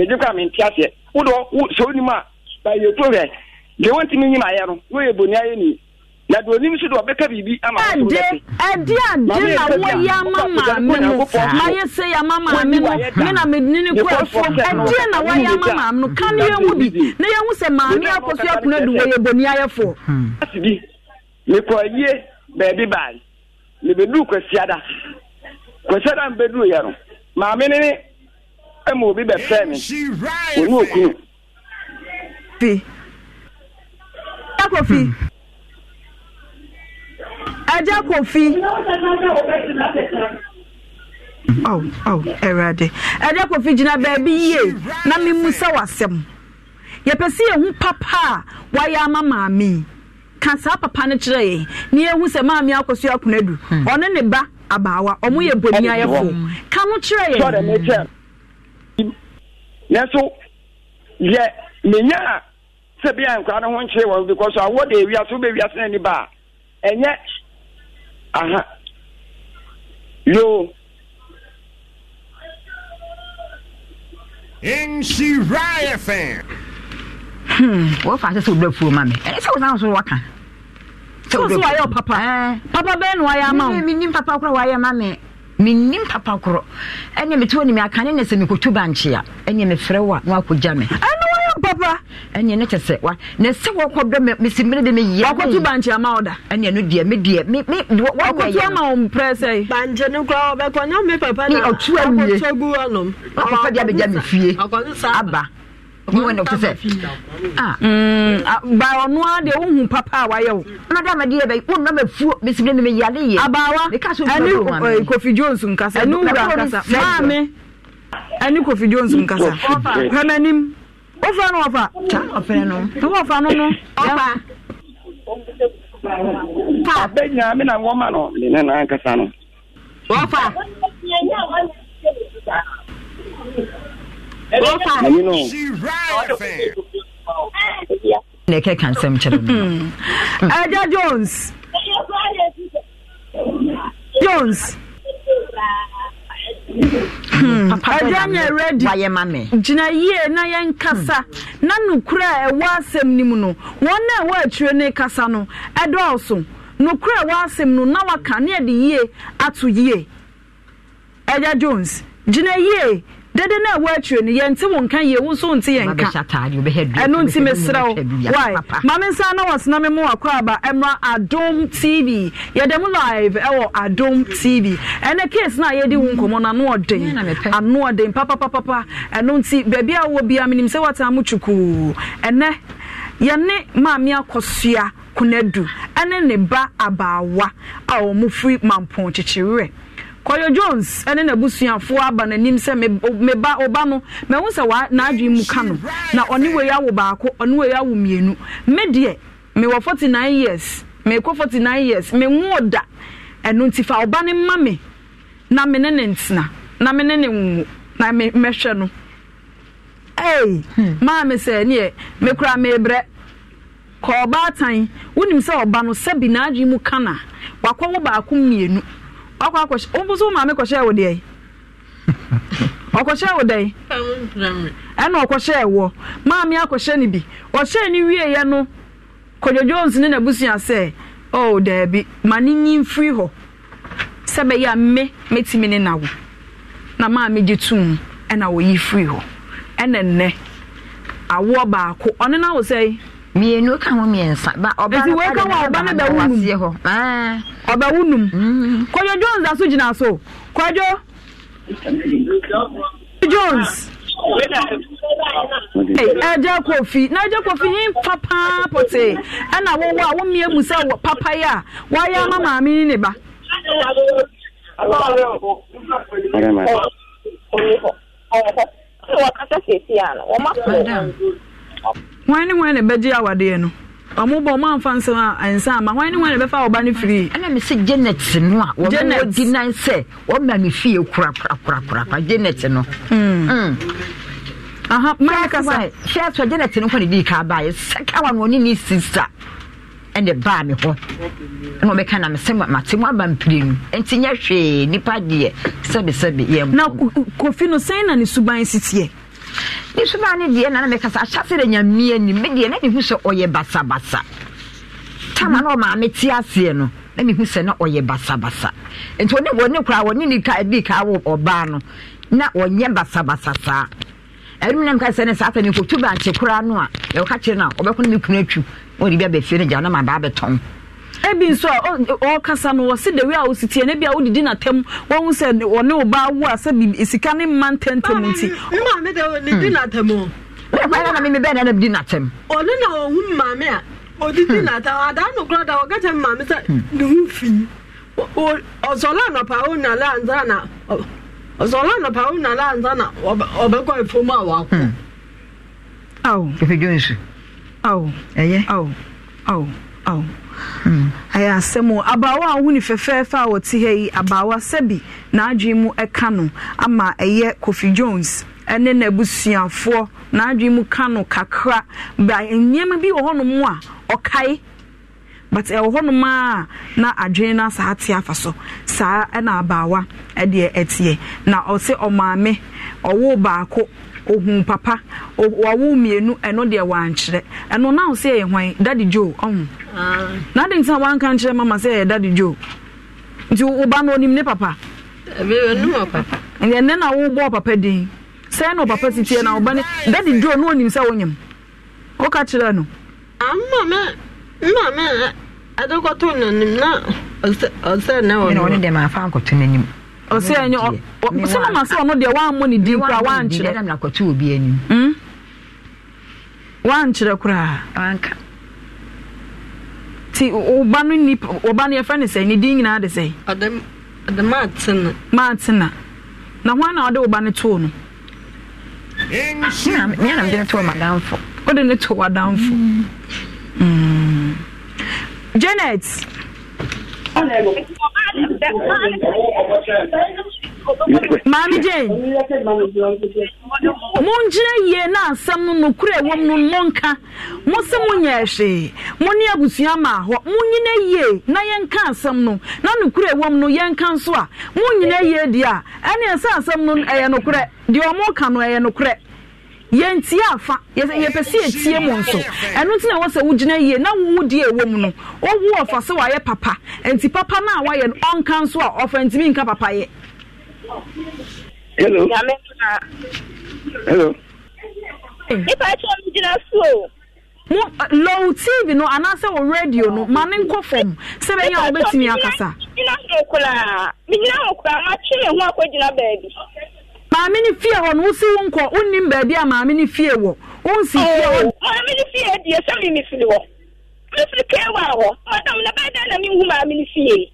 kɔ aseɛ wodɔ wo sɛ a nyim no wɔyɛ boni ayɛ yàtò onim so do ọbẹka biribi ama ọsọ ọdẹ. ẹdí àdé na wọ́n yẹ ama maame mu mayẹ sẹ yẹ ama maame mu mi na mi nini kọ ẹfọ ẹdí na wọ́n yẹ ama maame mu kan yẹn hu bi ne yẹn hu sẹ maame akọsi ẹkùnrin du wọ́n yẹ bọ̀ ní ayẹfọ. asibi mekọ yie bẹẹbi baayi lebedu kwasiada kwasiada mbedu yẹ no maame nini ẹmu obi bẹ fẹ mi onu okunu. fi. ẹ kò fi. agya kofi awurade agya kofi gyina baabi yie na memu sɛ wasɛm yɛpɛ sɛ papa a wayɛ ama maame ka saa papa no kyerɛ yɛ na yɛhu sɛ maame akɔ so du hmm. ɔne ne ba abaawa ɔmo yɛ boni ayɛfo ihe. no kyerɛ yɛ a ho de wiase ba ɛnyɛ aha yo raya nhyira fm wɔfa sɛ sɛ wobra fuo ma me ɛne sɛ wosane so waka sɛ wayɛ wo papa papa bɛɛ na wayɛ ama womenim papa korɔ wayɛ ma me menim papa korɔ ɛneɛ metewo nim akane ne sɛ mekɔtu bankye a ɛneɛ mefrɛ wo a na wakɔgya me ɛno papa ɛneɛ no kyɛ sɛ wa na sɛ wɔkɔ dɔ mesimene de meyɛ ɔkɔto bankye ama woda ɛneɛ no deɛ medeɛ ɔkɔto ama wo mprɛ sɛ bankye no koraa wɔbɛkɔ na me papa na ɔtu awie ɔkɔfa de abɛgya me fie aba wọn ọtí sẹ báwo nua de ohun papa a wayẹ o. ọlọdẹ amadi yẹ bẹ wọn nọ mẹ fu bisimi mi mi yalé yẹ. abawa ẹni kofi jones nkasa ẹni wura nkasa maami ẹni kofi jones nkasa pẹmẹnim o fẹ́ nu ọ̀fà. ta ọ̀fẹ́ nu. tó wọ́n fa nínú. ọ̀fà. ta. abẹ́ nyà mí na wọ́n ma nọ ní nà náà kasa nù. ọ̀fà. ọ̀fà. ẹ̀yin nù. ne kɛ kansɛm kyerɛ no agya hmm. hmm. eh, jones jones ɛgya nyɛ redi gyina yie na yɛnkasa na nokora e a ɛwɔ asɛm no mu no wɔn na e ɛwɔ akyire no kasa no ɛdɔɔso nokora e a ɛwɔ asɛm no na waka ne yɛde yie ato yie ɛgya jones gyina yie dede na ɛwɔ akyire no yɛnte wo nka yie wo nso nte yɛn ka ɛno nti mesrɛ wo wai mame nsa na wɔsena me mo wakɔ aba ɛmmra adom tv yɛde mo live ɛwɔ adom tv ɛnɛ case no a yɛdi wo nkɔmmɔ no ano ɔden ano ɔden papapapapa ɛno nti baabi a wowɔ bia menim sɛ woataa mo twukuu ɛnɛ yɛne maame akɔsua konadu ɛne ne ba abaawa a ɔmo firi mampɔn kyekyewerɛ kɔyɔ jones ɛne n'abusuafoɔ aba n'anim sɛ meba ɔba no mɛhu sɛ n'adwene mu ka no na ɔne wei awo baako ɔne wei awo mmienu me deɛ mewɔ forty nine years mekɔ forty nine years menwoɔ da ɛno nti fa ɔba ne ma me na me ne ne ntena na me ne ne nwo na me mɛhwɛ no ee hmm. maa mi sɛ neɛ mekura meebrɛ kɔ ɔbaa tan wonim sɛ ɔba no sɛbi n'adwene mu ka na wakɔ wo baako mmienu. ọkọ akọhyẹ ọ mpọsọ maame kọhyẹ wọ deɛ ɔkɔhyɛ wo dɛn ɛna ɔkɔhyɛ wɔ maame akɔhyɛ no bi ɔhyɛ ne wieɛ no kɔdwo jones ne n'abusua sɛ oh daabi ma ne nyi mfiri hɔ sɛ bɛyɛ a me mɛtumi ne nawo na maame gye tum ɛna wɔyi firi hɔ ɛna nnɛ awoɔ baako ɔne no wo sɛ Mienu ka ho mmiɛnsa ba ɔba no bɛwo mu ọbẹ̀wò nù m kọjọ jones aso gyina so kọjọ jones ɛgya eh, eh, kofi na ɛgya kofi yi mfa paa pote ɛna wɔwɔ a wɔmmie mu sɛ papa yi a wɔayɛ ama maame ne ne ba wɔn ne wɔn na ɛbɛgye awadeɛ no ɔmo bɔ ɔmo anfa nsɛm a nsa ama wɔn ne wɔn na bɛfa ɔba ne firi. ɛna me sɛ janet no a wɔn mo di nan sɛ wɔn ma fie kura kura kura kura janet no. Hmm. Hmm. aha maa kasa hyɛ sɔ janet no kɔ ne di ka ba yɛ sɛka wa wɔn ne ne sista ɛna baa mi hɔ ɛna wɔn bɛ ka na mi sɛ ma te mu aba mpire mu nti nyɛ hwee nipa deɛ sɛbi sɛbi yɛn. na kofi no sɛn na ne suban si teɛ ne soma ne deɛ nana mɛka sa ahyɛ sɛ dɛ nyame anim me deɛ na mehu sɛ ɔyɛ basabasa tama na ɔmaa mete aseɛ no na mehu sɛ na ɔyɛ basabasa nti ɔne wɔne koraa wɔne ne ka bi ka wo ɔbaa no na ɔnyɛ basabasa saa ɛnum nam ka sɛ ne saa afɛ mekotu bankye koraa no a yɛwɔka kyerɛ no a ɔbɛko no mekunu atwu ɔde bi abɛfie no gya na mabaa bɛtɔn ebi nso a ɔkasa no wɔsi de a osi tie ne a odidi wɔn sɛ ɔba awo bibi sika ne mma nti. maame de di hmm. n'atam o. na mimi bɛɛ na ne na na ohun maame a odidi hmm. n'atam adaa no kura da ɔka kyɛn maame sɛ hmm. ne fi ɔsɔlɔ o na la na ɔsɔlɔ anɔpa o na na ɔbɛkɔ efom ɛyɛ asɛm abaawa a wohune fɛfɛɛfɛ a wɔte ha yi abaawa sɛbi n'adwene mu ɛka ama ɛyɛ kofi jones ɛne n'abusuafoɔ n'adwene mu ka no kakra ba nneɛma bi wɔ hɔnom a ɔkae but ɛwɔ hɔnom a na adwene no saa te afa so abaawa ɛdeɛ ɛteɛ na ɔte ɔmaame ɔwo baako ohun papa wawo mmienu ɛno deɛ wankyerɛ ɛno na sɛ ɛyɛ hwan dadi joe ɔho ah. na adi ntina wanka nkyerɛ mama sɛ ɛyɛ dadi joe nti woba no onim ne papa ɛnɛ na wobɔ papa din sɛ na papa si tie na woba ne dadi joe no onim sɛ wonyam woka kyerɛ no adekɔto nanim na ɔsɛ na ɔno dɛm afa nkɔto n'anim ɔsɛ ɛnyɛ ɔsɛ mama sɛ ɔno deɛ wammɔ ne din koraa wankyerɛ hmm? wankyerɛ koraa nti ɔba no ni ɔba no yɛfrɛ no sɛ ne din nyinaa de sɛ ɔde maatena maatena na na ɔde ɔba no too no ne too mm. hmm. janet maame jane mongyina yie na asɛm no nokorɛ ɛwɔm no monka mo se monyɛ hwee mo ne abusua ma hɔ monyina yie na yɛnka asɛm no na nokorɛ ɛwɔm no yɛnka nso a monyina yie deɛ a ɛneɛ sɛ asɛm no ɛyɛ nokorɛ deɛ ɔmoka no ɛyɛ nokorɛ yɛntie afa yɛpɛ sɛ yɛtie mu nso ɛno nti na ɛwɔ wogyina yie na wowu ɛwɔ mu no wowu ɔfa sɛ wayɛ papa nti papa no a wayɛ no ɔnka nso a ɔfa ntimi nka papa eh. mo low tv no anaasɛ wɔ radio no ma ne nkɔ fam sɛ bɛyɛ a wobɛtumi akasa maame ne fie hɔ no wosi wo nkɔ wonnim baabi a maame ne fie wɔ wonsi fie hɔ oh, maame ne fie deɛ sɛ me mefiri hɔ mefiri kewa hɔ ɔdam na bɛɛ dɛn na menhu maame ne fie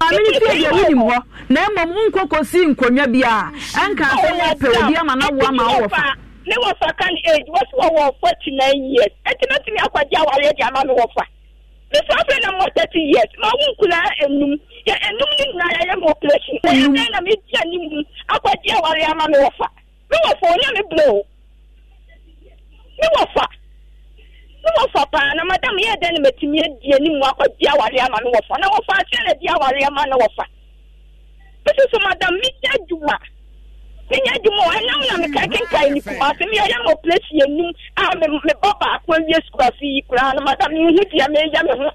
maame ne fie deɛ wonim hɔ na mmom wonkɔ kɔsi nkonnwa bi a ɛnka sɛ oh, woapɛ obi ama na woa ma wowɔ fa ne wɔ fa kan age wɔsi wɔ wɔ forty nine years eti na tumi akɔgye awareɛ de ama me wɔ fa mefa afei na mɔ thirty years ma wo nkula enum yɛ enum ne nyinaa yɛyɛ mu operation na yɛ dɛn na mi di anim akwagye awari ama mi wɔ fa mi wɔ onye mi mi wɔ mi wɔ paa na madam yɛ dɛn na ma ti mi ama mi wɔ na wɔ fa na di awari ama na wɔ fa bisi so madam mi nya adwuma mi nya adwuma wɔ ɛnam na mi ka kenkan ni kuma ase mi yɛyɛ mu operation enum a mi mi ba baako awie sukuu afi yi koraa na madam mi hu di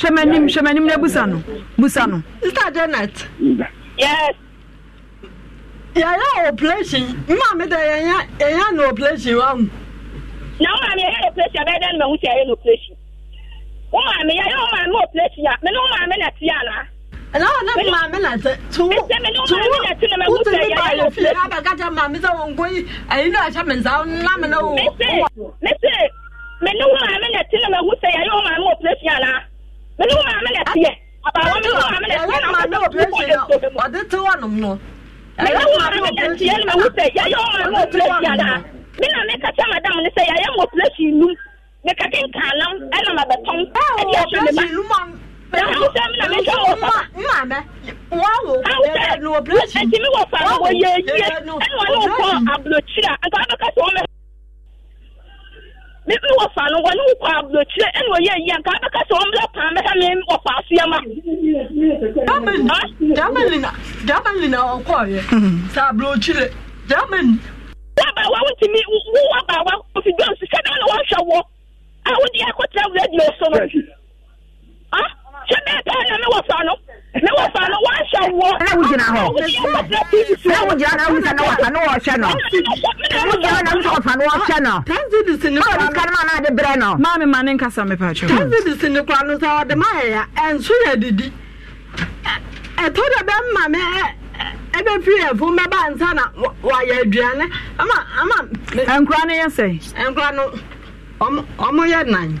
hwɛ m'anim hwɛ m'anim na busa no busa no. sister janet. yes. yɛyɛ operation maame dɛ yɛnya yɛnya no operation wa mu. na wọn maame yɛyɛ operation abɛyɛ dɛ mɛ wusu yɛyɛ no operation wọn maame yɛyɛ wọn maame operation a me ne wọn maame na ti ana. ɛnna wọn ne maame na tɛ tuwo tuwo wusu mi ba yɛ fie abakata maame sɛ wɔn nkoyi ayi na ahyɛ mi nsa nnamina wo. mɛ se mɛ se mɛ ne wọn maame na ti na mɛ wusu yɛyɛ wọn maame operation ana mene wo maame na ɛteɛ abawa mene wo maame na ɛteɛ na ɔde wo operation ɔde te hɔ nom no mene wo maame na ɛteɛ na wo sɛ yɛyɛ wo maame operation anaa me na meka kyɛ madam ne sɛ yɛyɛ mo operation num meka kenkanam ɛna mabɛtɔn ɛde ahyɛ me ba Ẹ̀sìn mi wọ̀ fara wọ̀ yẹ yẹ ẹnu wọn ní wọn kọ́ àbùlọ̀kyìrà nǹkan abẹ́kẹ́sọ̀ wọn mẹ́fà mi mi wɔ fa no wɔne wo kɔ aburokyire ɛna ɔyɛ yie nka abɛka sɛ ɔmmerɛ paa mɛka me wɔ fa aseɛ ma germany germany na ɔkɔɔyɛ mm-hmm. sɛ aburokyire germany wabaawa wotumi wo wabaawa kofi jones sɛdeɛ na wɔhwɛ wɔ a wode akɔtena radio so no ah? wogyina na na na na maame ma ne nkasa kora no sɛ ɔde ɛnso yɛ me ɛbɛfiri ɛfo mɛba nsa na aduane ama ama no yɛ sɛ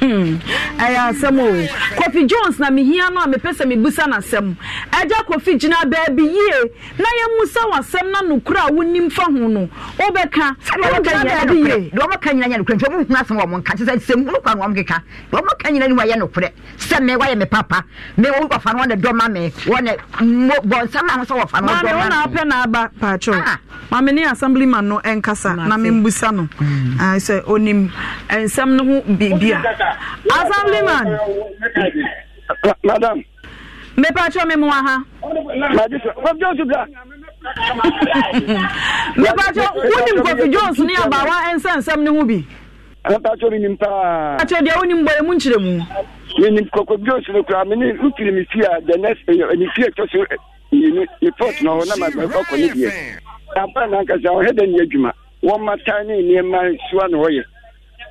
Hmm. ɛyɛ asɛm o kofi jones na mehia no a mepɛ sɛ mebusa n'asɛm ɛgya kofi gyina baabi yie na yɛmmusa w'asɛm na nokora a wonim fa ho no wobɛka wogyina baabi yie deɛ ɔmɔka nyina yɛ nokorɛ nti ɔmohunu asɛm wɔ mo nka kyɛ sɛ sɛm no kwa no ɔmkeka deɛ ɔmɔka nyina no wayɛ nokorɛ sɛ me wayɛ me papa me wɔfa no wɔne dɔma me wɔne bɔnsɛm a sɛ wɔfa no mame wo na wopɛ na aba paatwo ah. mame ne assemblyman no ɛnkasa na membusa no hmm. sɛ ɔnim nsɛm no ho biribia Assemblyman. Madam. Mepatro me mo aha. Kofi Jones bra. Mepatro wonim Kofi Jones ne abawa ɛnsa nsɛm ne ho bi. Mepatro mi nim paa. Mepatro deɛ wonim bɔ emu nkyerɛ mu. Menim Kofi Jones no kura me ne ntiri mi fie a the next ne fie ɛtɔ so mmienu ne port na ɔwɔ na ma bɛ kɔ ne deɛ. Apa na nkasa ɔhɛ dɛ ne adwuma. Wɔn mata ne nneɛma soa na ɔyɛ.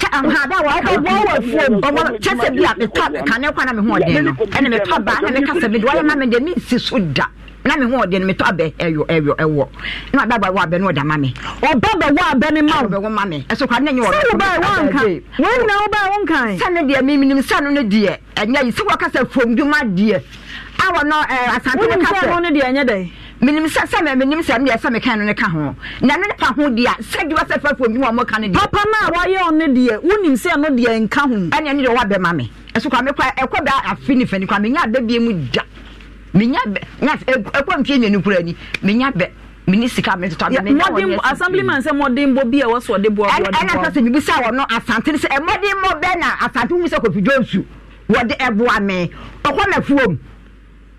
ahada wa ɔkɛ wɔn wɔ fuom ɔwɔ kyɛsɛ bi a metɔ kane kwan na me ho ɔden no ɛna metɔ baa na meka sɛ mede wayɛ ma me deɛ mensi so da na me ho ɔden no metɔ abɛ ɛyɔ ɛyɔ ɛwɔ na ɔba bɛwɔ abɛ no ɔda ma me ɔba bɛwɔ abɛ no ma ɔbɛwɔ ma me ɛso kwa ne nyɛ wɔbɛ sɛ wobaa ɛwɔ nka wɔn nyinaa wobaa ɛwɔ nka sɛ ne deɛ meminim sɛ no no deɛ ɛnyɛ yi sɛ wɔka sɛ fuom dwuma deɛ awɔ no asante ne menim sɛ sɛ menim sɛ medeɛ sɛ meka no ne ka ho na ne ka ho deɛ a sɛde wasɛ fafo bi wɔ mɔka no deɛ papa no a wɔyɛ ɔno deɛ wonim sɛ no deɛ nka ho ɛne ne deɛ wɔabɛma me ɛso kwa mekɔ ɛkɔ da afe ne fani kwa menya abɛbie mu da menya mfie nyɛno kura ni menya bɛ mini sika mi tutu abiri. mɔden assemblyman sɛ mɔden bi a wɔsɔ de bɔ ɔdi bɔ. ɛna sɛ sɛ bibi sa no asante sɛ ɛmɔden mɔ bɛɛ na asante wusa kofi jonsu wɔde ɛboa mi ɔkɔ na fuom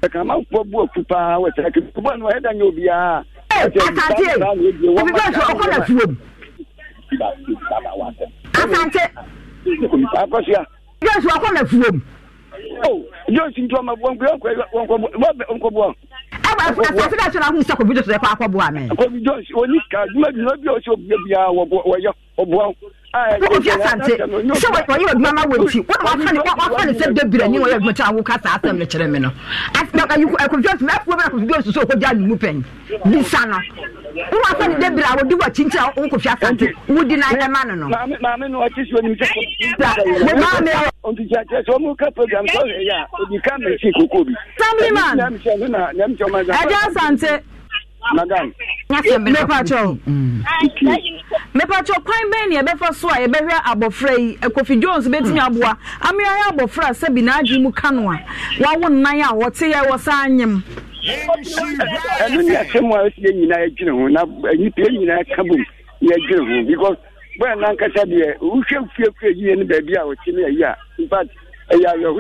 ɛkramanfoɔ bu aku paa wɔkyerɛ kebua no ɛda nyɛ obiaa asante ebibɛ so ɔkɔ na suom asante akɔsia ebibɛ so ɔkɔ na suom jones nti ɔma wɔnkɔboa asase na so na ahun sɛ kobi jones ɛkɔ akɔboa mɛ kobi jones oni ka dwuma bi na obi a ɔsɛ obi biara wɔyɛ ɔboa wọ́n fi asante sɛ wɔyɛ adwuma ma wɔ nti wɔn na wɔafa ne sɛ dabira ni wɔyɛ adwuma kyɛ awo ka saa asɛm no kyerɛ mi no akɔfiɔsi mɛ afuo mɛ akɔfiɔsi soso okogya ne mu pɛn bisa no wɔn afa ne dabira a wɔde wɔ akyinkyin a wɔn kɔfi asante wɔdi na ɛma no no. maame no ɔti si onim sɛ kɔmpiuta maame. ontutu akyerɛ sɛ ɔmo ka program sɛ ɔyɛ yɛ a odi ka mɛ si koko bi. family man ɛdi asante. madam mepatwɔ mm. kwan bɛn ne yɛbɛfa so a yɛbɛhwɛ abɔfra yi jones bɛtumi aboa ameayɛ a sɛbi n'adwe mu ka no a wawo nnan a wɔte yɛ wɔ saa nyem ɛno na nnipa nyinaa ka bom ho because bɛɛ nankasa deɛ wohwɛ yie no baabi a wɔte no ayi a infact ɛyɛ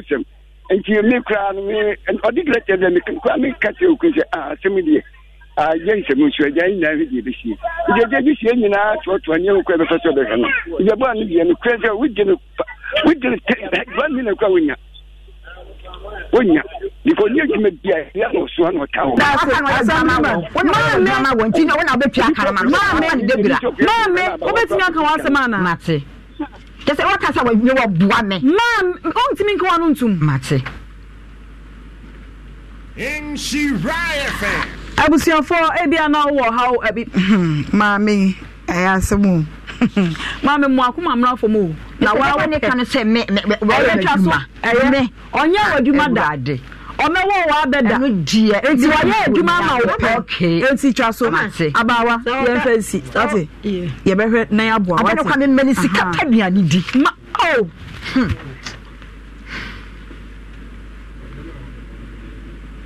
nti me yɛ nsɛm nso agya yi nyinaa de ebesie ɛgya gya ebesie nyinaa toɔtoɔ ne ɛwɔ kura bɛfɛ sɛ ɔbɛhwɛ no ɛgya bɔ ano deɛ no kura sɛ wogye no wogye no tɛ one million kura wonya wonya nifɔ ní edwuma bia yà wò so àná ọ̀tá wò. daasi asanu ma maame maame wọn ti na wọn na bẹ tia karama maame maame wọn bẹ ti na kan wọn asem ana. mate kyesɛ wakasa wɔ nyɛ wɔ bua mɛ. maame ɔntumi nkan wɔn ntum. mate. nsiraayɛfɛ. ebi ebia na ɔwɔ haw ɛbi hmm, maame ɛyɛ asɛm o maame mu akoma amuna fam o na wa wɔ ne kan sɛ me me ɔyɛ twa so ɛyɛ me ɔnyɛ wɔ adwuma da ade ɔmɛwɔ da ama nti so mi sika di ma o. Oh. Hmm.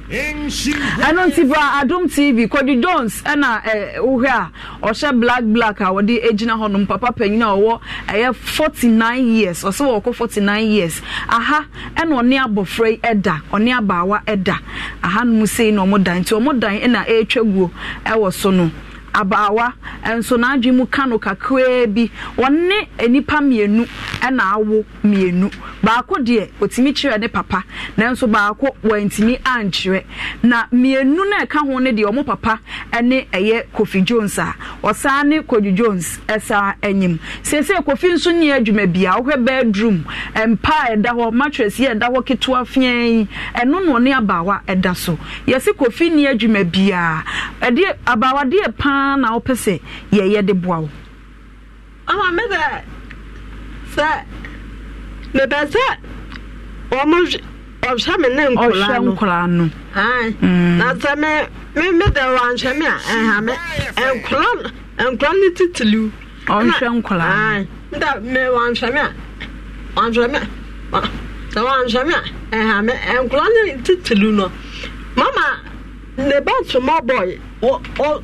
ɛno nti fa adom tv kɔde jones ɛna wohwɛ a ɔhyɛ black black a wɔde gyina hɔnom papa panyin a ɔwɔ ɛyɛ forty nine years ɔsɛ wɔkɔ nine years aha ɛna ɔne abɔfra yi ɛda ɔne abaawa ɛda aha no sei na ɔmo dan nti ɔmo dan ɛna ɛretwa guo ɛwɔ so no abawa nso n'adwi mu ka no kakraa bi wɔne nnipa mmienu na awo mmienu baako deɛ otumi kyerɛ ne papa nanso baako wɔntumi ankyerɛ na mmienu na ɛka ho no deɛ wɔn papa ne ɛyɛ kofi jones a ɔsan ne kofi jones ɛsan anim seesei kofi nso nyɛ adwuma bia ɔhwɛ bedroom mpa a ɛda hɔ mattress yɛ ɛda hɔ ketewa fiɛn ɛno na ɔne abaawa ɛda so yɛsi kofi nyɛ adwuma bia ɛde abaawa paa na wopɛ sɛ yɛyɛ de boa wo ama me sɛ sɛ mepɛ sɛ ɔmo ɔhwɛ me ne nkɔla no nkɔla no mm. na sɛ me me me dɛ wanhwɛ me a ɛha me nkɔla nkɔla ne titiriw ɔnhwɛ nkɔla no nda me wanhwɛ me a wanhwɛ me a sɛ wanhwɛ me a ɛha me nkɔla ne titiriw no mama ne bɛ tumɔ bɔ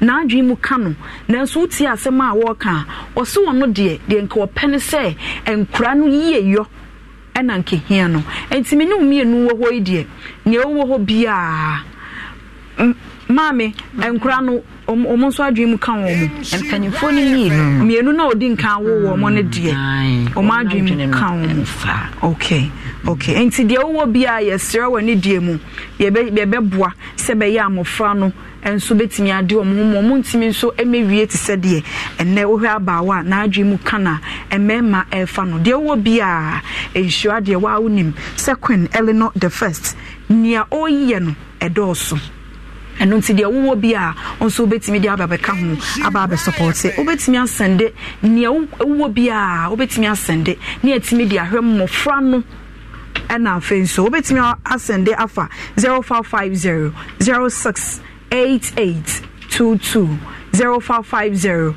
n'adwene mu ka no nanso wotie asɛm a wɔreka a ɔse wɔ no deɛ deɛ nka ɔpɛ ne sɛ nkora no yie yɔ ɛna nkehia no ntumi ne mmienu wɔ hɔ yi deɛ nea ɛwɔ hɔ maame ɔmo nso adwene mu ka wɔn mpanimfoɔ no yie no mmienu na ɔdi nka awo wɔ ɔmo mm, no deɛ ɔmo adwene mu ka wɔn okay okay nti deɛ ɔwɔ bia yɛsrɛ wɔ ne deɛ mu yɛbɛ yɛbɛboa sɛ bɛyɛ amɔfra no nso bɛtumi ade wɔn ho mu ɔmo ntumi nso mɛwie te sɛ deɛ ɛnɛ wohwɛ abaawa a n'adwene mu ka na mmarima ɛɛfa no deɛ ɔwɔ bia nhyira deɛ wɔawo nim second eleanor the first nea ɔreyɛ no ɛdɔɔso ɛno nti deɛ wowɔ bi a nso wobɛtumi de aba bɛka ho aba abɛsupɔte wobɛtumi asɛnde neɛ wowɔ bi a wobɛtumi asɛnde ne atumi de ahwɛ mmɔfra no ɛna afei nso wobɛtumi asɛnde afa 0550 06 88 22 0550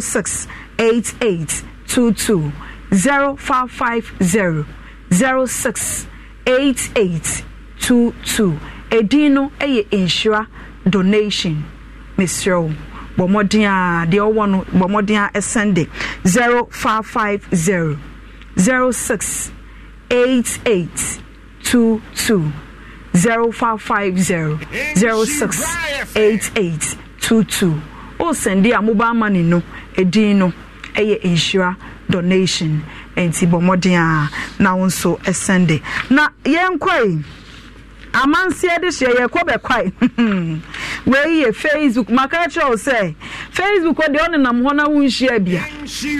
06 88 22 0550 06 88 22 edin no yɛ nhyira donation mesrɛ wo bɔ mmɔden a deɛ ɔwɔ no bɔ mmɔden a ɛsɛnde zero five five zero zero six eight eight two two zero five five zero zero six eight eight two two o sɛnde a mobile money no edin no ɛyɛ nhyira donation nti bɔ a na wo nso ɛsɛnde na yɛnkɔ yi. amanseɛ de hyɛ yɛkɔ kwae wei yɛ facebook maka kyerɛ sɛ facebook deɛ ɔnenam hɔ no wonhyia bia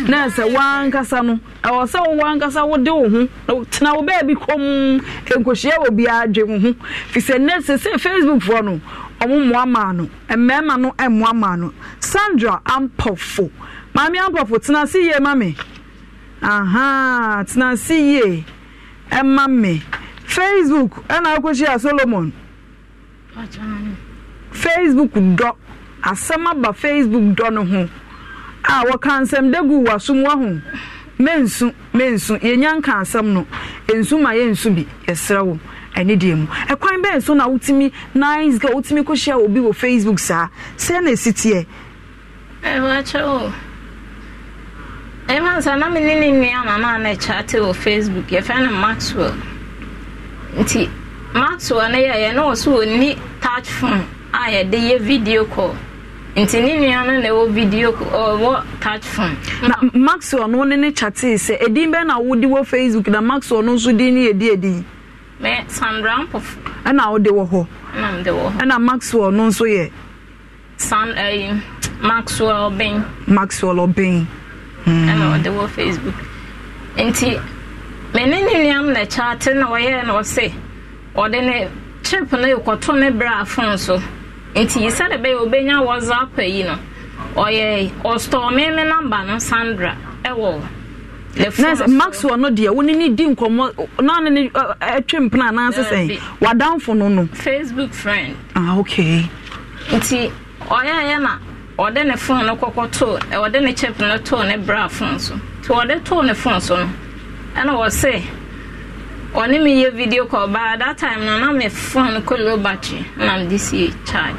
na sɛ woankasa no ɛwɔ sɛ wowɔ ankasa wode wo ho tena wo baabi kɔm nkɔhyia wɔ biaa dwe wo ho firi sɛ nnɛ sɛ sɛ facebookfoɔ no ɔmo mmoa maa no mmarima no e mmoa maa no sandra ampɔfo maame ampɔfo tena se yie ma me aha tena se yie ma me facebook ɛna a solomon facebook dọ asɛm aba facebook dɔ no ho a wɔka nsɛm da gu w'asom ho mensu mensu yɛnya nka asɛm no nsu ma nsu bi yɛsrɛ wo ɛne deɛ mu ɛkwan bɛn so na wotumi nice girl wotumi kɔhyia obi wɔ facebook saa sɛ na ɛsi teɛ ɛwakyɛw ɛma nsa na mene ne nua mama a na ɛkyɛ ate wɔ facebook yɛfɛ no maxwell nti maxwell no yɛyɛ na ɔso ɔni touch phone a yɛde yɛ video call nti ne nua no na ɛwɔ video ɔwɔ touch phone. na maxwell no ne ne kyate sɛ edin bɛn na wodi wɔ facebook na maxwell no nso din ne yɛ di edin. mɛ sandra mpɔfo. ɛna ɔde wɔ hɔ. ɛna ɔde wɔ hɔ. ɛna maxwell no nso yɛ. san ɛyi maxwell ɔbɛn. maxwell ɔbɛn. Hmm. ɛna ɔde wɔ facebook nti mene ne nuam na kyaate na wɔyɛɛ na ɔse ɔde ne chip no yɛkɔto ne berɛ afon so nti sɛde bɛyɛ obɛnya whatsapp yi no ɔyɛ ɔstɔɔ me me namba no sandra ɛwɔ maxwell no deɛ wone ne di nkɔmmɔ na ne ne mpena anaasɛ sɛ wadamfo no no facebook friend ah, okay nti ɔyɛɛyɛ na ɔde ne fon no kɔkɔtoo ɔde ne chip no too ne berɛ afon so nti ɔde too ne fon so no ɛna wɔ se ɔne me yɛ video call baa that time no na me phone kɔ low battery na me de si charge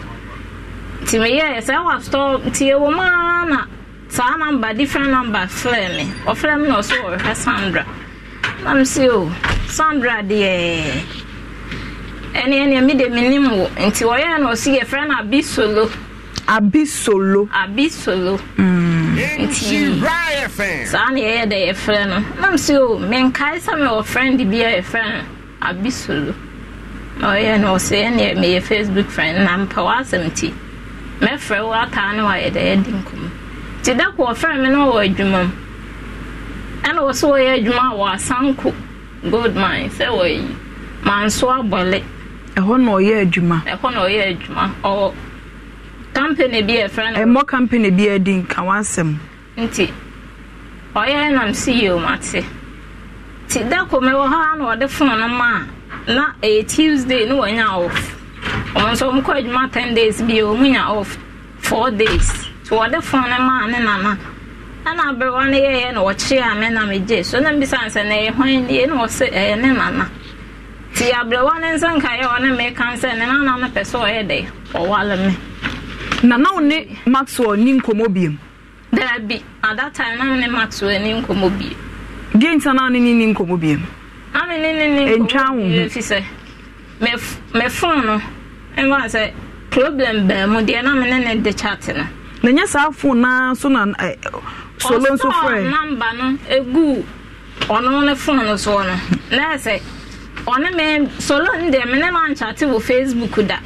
nti me yɛ sɛ ɛwɔ store nti ɛwɔ mu na saa number different number frɛ me ɔfrɛ me na ɔso ɔhwɛ Sandra na me se o oh, Sandra deɛ ɛne ɛne me de nim wo nti ɔyɛ na ɔsi yɛ frɛ no solo? Abi solo. Mm. saa ne ɛyɛ dɛ yɛfrɛ no nam sɛ o oh, menkae sɛ mewɔ friend bi a yɛfrɛ no abisolo na ɔyɛ no ɔsɛ ɛneɛ meyɛ facebook friend na mpɛ w'asɛm ti mɛfrɛ wo ataa ne wayɛ dɛ yɛdi nkɔmmɔ nti da ko ɔfrɛ me na ɔwɔ adwuma mu ɛna wɔ sɛ wɔyɛ adwuma a wɔ asanko gold mine sɛ wɔyi manso abɔle ɛhɔ na ɔyɛ adwuma ɛhɔ na ɔyɛ adwuma ɔwɔ company bi a ɛfrɛ no ɛmmɔ company bi adi nka wansɛm nti ɔyɛ nam ceo mu ate nti da kɔmɛ wɔ hɔ na ɔde fon no ma a na ɛyɛ tuesday ne wɔnya off ɔmo nso ɔmo kɔ adwuma ten days bi ɔmo nya off four days nti wɔde fon no ma a ne nana ɛna aberewa no yɛyɛ na wɔkye a me nam gye so na mbisa nsɛ na ɛyɛ hwan nie na wɔsɛ ɛyɛ ne nana nti aberewa no nsa nkaeɛ ɔne meka nsɛ ne nana no pɛ sɛ ɔyɛ dɛ ɔwale me na na ne maxwell ni nkɔmɔ biem daabi at that time na ne maxwell ni nkɔmɔ biem deɛ nti na ne ni nkɔmɔ biem na me ne ne ni nkɔmɔ biem fi sɛ me phone no ɛma sɛ problem bɛn mu deɛ na me ne ne de chat no na nye saa phone na so na eh, solo nso frɛ ɔsɔ namba no egu ɔno ne phone no soɔ no na ɛsɛ ɔne me solo ndeɛ me ne no facebook da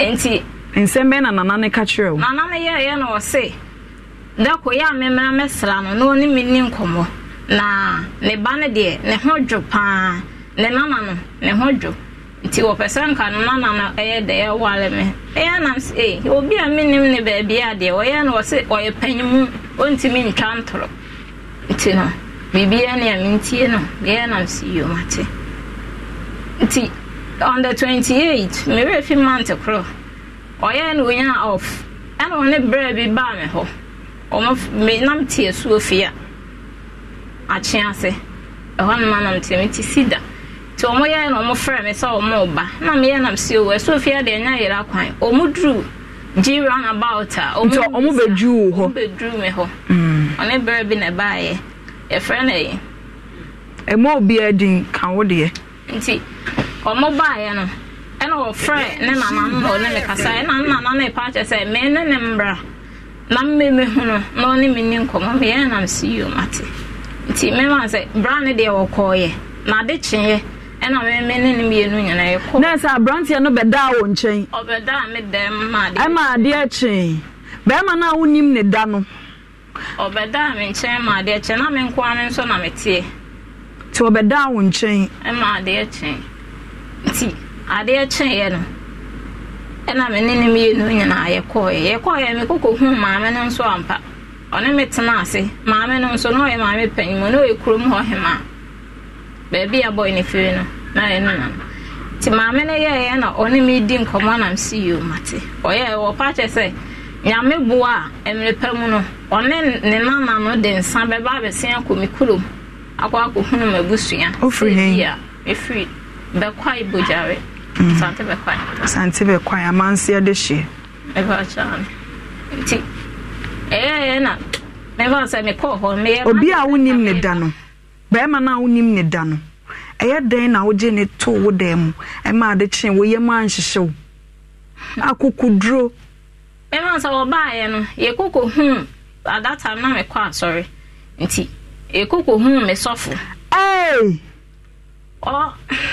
nti nsɛm na nana ne ka kyerɛ nana ne na ɔse da ya a memmra mɛsra no na ɔne me nkɔmmɔ na ne ba no deɛ paa ne nana no ne ho dwo nti wɔpɛ sɛ nka no nana no ɛyɛ dɛ me ɛyɛ nam eh, obi a ne deɛ ɔyɛ ɔse ɔyɛ panyimu ntwa nti biribiara nea mentie no deɛ nam si yio nti on 28 mewerɛ fi mante korɔ ɔyɛ ne onya off ɔne berɛ bi baa me hɔ menam te asuo fie a akye ase ɛhɔ no nam te mete sida nti na me sɛ na meyɛ nam si fie deɛ nya gye about a me hɔ mm. ɔne berɛ bi na yɛfrɛ no yi ɛma din ka wo deɛ nti ɔmo baeɛ no ɛna wɔfrɛ ne nana no ɔne me kasa ɛna nana no ɛpa kyɛ sɛ me ne ne mbra na mmeme hu no na ɔne me nkɔmmɔ meyɛ nam nti mema sɛ bra ne deɛ na ade kyeeɛ ɛna ne ne mmienu na sɛ aberanteɛ no bɛdaa wɔ nkyɛn ɔbɛdaa me dɛm ma ɛma adeɛ kyee bɛrima no a wonim ne da ɔbɛdaa me nkyɛn ma adeɛ kyɛn na me nkoa me nso na meteɛ nti ɔbɛdaa wo nkyɛn ɛma adeɛ kyɛn nti adeɛ yɛ no ɛna me ne ne mmienu nyinaa yɛkɔɔɛ yɛkɔɔɛ me koko hu maame no nso ampa ɔne me tena ase maame no nso na ɔyɛ maame panyin mu na ɔyɛ kurom hɔ hema baabi abɔ bɔyɛ ne firi no na ɛno na nti maame no yɛɛyɛ na ɔne me di nkɔmmɔ nam si yie mate ɔyɛ ɛwɔ kyɛ sɛ nyame boa a mmerɛ pa mu no ɔne ne nana no de nsa bɛba abɛsen akɔ me kurom akɔ akɔhunu m'abusua ofiri a ɛfiri bɛkwae bogyare mm. sante bɛkwae sante bɛkwae amanseɛ de hyeɛ nti ɛyɛyɛ na mefa sɛ mekɔɔ hɔ meyɛ obi a wonim ne da no bɛrima no a wonim ne da no ɛyɛ dɛn na wogye ne too wo dan mu ɛma ade kyee wo woyɛ ma anhyehyew akokoduro mmarima sɛ wɔbaeɛ no yɛkɔ kɔhuu at that time na mekɔ asɔre nti yɛkɔ kɔhuu me sɔfo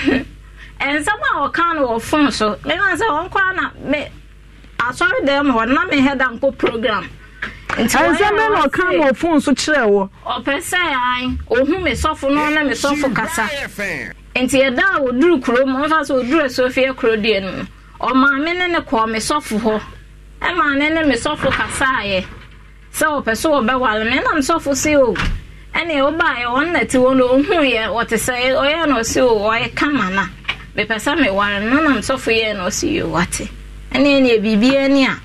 nsɛm a ɔka no wɔ fon so mmarima sɛ wɔnkɔa na me asɔre dɛm hɔ na mehɛ da nkɔ program nsɛm na ɔka ma ɔfon so kyerɛ wɔ ɔpɛ sɛ ae ɔhu me sɔfo no ne me sɔfo kasa nti ɛda a wɔduru kurom ɔmfa sɛ ɔduru asofie kuro deɛ no ɔmaame ne ne kɔɔ me sɔfo hɔ ɛma ne ne me sɔfo kasaeɛ sɛ ɔpɛ so wɔbɛwale me ɛnam sɔfo si o ɛne wobaeɛ ɔn na te wɔ no ɔhuuɛ ɔte sɛ ɔyɛ na ɔse o ɔyɛ kama na mepɛ sɛ meware no nam sɔfo yɛ na ɔsi yɛ wate ɛne neɛ biribia ne a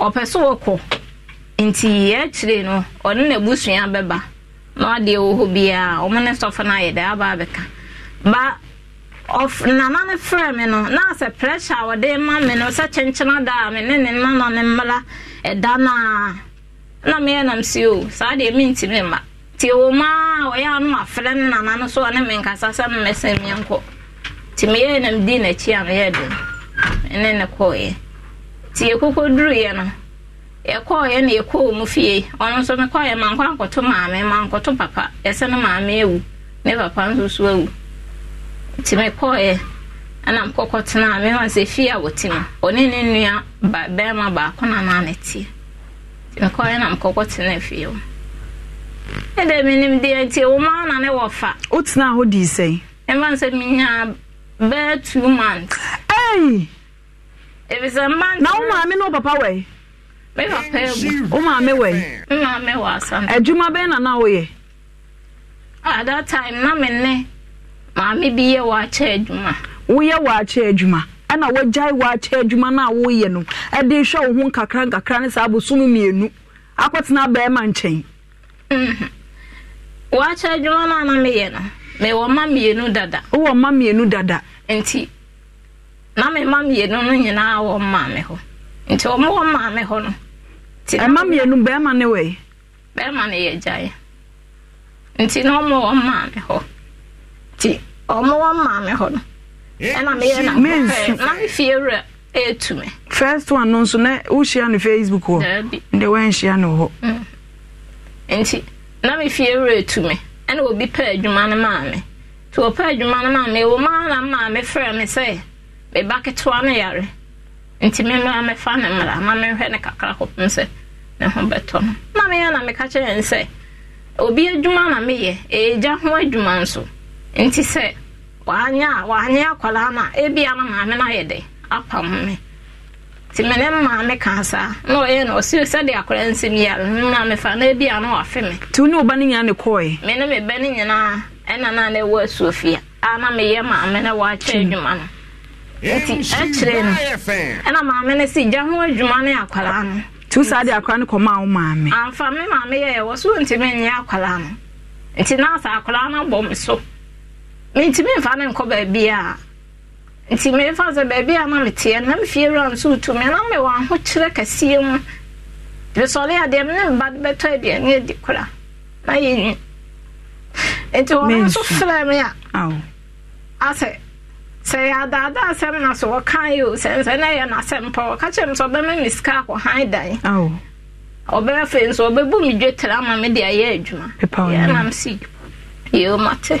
ɔpɛ so ɔkɔ, nti akyire no ɔne n'abusua bɛba na ɔdeɛ wɔ hɔ biara ɔmo ne sɔfo no ayɛ dɛ aba abɛka ba nana ne frɛ me no na sɛ pressure a wɔde ma me no sɛ kyenkyena da a me ne ne nana ne mmra ɛda no a na meyɛ nam si o saa deɛ mentimi mma nti ɛwɔ mu a ɔyɛ a no mafrɛ ne nana no so ɔne me nkasa sɛ mmɛsɛ meɛnkɔ nti meyɛɛ nam di n'akyi a meyɛ do ne ne kɔɔeɛ nti yɛkokɔ duruiɛ no yɛkɔɔeɛ na yɛkɔɔ mu fie ɔno nso mekɔɔeɛ mankɔ ankɔto maame mankɔto papa yɛsɛ no maame awu ne papa nso so awu nti mekɔɔɛ ɛna mema sɛ fie a wɔte mu ɔne ne bɛrima baako na naa ne teɛ nti na mekɔkɔ tenaa fie hɔ ɛdɛ menim deɛ nti wo na ne wɔ fa wotenaa hɔ dii sɛi ɛma sɛ menyaa bɛɛ two mma na wo maame ne wo papa wo maame wɔ adwuma na na woyɛ at that time na maame bi yɛ wɔakyɛ adwuma woyɛ wɔakyɛ adwuma ɛna wɔgyae wɔakyɛ adwuma no a woyɛ no ɛde hwɛ wo ho nkakra nkakra ne saa abosom mmienu akɔtena bɛrima nkyɛn mhm. wɔakyɛ adwuma no a na meyɛ no mewɔ ma mmienu dada wowɔ ma mmienu dada nti na me ma mmienu no nyinaa wɔ maame hɔ nti wɔn wɔ maame hɔ no ɛma mmienu bɛrima ne wɔ yi bɛrima ne yɛ gyae nti na wɔn wɔ maame hɔ nti ɔmo wɔn maame hɔ no eh, ɛna meyɛ na kɔkɔɛ na me fie werɛ ɛtu me first one no nso na wohyia no facebook hɔ daabi nde wɔanhyia no hɔ mm. nti na me fie werɛ ɛtu me ɛna obi pɛ adwuma no maame nti wɔpɛ adwuma no maame ɛwɔ maa na maame frɛ me sɛ eba ketewa no yare nti memmra mɛfa ne mmara na menhwɛ ne kakra kɔpem sɛ ne ho bɛtɔ no na meyɛ na meka kyerɛ n sɛ obi adwuma na meyɛ egya ho adwuma nso nti sɛ wanyɛ a wanyɛ akwadaa na ebi na maame na ayɛ dɛ apam me nti me ne maame kaa saa na ɔyɛ na ɔsi sɛdeɛ akwadaa nsɛm yi a na mefa na ebi na wafe me. tiw ne ɔba ne nyinaa ne ne bɛ ne nyinaa ɛna na a na meyɛ maame na wakyɛ adwuma no nti ɛkyerɛ no ɛna maame si gya ho adwuma ne akwadaa no. no kɔ maa maame. maame yɛ so ntumi ntumi nfa ne nkɔ baabi a nti mefa sɛ baabi a na meteɛ na mfie wura nso tumi na mewɔ ahokyerɛ kɛseɛ mu besɔre a deɛ mba de bɛtɔ aduane adi kora na yɛni nti wɔn nso frɛ me a asɛ sɛ yɛ adaadaa asɛm na so wɔkae o sɛnsɛ na ɛyɛ n'asɛm pɛ wɔka kyerɛ me sɛ ɔbɛma me sika akɔhan dan ɔbɛyɛ fei nso ɔbɛbu me dwetire ama me ayɛ adwuma yɛnam si yɛomate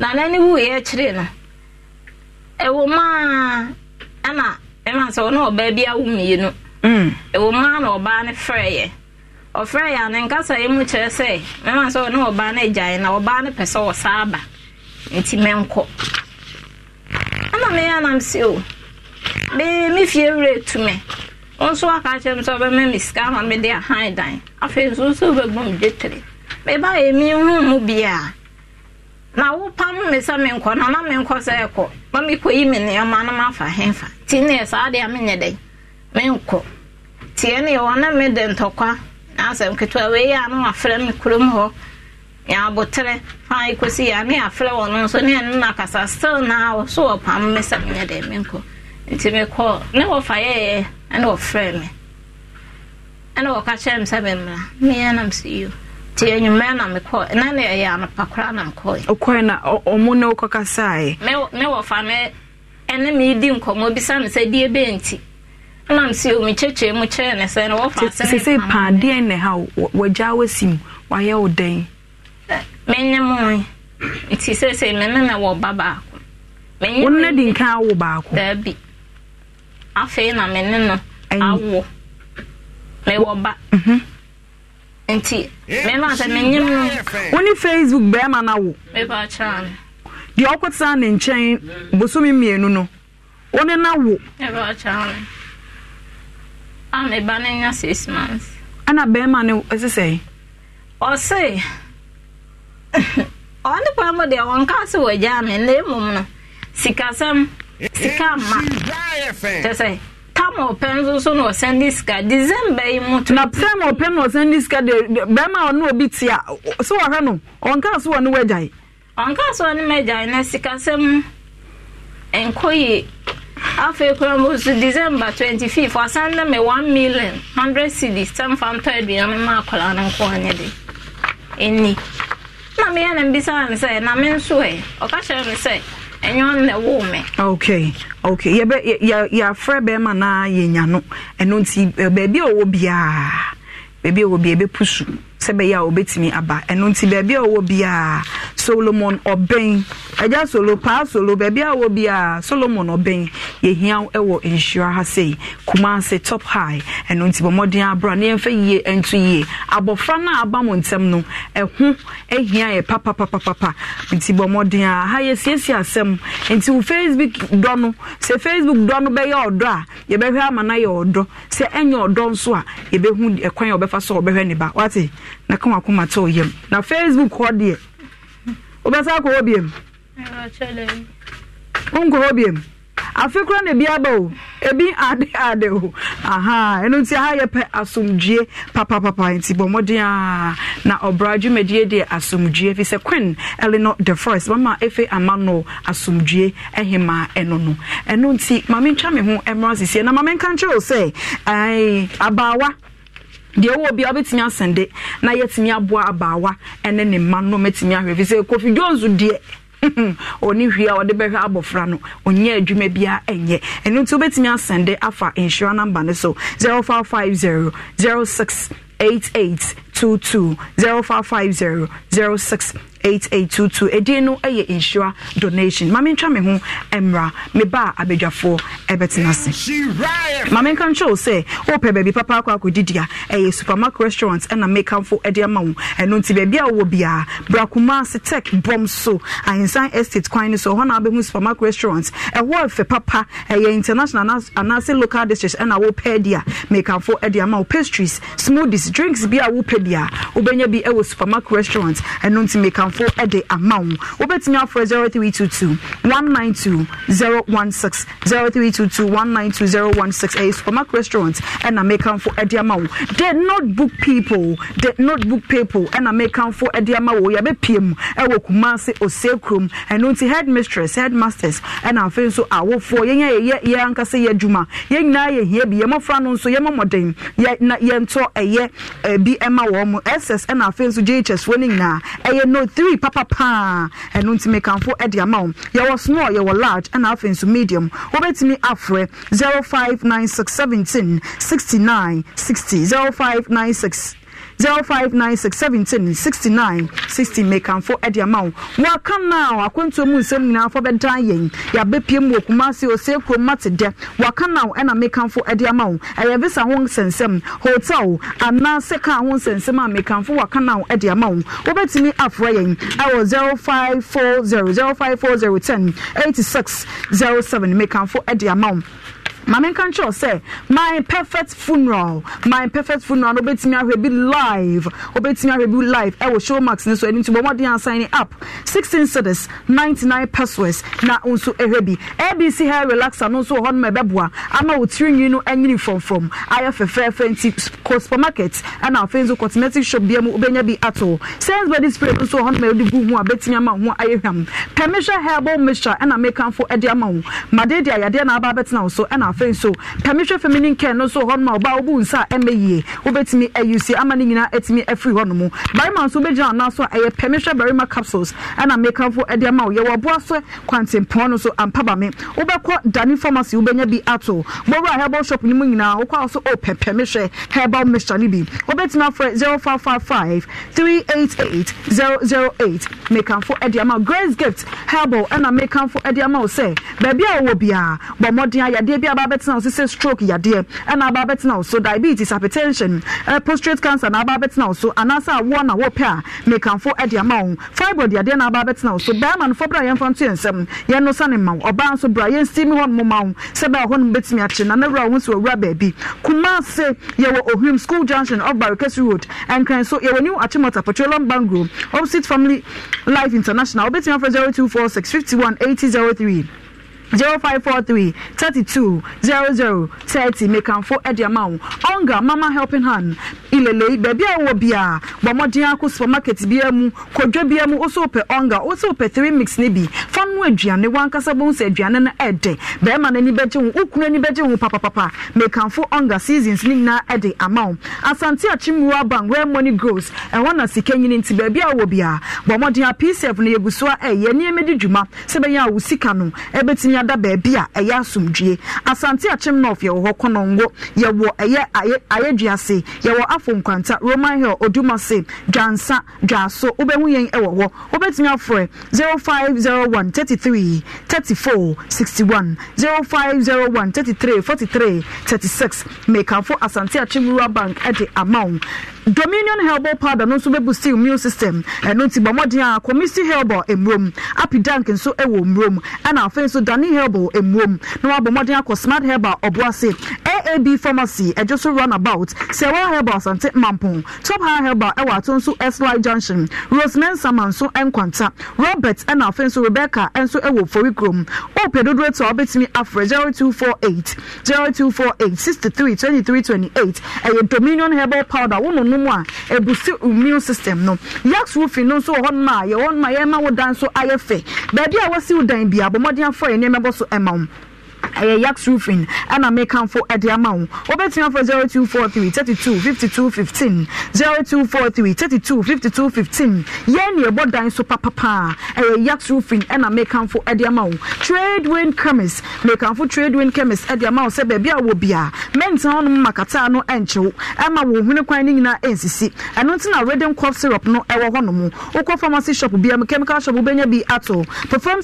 na n'ani ne wuiɛ kyeree no ɛwɔ maa ɛna ɛma sɛ ɔne ɔbaa bi awo mmienu mm. ɛwɔ maa na ɔbaa no frɛeɛ ɔfrɛeɛ a ne nkasa yɛ mu kyerɛ sɛ ɛma sɛ ɔne ɔbaa no agyae na ɔbaa no pɛ sɛ ɔsaa ba nti mɛnkɔ ɛna meyɛ nam si o bee me fie werɛ tu nso aka kyerɛ m sɛ ɔbɛma me sika ma mede ahan dan afei nso nso wobɛbu me gye tere meba yɛ mi hu mu biaa na wopam me sɛ menkɔ na na menkɔ sɛ ɛkɔ na mekɔyi me nneɛma no mafa hefa nti neɛ saa deɛ menyɛ dɛn menkɔ nti ɛne yɛwɔ na mede ntɔkwa na asɛm ketewa wei a na wafrɛ me kurom hɔ yɛaboterɛ fa ɛkɔsi yɛ ne yɛafrɛ wɔ no nso ne ɛno na kasa still na wɔ so wɔpam me sɛ menyɛ dɛn menkɔ nti mekɔ ne wɔfa yɛyɛ ɛne wɔfrɛ me ɛne wɔka kyerɛ me sɛ memmra meyɛ nam sɛ yio nti enyimmerɛ na mekɔ na ne ɛyɛ anapa koraa na mekɔe wokɔe na ɔmo ne wokɔkasae me wɔfa me ɛne meedi nkɔmmɔ bisa ne sɛ die bɛɛ nti nam sɛ ɔmi kyekyerɛ mu kyerɛ ne sɛ no wɔfa sɛsɛ paa deɛn ne ha wagya wasi mu wayɛ wo dɛn menye moe nti sɛsɛ me ne na wɔba baako wo no di nka awo baako daabi afei na me ne no awo mewɔ ba mhm. nti mema sɛ no wone facebook bɛrima no wo deɛ ɔkotena ne nkyɛn bosome mmienu no wone na wo ana ah, bɛrima no ɛse sɛ ɔse ɔne pa mu deɛ wɔnka se wɔgyaa me na mmom no sikasɛm sika ma sɛ tam ɔpɛ na ɔsan di sika na de bɛrima ɔne obi ti a so wɔhwɛ no ɔnka so ɔnka so na sikasɛm nkɔ yie afei kura mu so december twenty fifth ɔsan na mɛ million cedis aduane ma no de ɛni na meyɛ mbisa na me nso ɛ ɔka kyerɛ me sɛ. ɛnyɛ ɔno na ɛwɔ mɛ. okay okay yɛbɛ yɛ yɛafrɛ bɛrima na yɛnya no ɛno nti baabi a ɔwɔ biara baabi a ɔwɔ biara ɛbɛ pusu sɛ bɛyɛ a ɔbɛtumi aba ɛno nti baabi a ɔwɔ biara solomon ọbẹn ẹja solo paa solo baabi a wọ bia solomon ọbẹn yehia ɛwɔ nhyira ha sei kumase top high ɛno nti bɔ mmɔden abora ne yɛmfa yie ɛnto yie abɔfra no a aba mo ntɛm no ɛho ahia yɛ papapapapa nti bɔ mmɔden a ha yɛsiesie asɛm nti wo facebook dɔ no sɛ facebook dɔ no bɛyɛ ɔdɔ a yɛbɛhwɛ ama no yɛ ɔdɔ sɛ ɛnyɛ ɔdɔ nso a yɛbɛhu ɛkwan a wɔbɛfa so a wɔbɛhwɛ ne ba wate na ka wakoma to yam na facebook hɔ deɛ wobɛsa akɔ hɔ biam wonkɔ hɔ biam afe kora na ebi aba o ebi ade ade o aha ɛno nti aha yɛ pɛ papa papa nti bɔ mmɔden na ɔbra dwumadie deɛ asomdwie fi sɛ queen eleanor the first mama efe ama no asomdwie ɛhema ɛno no ɛno nti maame ntwa me ho ɛmra sisi na maame nka nkyerɛw sɛ ɛɛ abaawa deɛ ɛwɔ bi a wobɛtumi asɛnde na yɛtumi aboa abaawa ne ne mma no mɛtumi ahwɛ fi sɛ kofi jones deɛ ɔne hwie a ɔde bɛhwɛ abɔfra no ɔnyɛ adwuma biara ɛnyɛ ɛno nti wobɛtumi asɛnde afa insura number no so 0550 06 8822 0550 06 8822 ɛdin no yɛ insure donation ma mentwa me ho mmra meba a abadwafoɔ ɛbɛtena se ma menka papa akɔ akɔdidi a ɛyɛ supermarket restaurant ɛna mekamfo de ama wo ɛno nti a wowɔ tech bɔm so ahensan estate kwan no so hɔ na supermarket restaurant ɛhɔ ɛfɛ papa ɛyɛ international anaasɛ local district ɛna wopɛ di a mekamfo de ama pastries smoothies drinks bi a wopɛ a wobɛnya bi wɔ supermarket restaurant ɛno nti amanfo de ama wo wobɛtumi afrɛ 0322 192 016 0322 192 016 ɛyɛ supermarket restaurant ɛna mekamfo de ama wo the notebook people the notebook people ɛna mekamfo de ama wo yɛbɛpie mu ɛwɔ kumase osekurom ɛno nti headmistress headmasters ɛna afei nso awofoɔ yɛn yɛ yɛ ankasa yɛ adwuma yɛn nyinaa yɛ hia bi yɛn mmɔfra no nso yɛn mmɔden yɛ na yɛntɔ ɛyɛ ɛbi ɛma wɔn mo ss ɛna afei nso jhs foɔ ne nyinaa ɛyɛ note three papa pa, ɛno nti mekamfo ɛde ama wo yɛwɔ small yɛwɔ large ɛna afei nso medium wobɛtumi afrɛ 059617 69 0596 zero five nine six seventeen sixty nine sixty mekanfo ɛde ama wo wɔaka no a akwantuo mu nsɛm nyinaa fɔ bɛdan yɛn yɛabɛpie mu wɔ kumase osie kurom mate dɛ wɔaka no a ɛna mekanfo ɛde ama wo ɛyɛ visa ho nsɛnsɛm hotel anaasɛ kaa ho nsɛnsɛm a mekanfo wɔaka no a ɛde ama wo wobɛtumi afrɛ yɛn ɛwɔ zero five four zero zero five four zero ten eighty six zero seven mekanfo ɛde ama wo maame nka nkyerɛ sɛ my perfect funeral my perfect funeral no wobɛtumi ahwɛ bi live wobɛtumi ahwɛ bi live ɛwɔ showmax ne so ɛno nti bɔmmɔden asan ne app 16 ninety nine pesos na nso ɛhwɛ bi abc hair relaxer no nso wɔ hɔ nom ɛbɛboa ama wo tirinwi no anyini frɔmfrɔm ayɛ fɛfɛɛfɛ nti kɔ supermarket ɛna afei nso cosmetic shop bia mu wobɛnya bi ato sense body spray no nso wɔ hɔ nom ɛwode gu ho a bɛtumi ama ho ayɛ hwam permission herbal mixture ɛna mekamfo ɛde ama wo madeɛ de ayadeɛ na aba bɛtena wo so ɛna afei nso permission feminine care no nso hɔ nom a ɔbaa ɔbu nsa ɛmɛ yie wobɛtumi ɛyi si ama ne nyinaa ɛtumi ɛfiri hɔ nom barima nso bɛgyina ana so a ɛyɛ permission barima capsules ɛna mekanfo ɛde ama wo yɛwɔ aboa so kwantempɔn no so ampabame wobɛkɔ dani pharmacy wobɛnya bi ato bɔwura herbal shop no mu nyinaa wokɔ so ɔpɛ permission herbal mixture no bi wobɛtumi afrɛ 0555 388 eight mekanfo ɛde ama grace gift herbal ɛna mekanfo ɛde ama wo sɛ baabi a wɔwɔ biara bɔ mmɔden a yadeɛ bi a aba abɛtena wo so stroke yadeɛ ɛna aba abɛtena wo so diabetes hypertension uh, prostate cancer na aba abɛtena wo so anaasɛ awoɔ na wɔpɛ a mekamfo de ama wo fibroid yadeɛ na aba abɛtena wo so bɛrima no fɔ berɛ a yɛmfa nto yɛ nsɛm yɛno sa ne ma wo ɔbaa nso berɛ a yɛnsi mi hɔ no ma wo sɛ bɛa hɔ no bɛtumi akye na na wura wo ho sɛ wɔwura baabi kuma se yɛwɔ ohim school junction of barikasi road ɛnkran so yɛwɔ new achimota petroleum bangro opposite family life international wobɛtumi afrɛ 0246 51 8003 zero five four three thirty two zero zero thirty mekanfo ɛdi ama wo Onga mama helping hand ilele beebi a ɛwɔ bia bɔ mmɔden supermarket bia mu kodwa bia mu oso pɛ ɔnga oso pɛ three mix ne bi fanu aduane wankasa bɔn sɛ aduane no ɛdɛ bɛrima n'ani bɛgye ho okunu ani bɛgye ho papapapa mekanfo ɔnga seasons ne nyinaa ɛdi ama wo asante akyimura bank where money grows ɛhɔ na sika nyini nti beebi a ɛwɔ bia bɔ mmɔden a psf no yɛ gu so eh, a ɛyɛ nneɛma di dwuma sɛbɛyɛ a wosika no eh, ɛbɛtumi ada baabi a ɛyɛ asomdwie asante akyem north yɛwɔ hɔ kɔnɔngo yɛwɔ ɛyɛ ayɛduase yɛwɔ afɔ nkwanta roman hill odumase dwansa dwaso wobɛhu yɛn ɛwɔ hɔ wobɛtumi afrɛ 0501 33 34 61 0501 33 43 36 mekafo asante akyem rural bank ɛde ama wo dominion herbal powder no nso bɛbu seal immune system ɛno nti bɔ mmɔden a komisi herbal emuom apidank nso ɛwɔ muom ɛna afei nso dani herbal emuom na wabɔ mmɔden akɔ smart herbal ɔboase aab pharmacy ɛdwo so about. Sewa herbal asante mampon top high herbal ɛwɔ ato nso sly junction rosemary sama nso nkwanta robert ɛna afei nso rebecca nso ɛwɔ fori kurom ope dodoɔ Two four eight. Sixty three. Twenty three. Twenty eight. ɛyɛ dominion herbal powder wɔn mu no mu a ɛbusi immune system no yax roofing no nso wɔ hɔ nom a yɛwɔ nom yɛma wo dan so ayɛ fɛ baabi a wɔsi wo dan bi abɔmmɔden afɔ yɛ nneɛma bɔ so ɛma wo ɛyɛ Yaks roofing ɛna mekanfo ɛde ama wo wobɛtumi afɔ 0243 32 52 15 0243 32 52 15 yɛn ne ɛbɔ dan so papapaa ɛyɛ roofing ɛna mekanfo ɛde ama wo trade wind chemist mekanfo trade wind chemist ɛde ama wo sɛ baabi a wɔ bia mɛntena hɔ nom makataa no ɛnkyew ɛma wo hwene kwan no nyinaa ɛnsisi ɛno nti na redden cough syrup no ɛwɔ hɔ nom wokɔ pharmacy shop bia mu chemical shop wobɛnya bi ato perform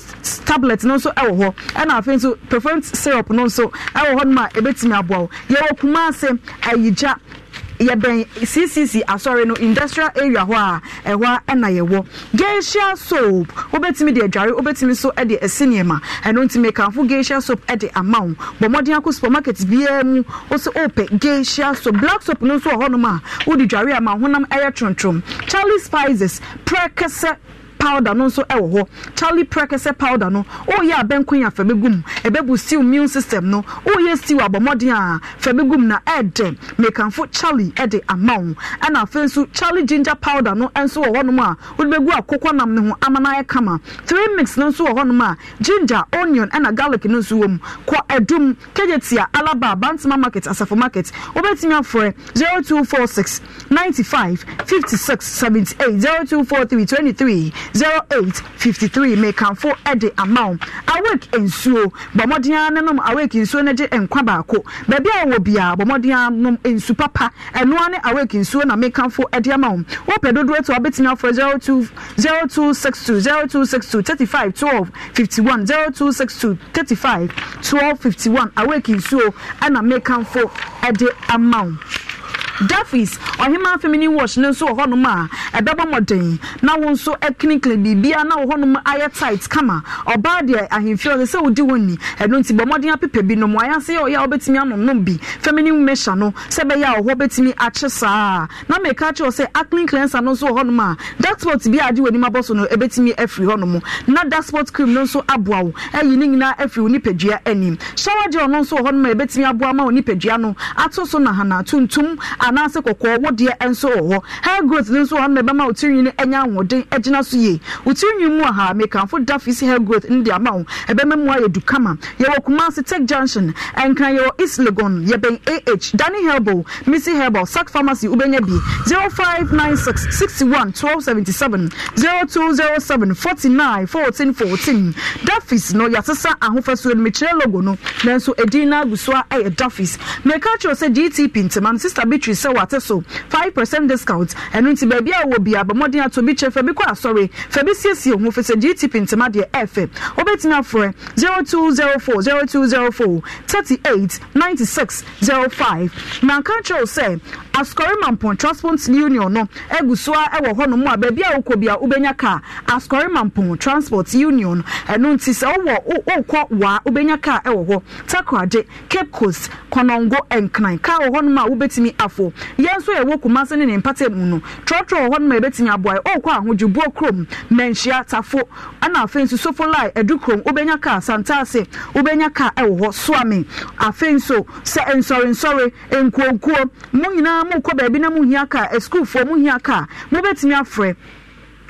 tablet no nso ɛwɔ hɔ ɛna afei nso perform syrup no nso ɛwɔ hɔ nom a ɛbɛtumi aboa wo yɛwɔ kuma ase ayigya yɛbɛn ccc asɔre no industrial area hɔ a ɛhɔ a ɛna yɛwɔ geisha soap wobɛtumi de adware wobɛtumi so de ɛsi nneɛma ɛno nti mekamfo geisha soap de ama wo bɔ mmɔden akɔ supermarket biara mu wo sɛ wopɛ geisha soap black soap no nso wɔ hɔnom a wode dware ama honam ɛyɛ trontom charlie spices prɛkɛsɛ powder no nso wɔ hɔ charlie prekese powder no woyɛ abɛnko a fɛmɛ gum ɛbɛbu stew immune system no woyɛ stew abɔmmɔden a fɛmɛ gum na ɛɛdɛ mekanfo charlie de ama wo ɛna afei nso charlie ginger powder no nso wɔ hɔnom a wode bɛgu akokɔ nam ne ho ama no kama three mix no nso wɔ hɔnom a ginger onion ɛna garlic no nso wɔ mu kɔ ɛdum kegyetia alaba abantima market asafo market seventy eight zero two four three twenty three Zero eight fifty three 0853 mekamfo de ama wo awake nsuo bɔ mmɔden no nom awake nsuo no gye nkwa baako baabi a wɔwɔ biara bɔ mmɔden nom nsu papa ɛnoa ne awake nsuo na mekamfo de ama wo wopɛ dodoɔ to fifty one zero two six two thirty five twelve fifty one awake nsuo ɛna mekamfo de ama wo jeffries ɔheman femini wash ne nso wɔ hɔnom a ɛbɛbɔ mmɔden na wo nso ɛkinikili biribia na wɔ hɔnom ayɛ tight kama ɔbaa deɛ ahemfie ɔsɛ sɛ wodi wɔn ni ɛno nti bɔ mmɔden apepa bi nom ayase yɛ ɔyɛ a wɔbɛtumi anonom bi femini mmehya no sɛ ɛbɛyɛ a ɔhɔ bɛtumi akye saa na mmeka kyerɛ sɛ acne cleanser no nso wɔ hɔnom a dark spot bi a ade wɔ anim abɔ so no ɛbɛtumi afiri hɔnom na dark spot cream no nso aboa wo ɛyi ne nyinaa afiri wo nipadua anim shower gel no nso wɔ hɔnom a ɛbɛtumi aboa ma wo no ato so nahana tuntum anaasɛ kɔkɔɔ wo deɛ wɔ hɔ hair growth no nso wɔ hɔ no ɛbɛma wo tirinwi no anya ahoɔden gyina so yie wo tirinwi mu aha mekamfo da hair growth no de ama wo ɛbɛma mu ayɛ dukama yɛwɔ kumase tech junction ɛnkran yɛwɔ east legon yɛbɛn ah Danny herbal missy herbal sac pharmacy wobɛnya bi 0596 61 1277 0207 49 14 14 dafis no yɛasesa ahofasuo no mekyerɛ logo no nanso ɛdin no agu so a ɛyɛ dafis meka kyerɛw sɛ dtp ntema no sister beatrice sɛ wate so five percent discount ɛno nti baabi a wɔ bia abɔmmɔden ato bi kyɛ fɛ bi kɔ asɔre fɛ bi siesie ho fɛsɛ gtp ntoma deɛ ɛfɛ wobɛtumi afrɛ zero two zero four zero two zero four thirty eight ninety six zero five na nka kyerɛw sɛ asɔre transport union no egu so a ɛwɔ hɔnom a baabi a wokɔ bia wobɛnya kaa asɔre transport union ɛno nti sɛ wowɔ wokɔ waa wobɛnya kaa ɛwɔ hɔ takoradi cape coast kɔnɔngo ɛnkran kaa wɔ hɔnom a wobɛtumi afɔ nkurɔfoɔ yɛn nso yɛwɔ kumase ne ne mpata mu no trɔtrɔ wɔ hɔ no ma yɛbɛtumi aboa ɔɔkɔ ahodwoboɔ kurom mmɛnhyia tafo ɛna afei nso sofolai adukurom wobɛnya kaa santaase wobɛnya kaa ɛwɔ hɔ soame afei nso sɛ nsɔrensɔre nkuonkuo mo nyinaa mokɔ baabi na mohia kaa asukuufoɔ mohia kaa mobɛtumi afrɛ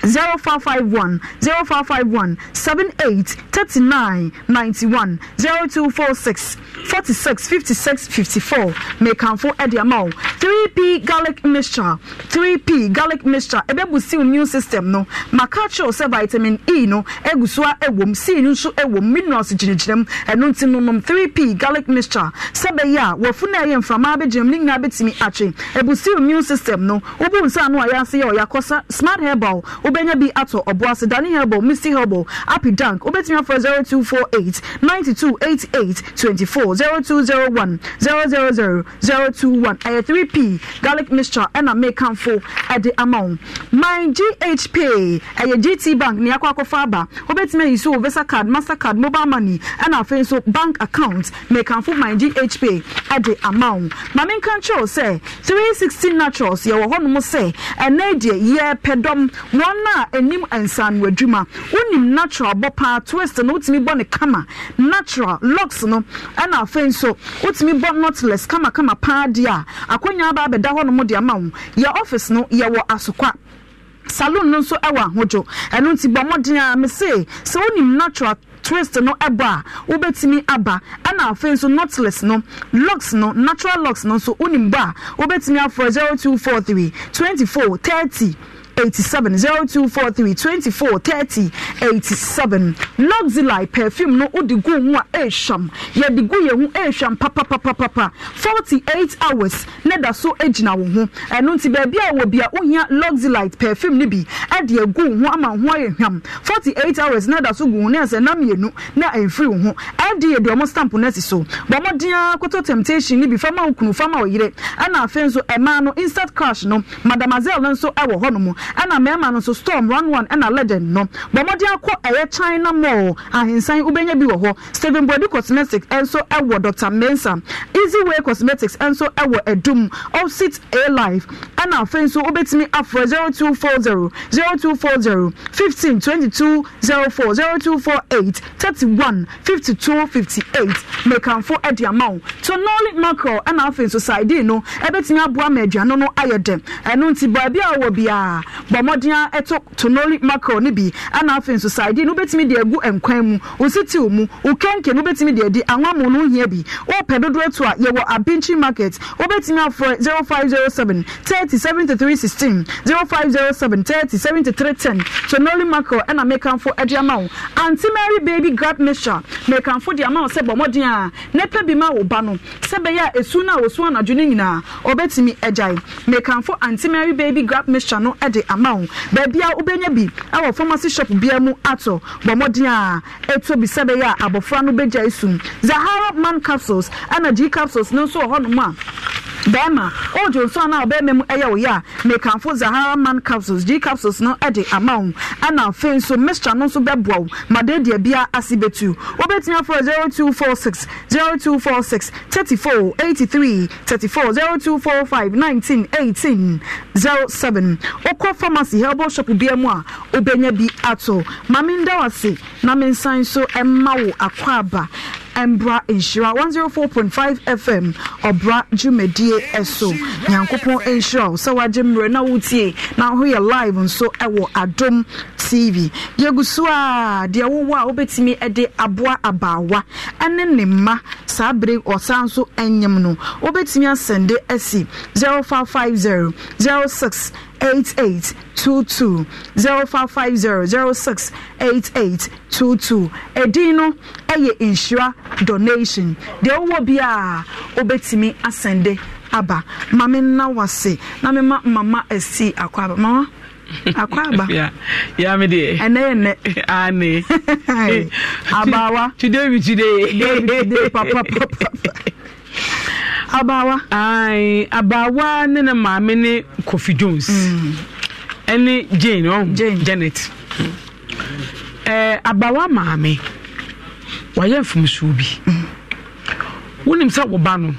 0451 0451 78 39 91 0246 46 56 54 mekanfo ɛde ama wo 3p garlic mixture 3p garlic mixture ɛbɛbu si immune system no Makacho kyerɛw vitamin e no egu so a ɛwom e c no nso ɛwom e minerals gyinagyina mu e ɛno nti no 3p garlic mixture Sebe ya a wɔfu na ɛyɛ mframa abɛgyina mu ne nyinaa atwe ɛbu si immune system no wobu nsa ano a yɛase yɛ smart herbal wobu bɛnya bi atɔ ɔboase dani herbal misty herbal happy dank wobɛtumi afrɛ 0248 928824 0201 000021 021 ɛyɛ 3p garlic mixture ɛna mekamfo ɛde ama wo my ghp ɛyɛ gt bank ne akɔ akɔfa aba wobɛtumi ayi so visa card mastercard mobile money ɛna afei nso bank account mekamfo my ghp ɛde ama wo ma menka sɛ 316 naturals yɛwɔ hɔnom sɛ ɛnɛ deɛ yɛpɛdɔm one na anim nsaano adwuma wonim natural bɔ paa twist no wotumi bɔ ne kama natural locks no ɛna afei nso wotumi bɔ knotless kamakama paa deɛ a akonnwa aba abɛda hɔ nom ama wo yɛ office no yɛwɔ asokwa saloon no nso wɔ ahodwo ɛno nti bɔ mmɔden a mese sɛ wonim natural twist no ɛbɔ a wobɛtumi aba ɛna afei nso notless no locks no natural locks no nso wonim bɔ a wobɛtumi afrɛ 0243 24 30 87 0243 24 30 87 Luxilite perfume no wode gu ho a ɛrehwam yɛde gu e pa pa pa papapapapa 48 hours ne da so gyina e wo ho ɛno nti bebi a wɔ bia wohia Luxilite perfume no bi ɛde agu ho ama ho ayɛ hwam 48 hours ne da so gu ho ne ɛsɛ nam mmienu na ɛmfiri e wo ho ɛde yɛde ɔmo stamp no asi so bɔ mmɔden akoto temptation no fama ukunu fama ɔyere ɛna afei nso ɛmaa no instant cash no madamazel no nso ɛwɔ honu mu ɛna mmarima no nso storm one one ɛna legend no bɔmmɔde akɔ ɛyɛ china mall ahensan wobɛnya bi wɔ hɔ seven body cosmetics nso ɛwɔ dr mensa easy way cosmetics nso ɛwɔ ɛdum offset a life ɛna afei nso wobɛtumi afro zero two four zero zero two four zero fifteen twenty two zero four zero two four eight thirty one fifty two fifty eight mekanfo ɛde ama wo tonoli mackerel ɛna afei nso sardine no ɛbɛtumi aboa ma aduane no ayɛ dɛ ɛno nti baabi a wɔwɔ biara bɔ mmɔden a ɛto tonori macro ne bi ɛna afei nso saa adi no wobɛtumi de agu nkwan mu wosi tiw mu wokenke no wobɛtumi de adi anwamu no ohia bi wɔpɛ dodoɔ to a yɛwɔ abinkyi market wobɛtumi afrɛ 0507 30 73 16 0507 30 three ten tonori makro ɛna mekanfo ɛde ama wo anti mary baby grab mixture mekanfo di ama wo sɛ bɔ mmɔden a nɛpɛ bi ma wo ba no sɛ bɛyɛ a esu na a wosu anadwo no nyinaa ɔbɛtumi agyae mekanfo anti mary baby grab mixture no ɛde de ama wo baabia wobɛnya bi ɛwɔ pharmacy shop bia mu atɔ bɔ mmɔden a ɛtɔ bi sɛ bɛyɛ a abɔfra no bɛgya esum zahara man capsules ɛna g capsules no nso wɔ hɔnom a bɛrima ojo nso no a ɔbɛrima mu ɛyɛ wo yɛ zahara man capsules g capsules no de ama wo ɛna afei nso mistra no nso bɛboa wo ma dedeɛ bia ase bɛtu wobɛtumi afrɛ 0246 0246 34 83 34 0245 19 18 07 wokɔ pharmacy herbal shop bia mu a wobɛnya bi ato ma mendaw ase na mensan nso ɛma wo akɔ aba mbra nhyira 104.5 fm ɔbra dwumadie ɛso nyankopɔn nhyira wo sɛ wagye mmerɛ na wotie na ho yɛ live nso ɛwɔ adom tv yɛgu so a deɛ wowɔ a wobɛtumi ɛde aboa abaawa ɛne ne mma saa bere ɔsan nso ɛnyem no wobɛtumi asɛnde asi 0550 06 8822 0550 068822 ɛdin no ɛyɛ insura donation deɛ wowɔ bi a wobɛtumi asɛnde aba ma me nna wase na mema mama asi akɔ aba mama akwaba ya ya me de ene ene ane abawa today we today papa papa abawa ayi abawa ne ne maame ne kofi jones mm. ɛne mm. jane ɔhun jane janet ɛɛ mm. eh, abawa maame wayɛ nfunmusuo bi mm. wonim sɛ wɔba no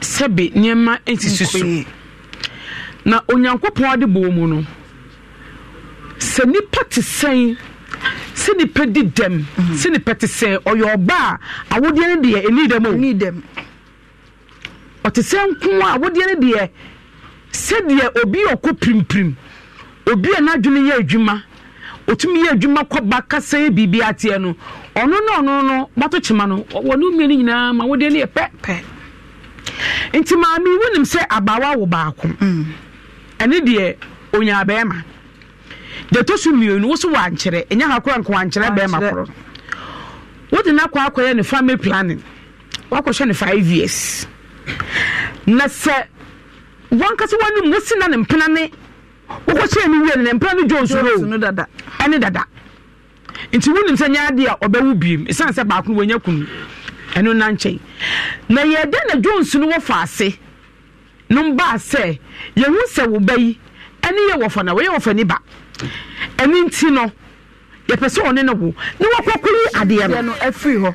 sɛbe nneɛma nsisi so na onyankopɔn ade bɔ mu no sɛ nipa te sɛn sɛ nipa di dɛm mm. sɛ nipa te sɛn ɔyɛ ɔbaa awodeɛ no deɛ ɛni dɛm o. ɔte sɛ nko a wodeɛ no deɛ sɛdeɛ obi ɔkɔ pirimpirim obi a n'adwene yɛ adwuma otumi yɛ adwuma kɔba kasa yɛ biribi ateɛ no ɔno na ɔno no bato kyema no wɔne mmienu nyinaa ma wodeɛ no yɛ pɛpɛ nti maame wonim sɛ abawa wo baako mm. ɛne deɛ onya bɛrima deɛ ɛtɔ so mmienu wo so wankyerɛ ɛnyɛ ha kora nka wankyerɛ bɛrima korɔ wode no akɔ akɔyɛ ne family planning wakɔhyɛ ne five years na sɛ wankasa wɔne mu si na ne mpena ne wokɔkyerɛ no wie ne mpena no dwo nsuro ɛne dada nti wonim sɛ nyɛ adeɛ a biem ɛsiane sɛ baako no kunu ɛno na nkyɛn na yɛdɛ na jones no wɔfa ase no mbaa sɛ yɛhu sɛ wo ba yi ɛne yɛ wɔfa na wɔyɛ wɔfa ni ba ɛne nti no yɛpɛ sɛ ɔne no wo ne wɔkɔkɔyi adeɛ no afiri hɔ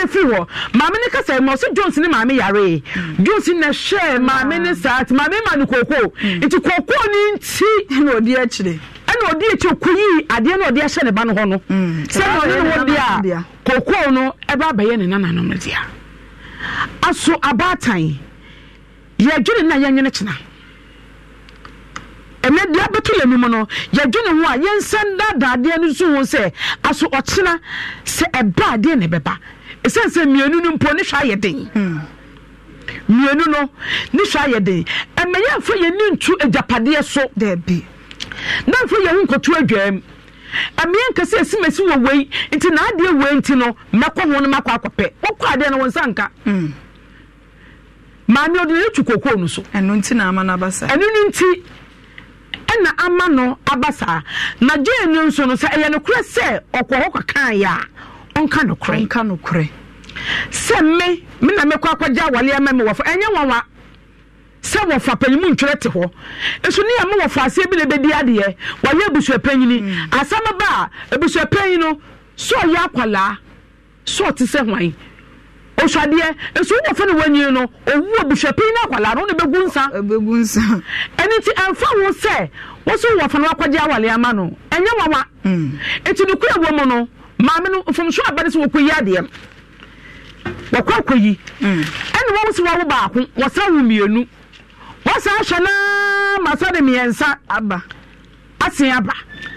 na efiri hɔ maame ne kasa ma ɔsɛ jones ne maame yare mm. jones na hyɛ maame ne saa ti maame ma ne kookoo mm. nti kookoo ni nti na ɔdi akyire ɛna ɔdi akyi okoyi adeɛ na ɔde ahyɛ ne ba no hɔ no mm. sɛ na ɔne ne deɛ a kookoo no ɛba abɛyɛ ne nananom deɛ aso abaatan na yɛnwene kyena ɛnɛ deɛ abɛto yɛn no ho a adeɛ no so sɛ aso ɔkyena sɛ ɛba adeɛ na ɛbɛba ɛsiane sɛ mmienu no mpo ne hwɛ ayɛ den hmm. mmienu no ne hwɛ ayɛ den ɛmɛ yɛ mfa yɛni ntu agyapadeɛ so daabi na mfa yɛho nkɔto adwam ɛmeɛ nkɛsɛ asimasi wɔ wei nti naadeɛ wei nti no mɛkɔ ho no makɔ akɔpɛ wokɔ adeɛ no wo nsa nka hmm. maame ɔde no ɛtu kokoo no so ɛno nti na ama no aba saa ɛno no nti ɛna ama no abasa saa na gyee no nso no sɛ ɛyɛ nokorɛ sɛ ɔkɔ hɔ kan ya. ɔnka nokorɛ ɔnka nokorɛ sɛ me me na mekɔ akɔgya awale ama me wɔfa ɛnyɛ nwanwa sɛ wɔfa panyimu ntwerɛ te hɔ nso ne yɛ me wɔfa aseɛ bi na ɛbɛdi adeɛ wɔyɛ abusuapanyini asɛm ba a abusuapanyi no sɛ ɔyɛ akwalaa sɛ ɔte sɛ hwan osuadeɛ nso wɔn fɛn wɔnyi no owu obusuapɛyi na akwalaa no na ebegu nsa ebegu nsa ɛni ti ɛnfa wo sɛ wɔso wɔfa no akɔgye awale ama no ɛnyɛ nwanwa etu ne kura wɔ mu no maame no mfomso aba no sɛ wɔkɔ yi adeɛ wɔkɔ akɔ yi mm. ɛna wɔn si wɔn baako wɔsan wo mmienu wɔsan ahyɛ naa masa de mmiɛnsa aba asen aba.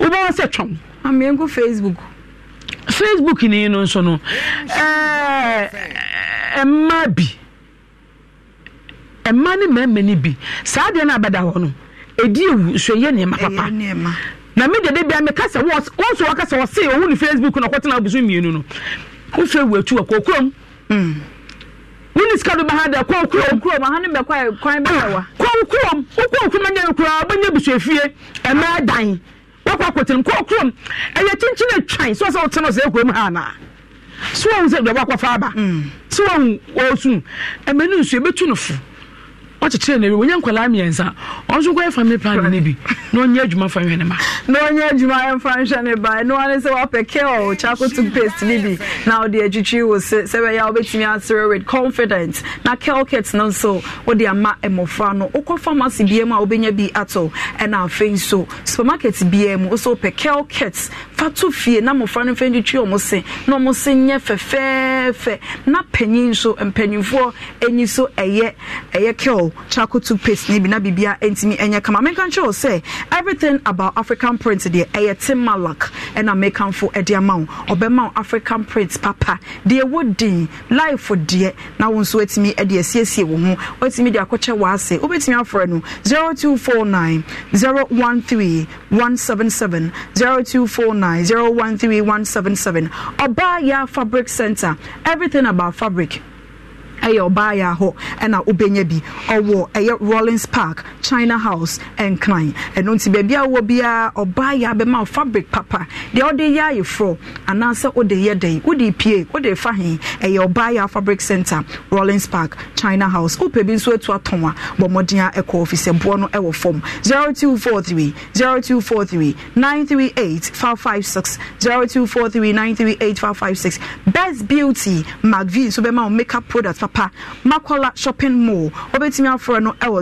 wobɛwɔ sɛ twam ameɛnko facebook facebook ni no nso no mma bi mma ne mmarima no bi saa deɛ no abɛda hɔ no ɛdi ewu nso ɛyɛ nneɛma papa na mi dede bia mi kasa wɔn nso wɔn kasa owu facebook na ɔkɔtena abusu mmienu no wofɛ wu etu sika dɛ wakɔ akɔtɛnum kɔ kurom ɛyɛ kyinkyin atwan so ɔsɛ ɔtɛn ɔsɛ ekurom ha anaa so wɔn sɛ deɛ wakɔfa aba mm. so wɔn wɔn sun ɛmɛ ne nsuo ebetu no fo wakyekyere no bi wɔnyɛ nkwalaa mmiɛnsa ɔno nso kɔyɛ family plan no bi na ɔnyɛ adwuma fa nhwɛ ne ma na ɔnyɛ adwuma mfa nhwɛ ne ba ɛno ane sɛ woapɛ kɛl chako toothpaste no bi na wode atwitwi wo se sɛ bɛyɛ a wobɛtumi asere with confident na kɛl kit no nso wode ama mmɔfra no wokɔ pharmacy bia mu a wobɛnya bi ato ɛna afei nso supermarket biaa mu wosɛ wopɛ kɛl kit fa to fie na mmɔfra no mfa ntwitwi ɔmo se na ɔmo se nyɛ fɛfɛɛfɛ na panyin nso mpanyinfoɔ ani so ɛyɛ ɛyɛ kɛl charcoal toothpaste ne bi na biribia ntumi nyɛ kama menka nkyerɛ sɛ everything about african print deɛ ɛyɛ te malak ɛna mekamfo de ama wo ɔbɛma wo african print papa deɛ wo din life deɛ na wo nso atumi de asiesie wo ho watumi de akɔkyɛ w'ase wobɛtumi afrɛ no zero one three one seven seven. ɔbaa yɛ fabric center everything about fabric ɛyɛ ɔbaayɛ hɔ ɛna wobɛnya bi ɔwɔ ɛyɛ rollins park china house ɛnkran ɛno nti baabi a wɔ biara ɔbaayɛ bɛma fabric papa deɛ ɔde yɛ ayɛ forɔ anaasɛ wode yɛ dɛn wode pie wode fa he ɛyɛ ɔbaayɛ fabric center rollins park china house wopɛ bi nso atu atɔn a bɔ mmɔden a ɛkɔ ɔfi sɛ boɔ no ɛwɔ fam three nine three eight 0243 five six best beauty mcv nso bɛma wo makeup product papa ampa makola shopping mall wobɛtumi afrɛ no ɛwɔ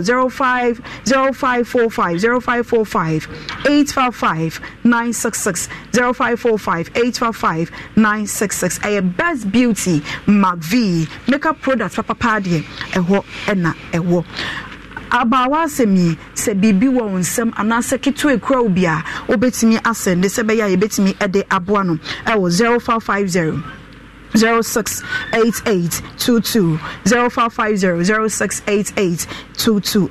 eight five five nine six six. ɛyɛ best beauty Mac macv makeup product papapaa deɛ ɛhɔ ɛna ɛwɔ abaawa asɛm yi sɛ biribi wɔ wo nsɛm anaasɛ ketewa kura wo bi a wobɛtumi asɛnde sɛ bɛyɛ a yɛbɛtumi de aboa no ɛwɔ 0550 0550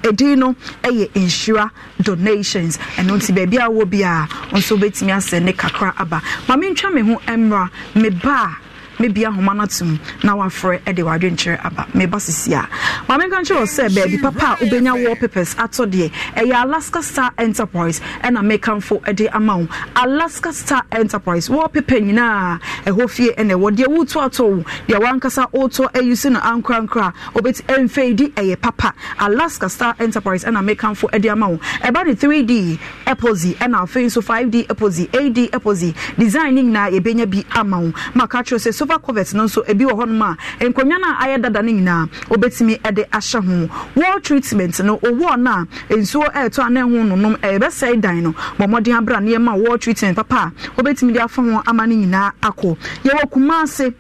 ɛdin no yɛ insura donations ɛno nti baabi a wɔ bi a nso wobɛtumi asɛ ne kakra aba ma mentwa me ho mmra meba a mebi ahoma no atom na wafrɛ de wadwenkyerɛ aba meba sisi a maame nka nkyerɛ sɛ baabi papa a wobɛnya wall papers atɔ deɛ eh, ɛyɛ alaska star enterprise ɛna mekamfo de ama wo alaska star enterprise wall paper eh, nyinaa ɛhɔ fie ɛna ɛwɔ deɛ woto atɔ wo deɛ wankasa wotɔ ayi eh, si no ankorankora wobɛti oh, ɛmfɛidi ɛyɛ papa alaska star enterprise ɛna mekamfo de ama wo ɛba ne 3d epozy ɛna afei nso 5d epozy AD d epozy design ne nyinaa yɛbɛnya bi ama wo ma kyerɛ sɛ silver covers no nso ebi wɔ hɔnom a nkonnwa no a ayɛ dada no nyinaa wobɛtumi de ahyɛ ho wall treatment no owó no a nsuo ɛɛtɔ anan ho nonom ɛbɛsɛe dan no bɔ mmɔden abra nneɛma wall treatment papa a wobɛtumi de afa ho ama no nyinaa akɔ yɛwɔ kumase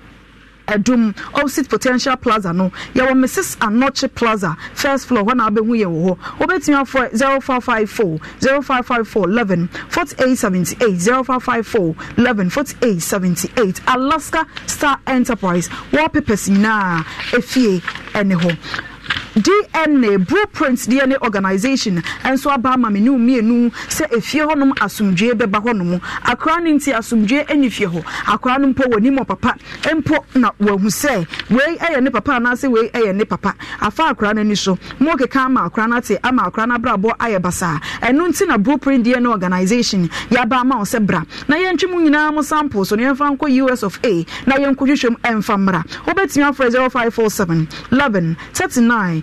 ɛdum opposite potential plaza no yɛwɔ mrs anɔkye plaza first floor hɔ na abɛhu yɛn wɔ hɔ wobɛtumi afɔ zero five five four zero five five four eleven forty eight seventy eight zero five five four eleven forty eight seventy eight alaska star enterprise wallpapers nyinaa efie ɛne hɔ dna blueprint deɛ ne organisation nso aba ama me ne mmienu sɛ efie hɔnom asomdwee bɛba hɔnom akora no nti asomdwee ɛne fie hɔ akora no mpo wɔ nimɔ papa mpo na wahu sɛ wei e, ɛyɛ ne papa anaasɛ wei e, ɛyɛ ne papa afa akora no ani so mo keka ama akora no ate ama akora no abrabɔ ayɛ basaa ɛno e, nti na blueprint DNA ne organisation yɛaba ama wo sɛ bra na yɛntwe mu nyinaa mo sample so na yɛmfa us of a na yɛnkɔhwehwɛ mu ɛmfa mmra wobɛtumi afrɛ 0547 11 39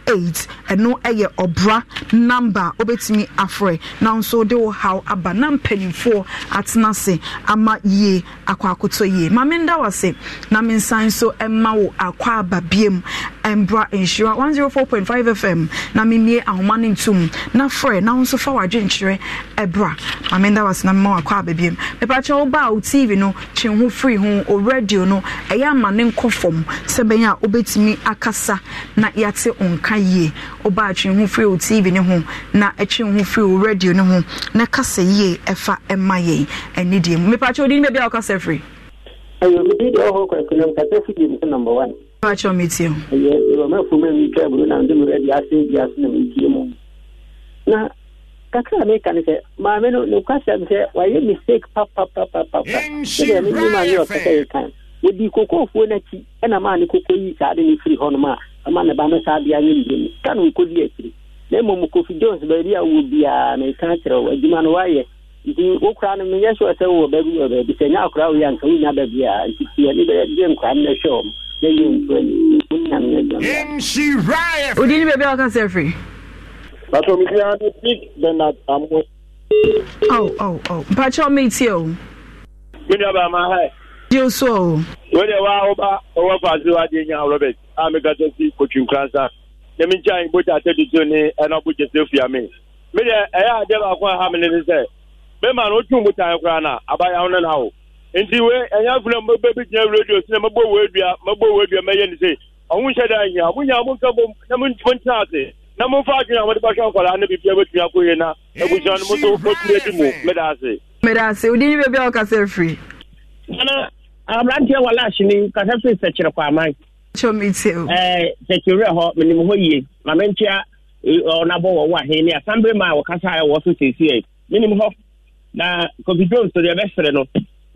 eight ɛno ɛyɛ ɔbra namba obetumi afrɛ nanso de wo haw aba na mpanyinfoɔ atena se ama yie akɔ akoto yie maame nda wase na mensan so ɛma wo akɔ aba biam mbra nhyira 104.5 fm na memie ahoma no ntum na frɛ na wo nso fa wadwenkyerɛ ɛbra maame nda wase na mema wakɔ aba biam mepakyɛ wo baa wo tv no twe ho firi ho o radio no ɛyɛ ama ne nkɔ fam sɛ bɛyɛ a obetumi akasa na yate nka. ka yie ɔba atwe ho firi o tv ne ho na ɛtwe ho firi o radio ne ho na kasa yie ɛfa ɛma yɛn ɛne deɛ mu mipatwa odi ni baabi a ɔkasa firi. ayo mi di ɔhɔ kɔrɔkɔrɔ mu kasa fi mu number one. mipatwa mi ti o. ɛyɛ ɛwɔ fun mi mi kɛ bolo na ndé mi rɛ di ase di ase na mi die mu na kakra mi ka sɛ maame no ne kasa mi sɛ wayɛ mistake papapapapa sɛ mi ni maa mi yɛ ɔkasa yɛ kan wodi kokoofuo n'akyi ɛna maa ne koko yi saa de ne firi hɔ nom a ama ne ba no saa bia nye ne mu ka no nkɔdi akyiri na mmom kofi jones baabi a wɔ biaa meka kyerɛ wo adwuma no wayɛ nti wo koraa no menyɛ sɛ sɛ wowɔ baabi wɔ baabi sɛ nya akora woyɛ anka wonya baabi a nti tiɛ ne bɛgye nkora no na hwɛ wɔ m na yɛ ntu ani wonya no adwama wodini baabi a woka mi kya ni big Bernard Amo. Oh oh oh. Pacho mi ti o. Mi ni aba ma hai. Di so. Wo de wa o ba o wa fa si wa Robert a mekasa si kotwi nkransa na mi nkyɛn bota atɛdutu ne ɛna bo gyesɛ fia me me deɛ ɛyɛ adeɛ baako a ha me ne ne sɛ mɛma no otu mu tan koraa na abayaw ne na o nti we ɛnyɛ afuna mbɛbɛ bi gyina radio sinɛ mɛbɔ wo edua mɛbɔ wo edua mɛyɛ ne se ɔmo nhyɛ dan nyina mo nya mo nka bom na mo ntena ase na mo mfa adwene a mode bɛhwɛ nkwadaa ne biribi a bɛtumi akɔ yie na abusua no mo so bɛtumi adi mu meda ase meda ase wodi ne baabi a wokasa afiri ana aberanteɛ wala ahye ne kasa firi sɛkyerɛ kwaman sɛkyerɛ eh, hɔ menim hɔ yie ma mentua eh, ɔnabɔ wɔ wo ahe ne asambere ma a wɔkasa ɛwɔ so seesie menim hɔ na kofidrom so deɛ bɛsere no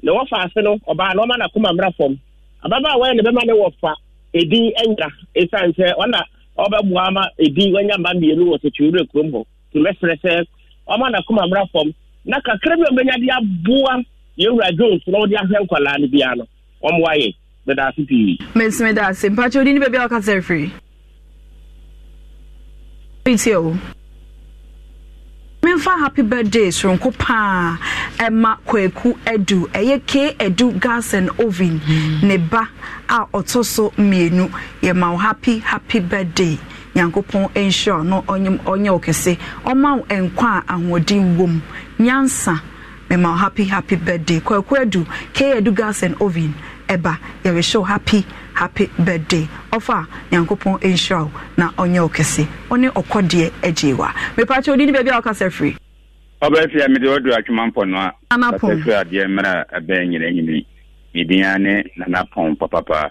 na wɔfa ase no ɔbaa na ɔma nakoma mmra fam ababaa wɔyɛ ne bɛma ne wɔfa ɛdin anyira ɛsiane sɛ ɔna ɔbɛboa ma ɛdin wanya mma mmienu wɔ kurom hɔ nti mɛsrɛ sɛ ɔma nakoma mmra fam na kakra bi ɔbɛnya de aboa yɛwura jones na wɔde ahwɛ nkwalaa no biara no ɔmmoa medase pii mesi medase mpakyɛ wodi ne baabi a woka sɛ afiri o memfa happy birthday soronko paa ɛma kwaku edu ɛyɛ k edu gas and oven hmm. ne ba a ɔtɔ so mmienu yɛma wo happy happy birthday nyankopɔn nhyira no ɔnyɛ wo kɛse ɔma wo nkwa a ahoɔden wom nyansa mema wo happy happy birthday kwaku edu k edu gas and oven ɛba yɛrehyɛw happy happy birthday ɔfa a nyankopɔn nhyira wo na ɔnyɛ ɔkɛse ɔne ɔkɔdeɛ agye wa mepaakyɛ odi ne baabi a wɔkasa firi ɔbɛfia mede wɔdu atwuma mpɔ no a adeɛ mmerɛ a ɛbɛɛ nyina nyini medina ne nanapɔn papapaa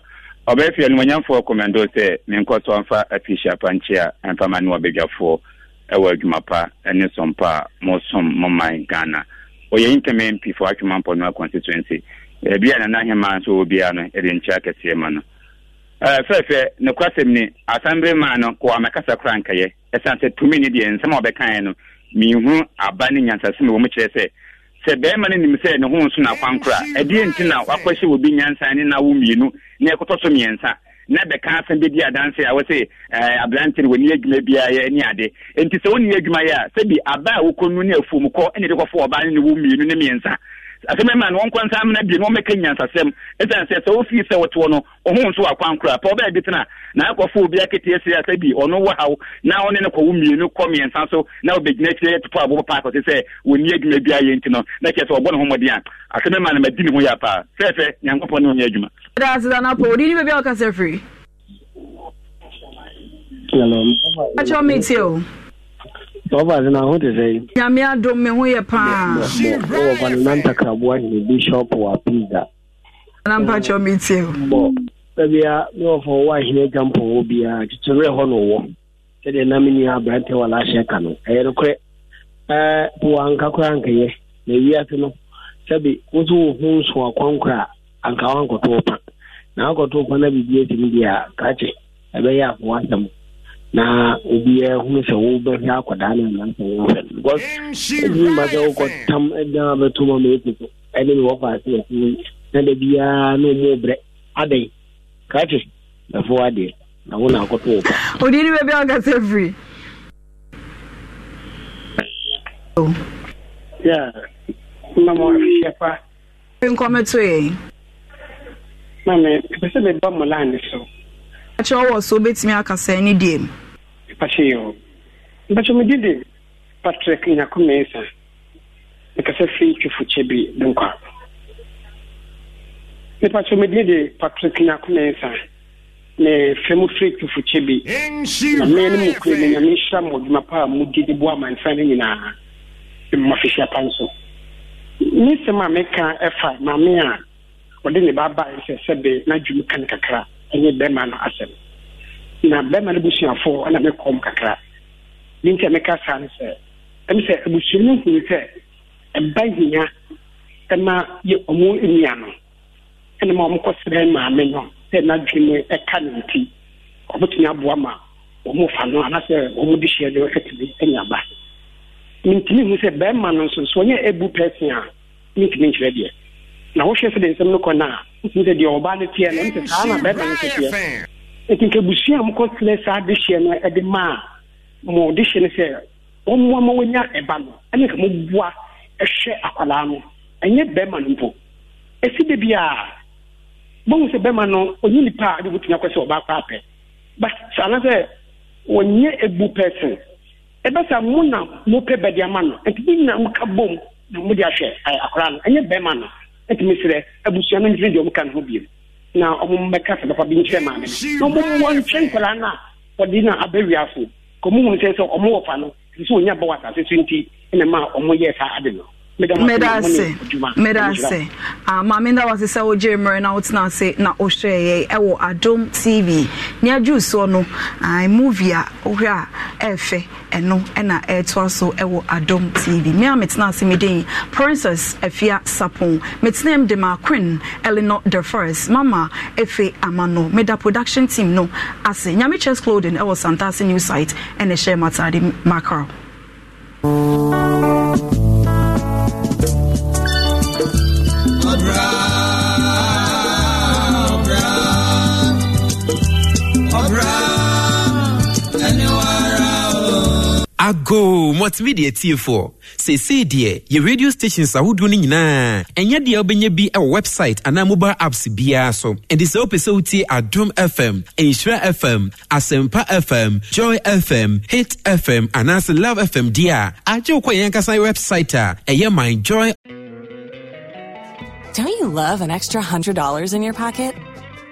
ɔbɛfia nomonyamfoɔ kɔmmɛndo sɛ menkɔ so a ɛmfama ne ɛwɔ adwuma pa ne sɔmpa a mosom ghana ɔyɛ atwuma mpɔ no a constituency ebi eh, a nana ahema nso wɔ no eh, fɛfɛ ni maa no kɔ amɛkasa kora tumi nsɛm a ɔbɛkaeɛ no menhu aba ne nyansasɛm wɔ kyerɛ sɛ sɛ bɛrima no nim sɛ nso nakwan kora ɛdeɛ nti na wakɔhyɛ wɔ bi nyansa ne nawo mmienu na ɛkɔtɔ so mmiɛnsa na bɛka asɛm bɛdi adanse a wɔsɛ eh, aberante no wɔni adwuma biara yɛ ne ade sɛ asɛm ma no wɔnkɔ nsa amena bie no wɔmmɛka nyansasɛm ɛsiane sɛ sɛ wofii sɛ wotoɔ no ɔho nso wakwan koraa pa wobɛɛ de tena na akɔfo obi aketeɛ sɛ asɛ bi ɔno wɔ haw na ɔne no kɔwo mmienu kɔ mmiɛnsa so na wobɛgyina akyirɛ topɔ abobɔ paa kɔte sɛ wɔnni adwuma bi ayɛ nti no na kyerɛ sɛ ɔbɔ ne ho mmɔden a asɛm ma no madi ne ho yɛ paa fɛɛfɛ nyankopɔn ne ɔnyɛ adwuma Hello. Hello. Hello. Hello. sɛ no aho te sɛ nyame adom me ho yɛ paawɔ bishop na mpakyɛ metie bɔ babia me wɔfɔ wɔ ahene agya mpɔ hɔ hɔ no wɔ sɛdeɛ na me nua aberantɛ wɔla ahyɛ ka no ɛyɛ na po anka ankɛyɛ na wiase no sɛbi ya so wo ho nso akwankora a anka pa na akɔto pa na biribi atimi deɛ a ɛbɛyɛ afoɔ asɛm na obiara hunu sɛ wobɛhwɛ akwadaa wohwɛ no sɛ wokɔtam bɛto ma ma so ɛne me na da biara na ɔmu adɛn kakye bɛfo adeɛ na wo akɔto wo pa a firi pɛ sɛ meba line so so wobɛtumi ne deɛ mu pahyɛɛ mpɛkyɛ megye de patrick nyakomesa mekasa firi twefokyɛ bi denkwa mepakyɛ megye de patrick nyakomesa ne fɛ mu firi twefokyɛ bi na meɛ no mukure ne nyame nhyira mo adwuma pa a mogye de boa amansa no nyinaa mma fihyia pa nso ne nsɛm a meka ɛfa maame a ɔde ne ba baeɛ sɛbe n'adwum ka ne kakra ɛnyɛ bɛrima no asɛm na bɛrima no busuafoɔ ɛna mekɔm kakra ne nti meka saa no sɛ ɛm sɛ abusua no hunu sɛ ɛba hia ɛma yɛ ɔmo nnua no ɛna ma ɔmokɔsrɛ maame no sɛ n'adwene ɛka ne nti ɔmotumi aboa ma ɔmo fa no anaasɛ ɔmo de hyɛ no ɛtumi anya ba mentumi hu sɛ bɛrima no nso so ɔnyɛ abu pɛsen a mentumi nkyerɛ deɛ na wohwɛ sɛ de nsɛm no kɔ no a ntumi sɛ deɛ ɔbaa no teɛ no ɛm sɛ saa na bɛrima no sɛ teɛ nti nka busua a mokɔtena saa dehyeɛ no ɛde ma a mo dehyeɛ no sɛ wɔmmoa ma wɔnya ɛba no ɛne nka moboa ɛhwɛ akwadaa no ɛnyɛ bɛrima no mpo ɛsi da bi a bɔhu sɛ bɛrima no ɔnyɛ nipa a de wotumi akɔ sɛ ɔbaa kɔ apɛ but saana sɛ wɔnyɛ ebu person ɛbɛsa mo na mopɛ bɛde ama no nti bi na moka bom na mode ahwɛ eh, akwadaa no ɛnyɛ bɛrima no nti mesrɛ abusua no ntwene deɛ ɔmoka ne ho biom na ọmụmụ mmeka sịpapa bi nkyerɛ maame na ọmụmụ wọn nkyerɛ nkwadaa na ọdị na abɛwi afọ ka ọmụ hụ nsị sị ọmụ wọfa no sị sị onye abụọ asase so nti ɛna mma ọmụ yɛ saa adị no meda ase meda ase ah, maame nda wase sɛ wogye mmerɛ na wotena ase na wohwɛɛ yɛ ɛwɔ adom tv nea dwuu soɔ no ah, movie a wohwɛ a ɛɛfɛ e ɛno e ɛna e ɛɛtoa so ɛwɔ adom tv me a metena ase meden princess afia sapon metena m de ma queen elinor the first mama efe amano meda production team no ase nyame chess clothing ɛwɔ santase new site ɛna ɛhyɛ matade macral ago mɔtumi deɛ tiefoɔ seesei deɛ yɛ radio stations ahodoɔ no nyinaa ɛnyɛ deɛ wobɛnya bi wɔ website anaa mobile apps biara so ɛnti sɛ wopɛ sɛ wotie adom fm nhyira fm asɛmpa fm joy fm hit fm anaasɛ love fm deɛ a agye wo kɔ yɛn ankasa website a ɛyɛ my joy don't you love an extra $100 in your pocket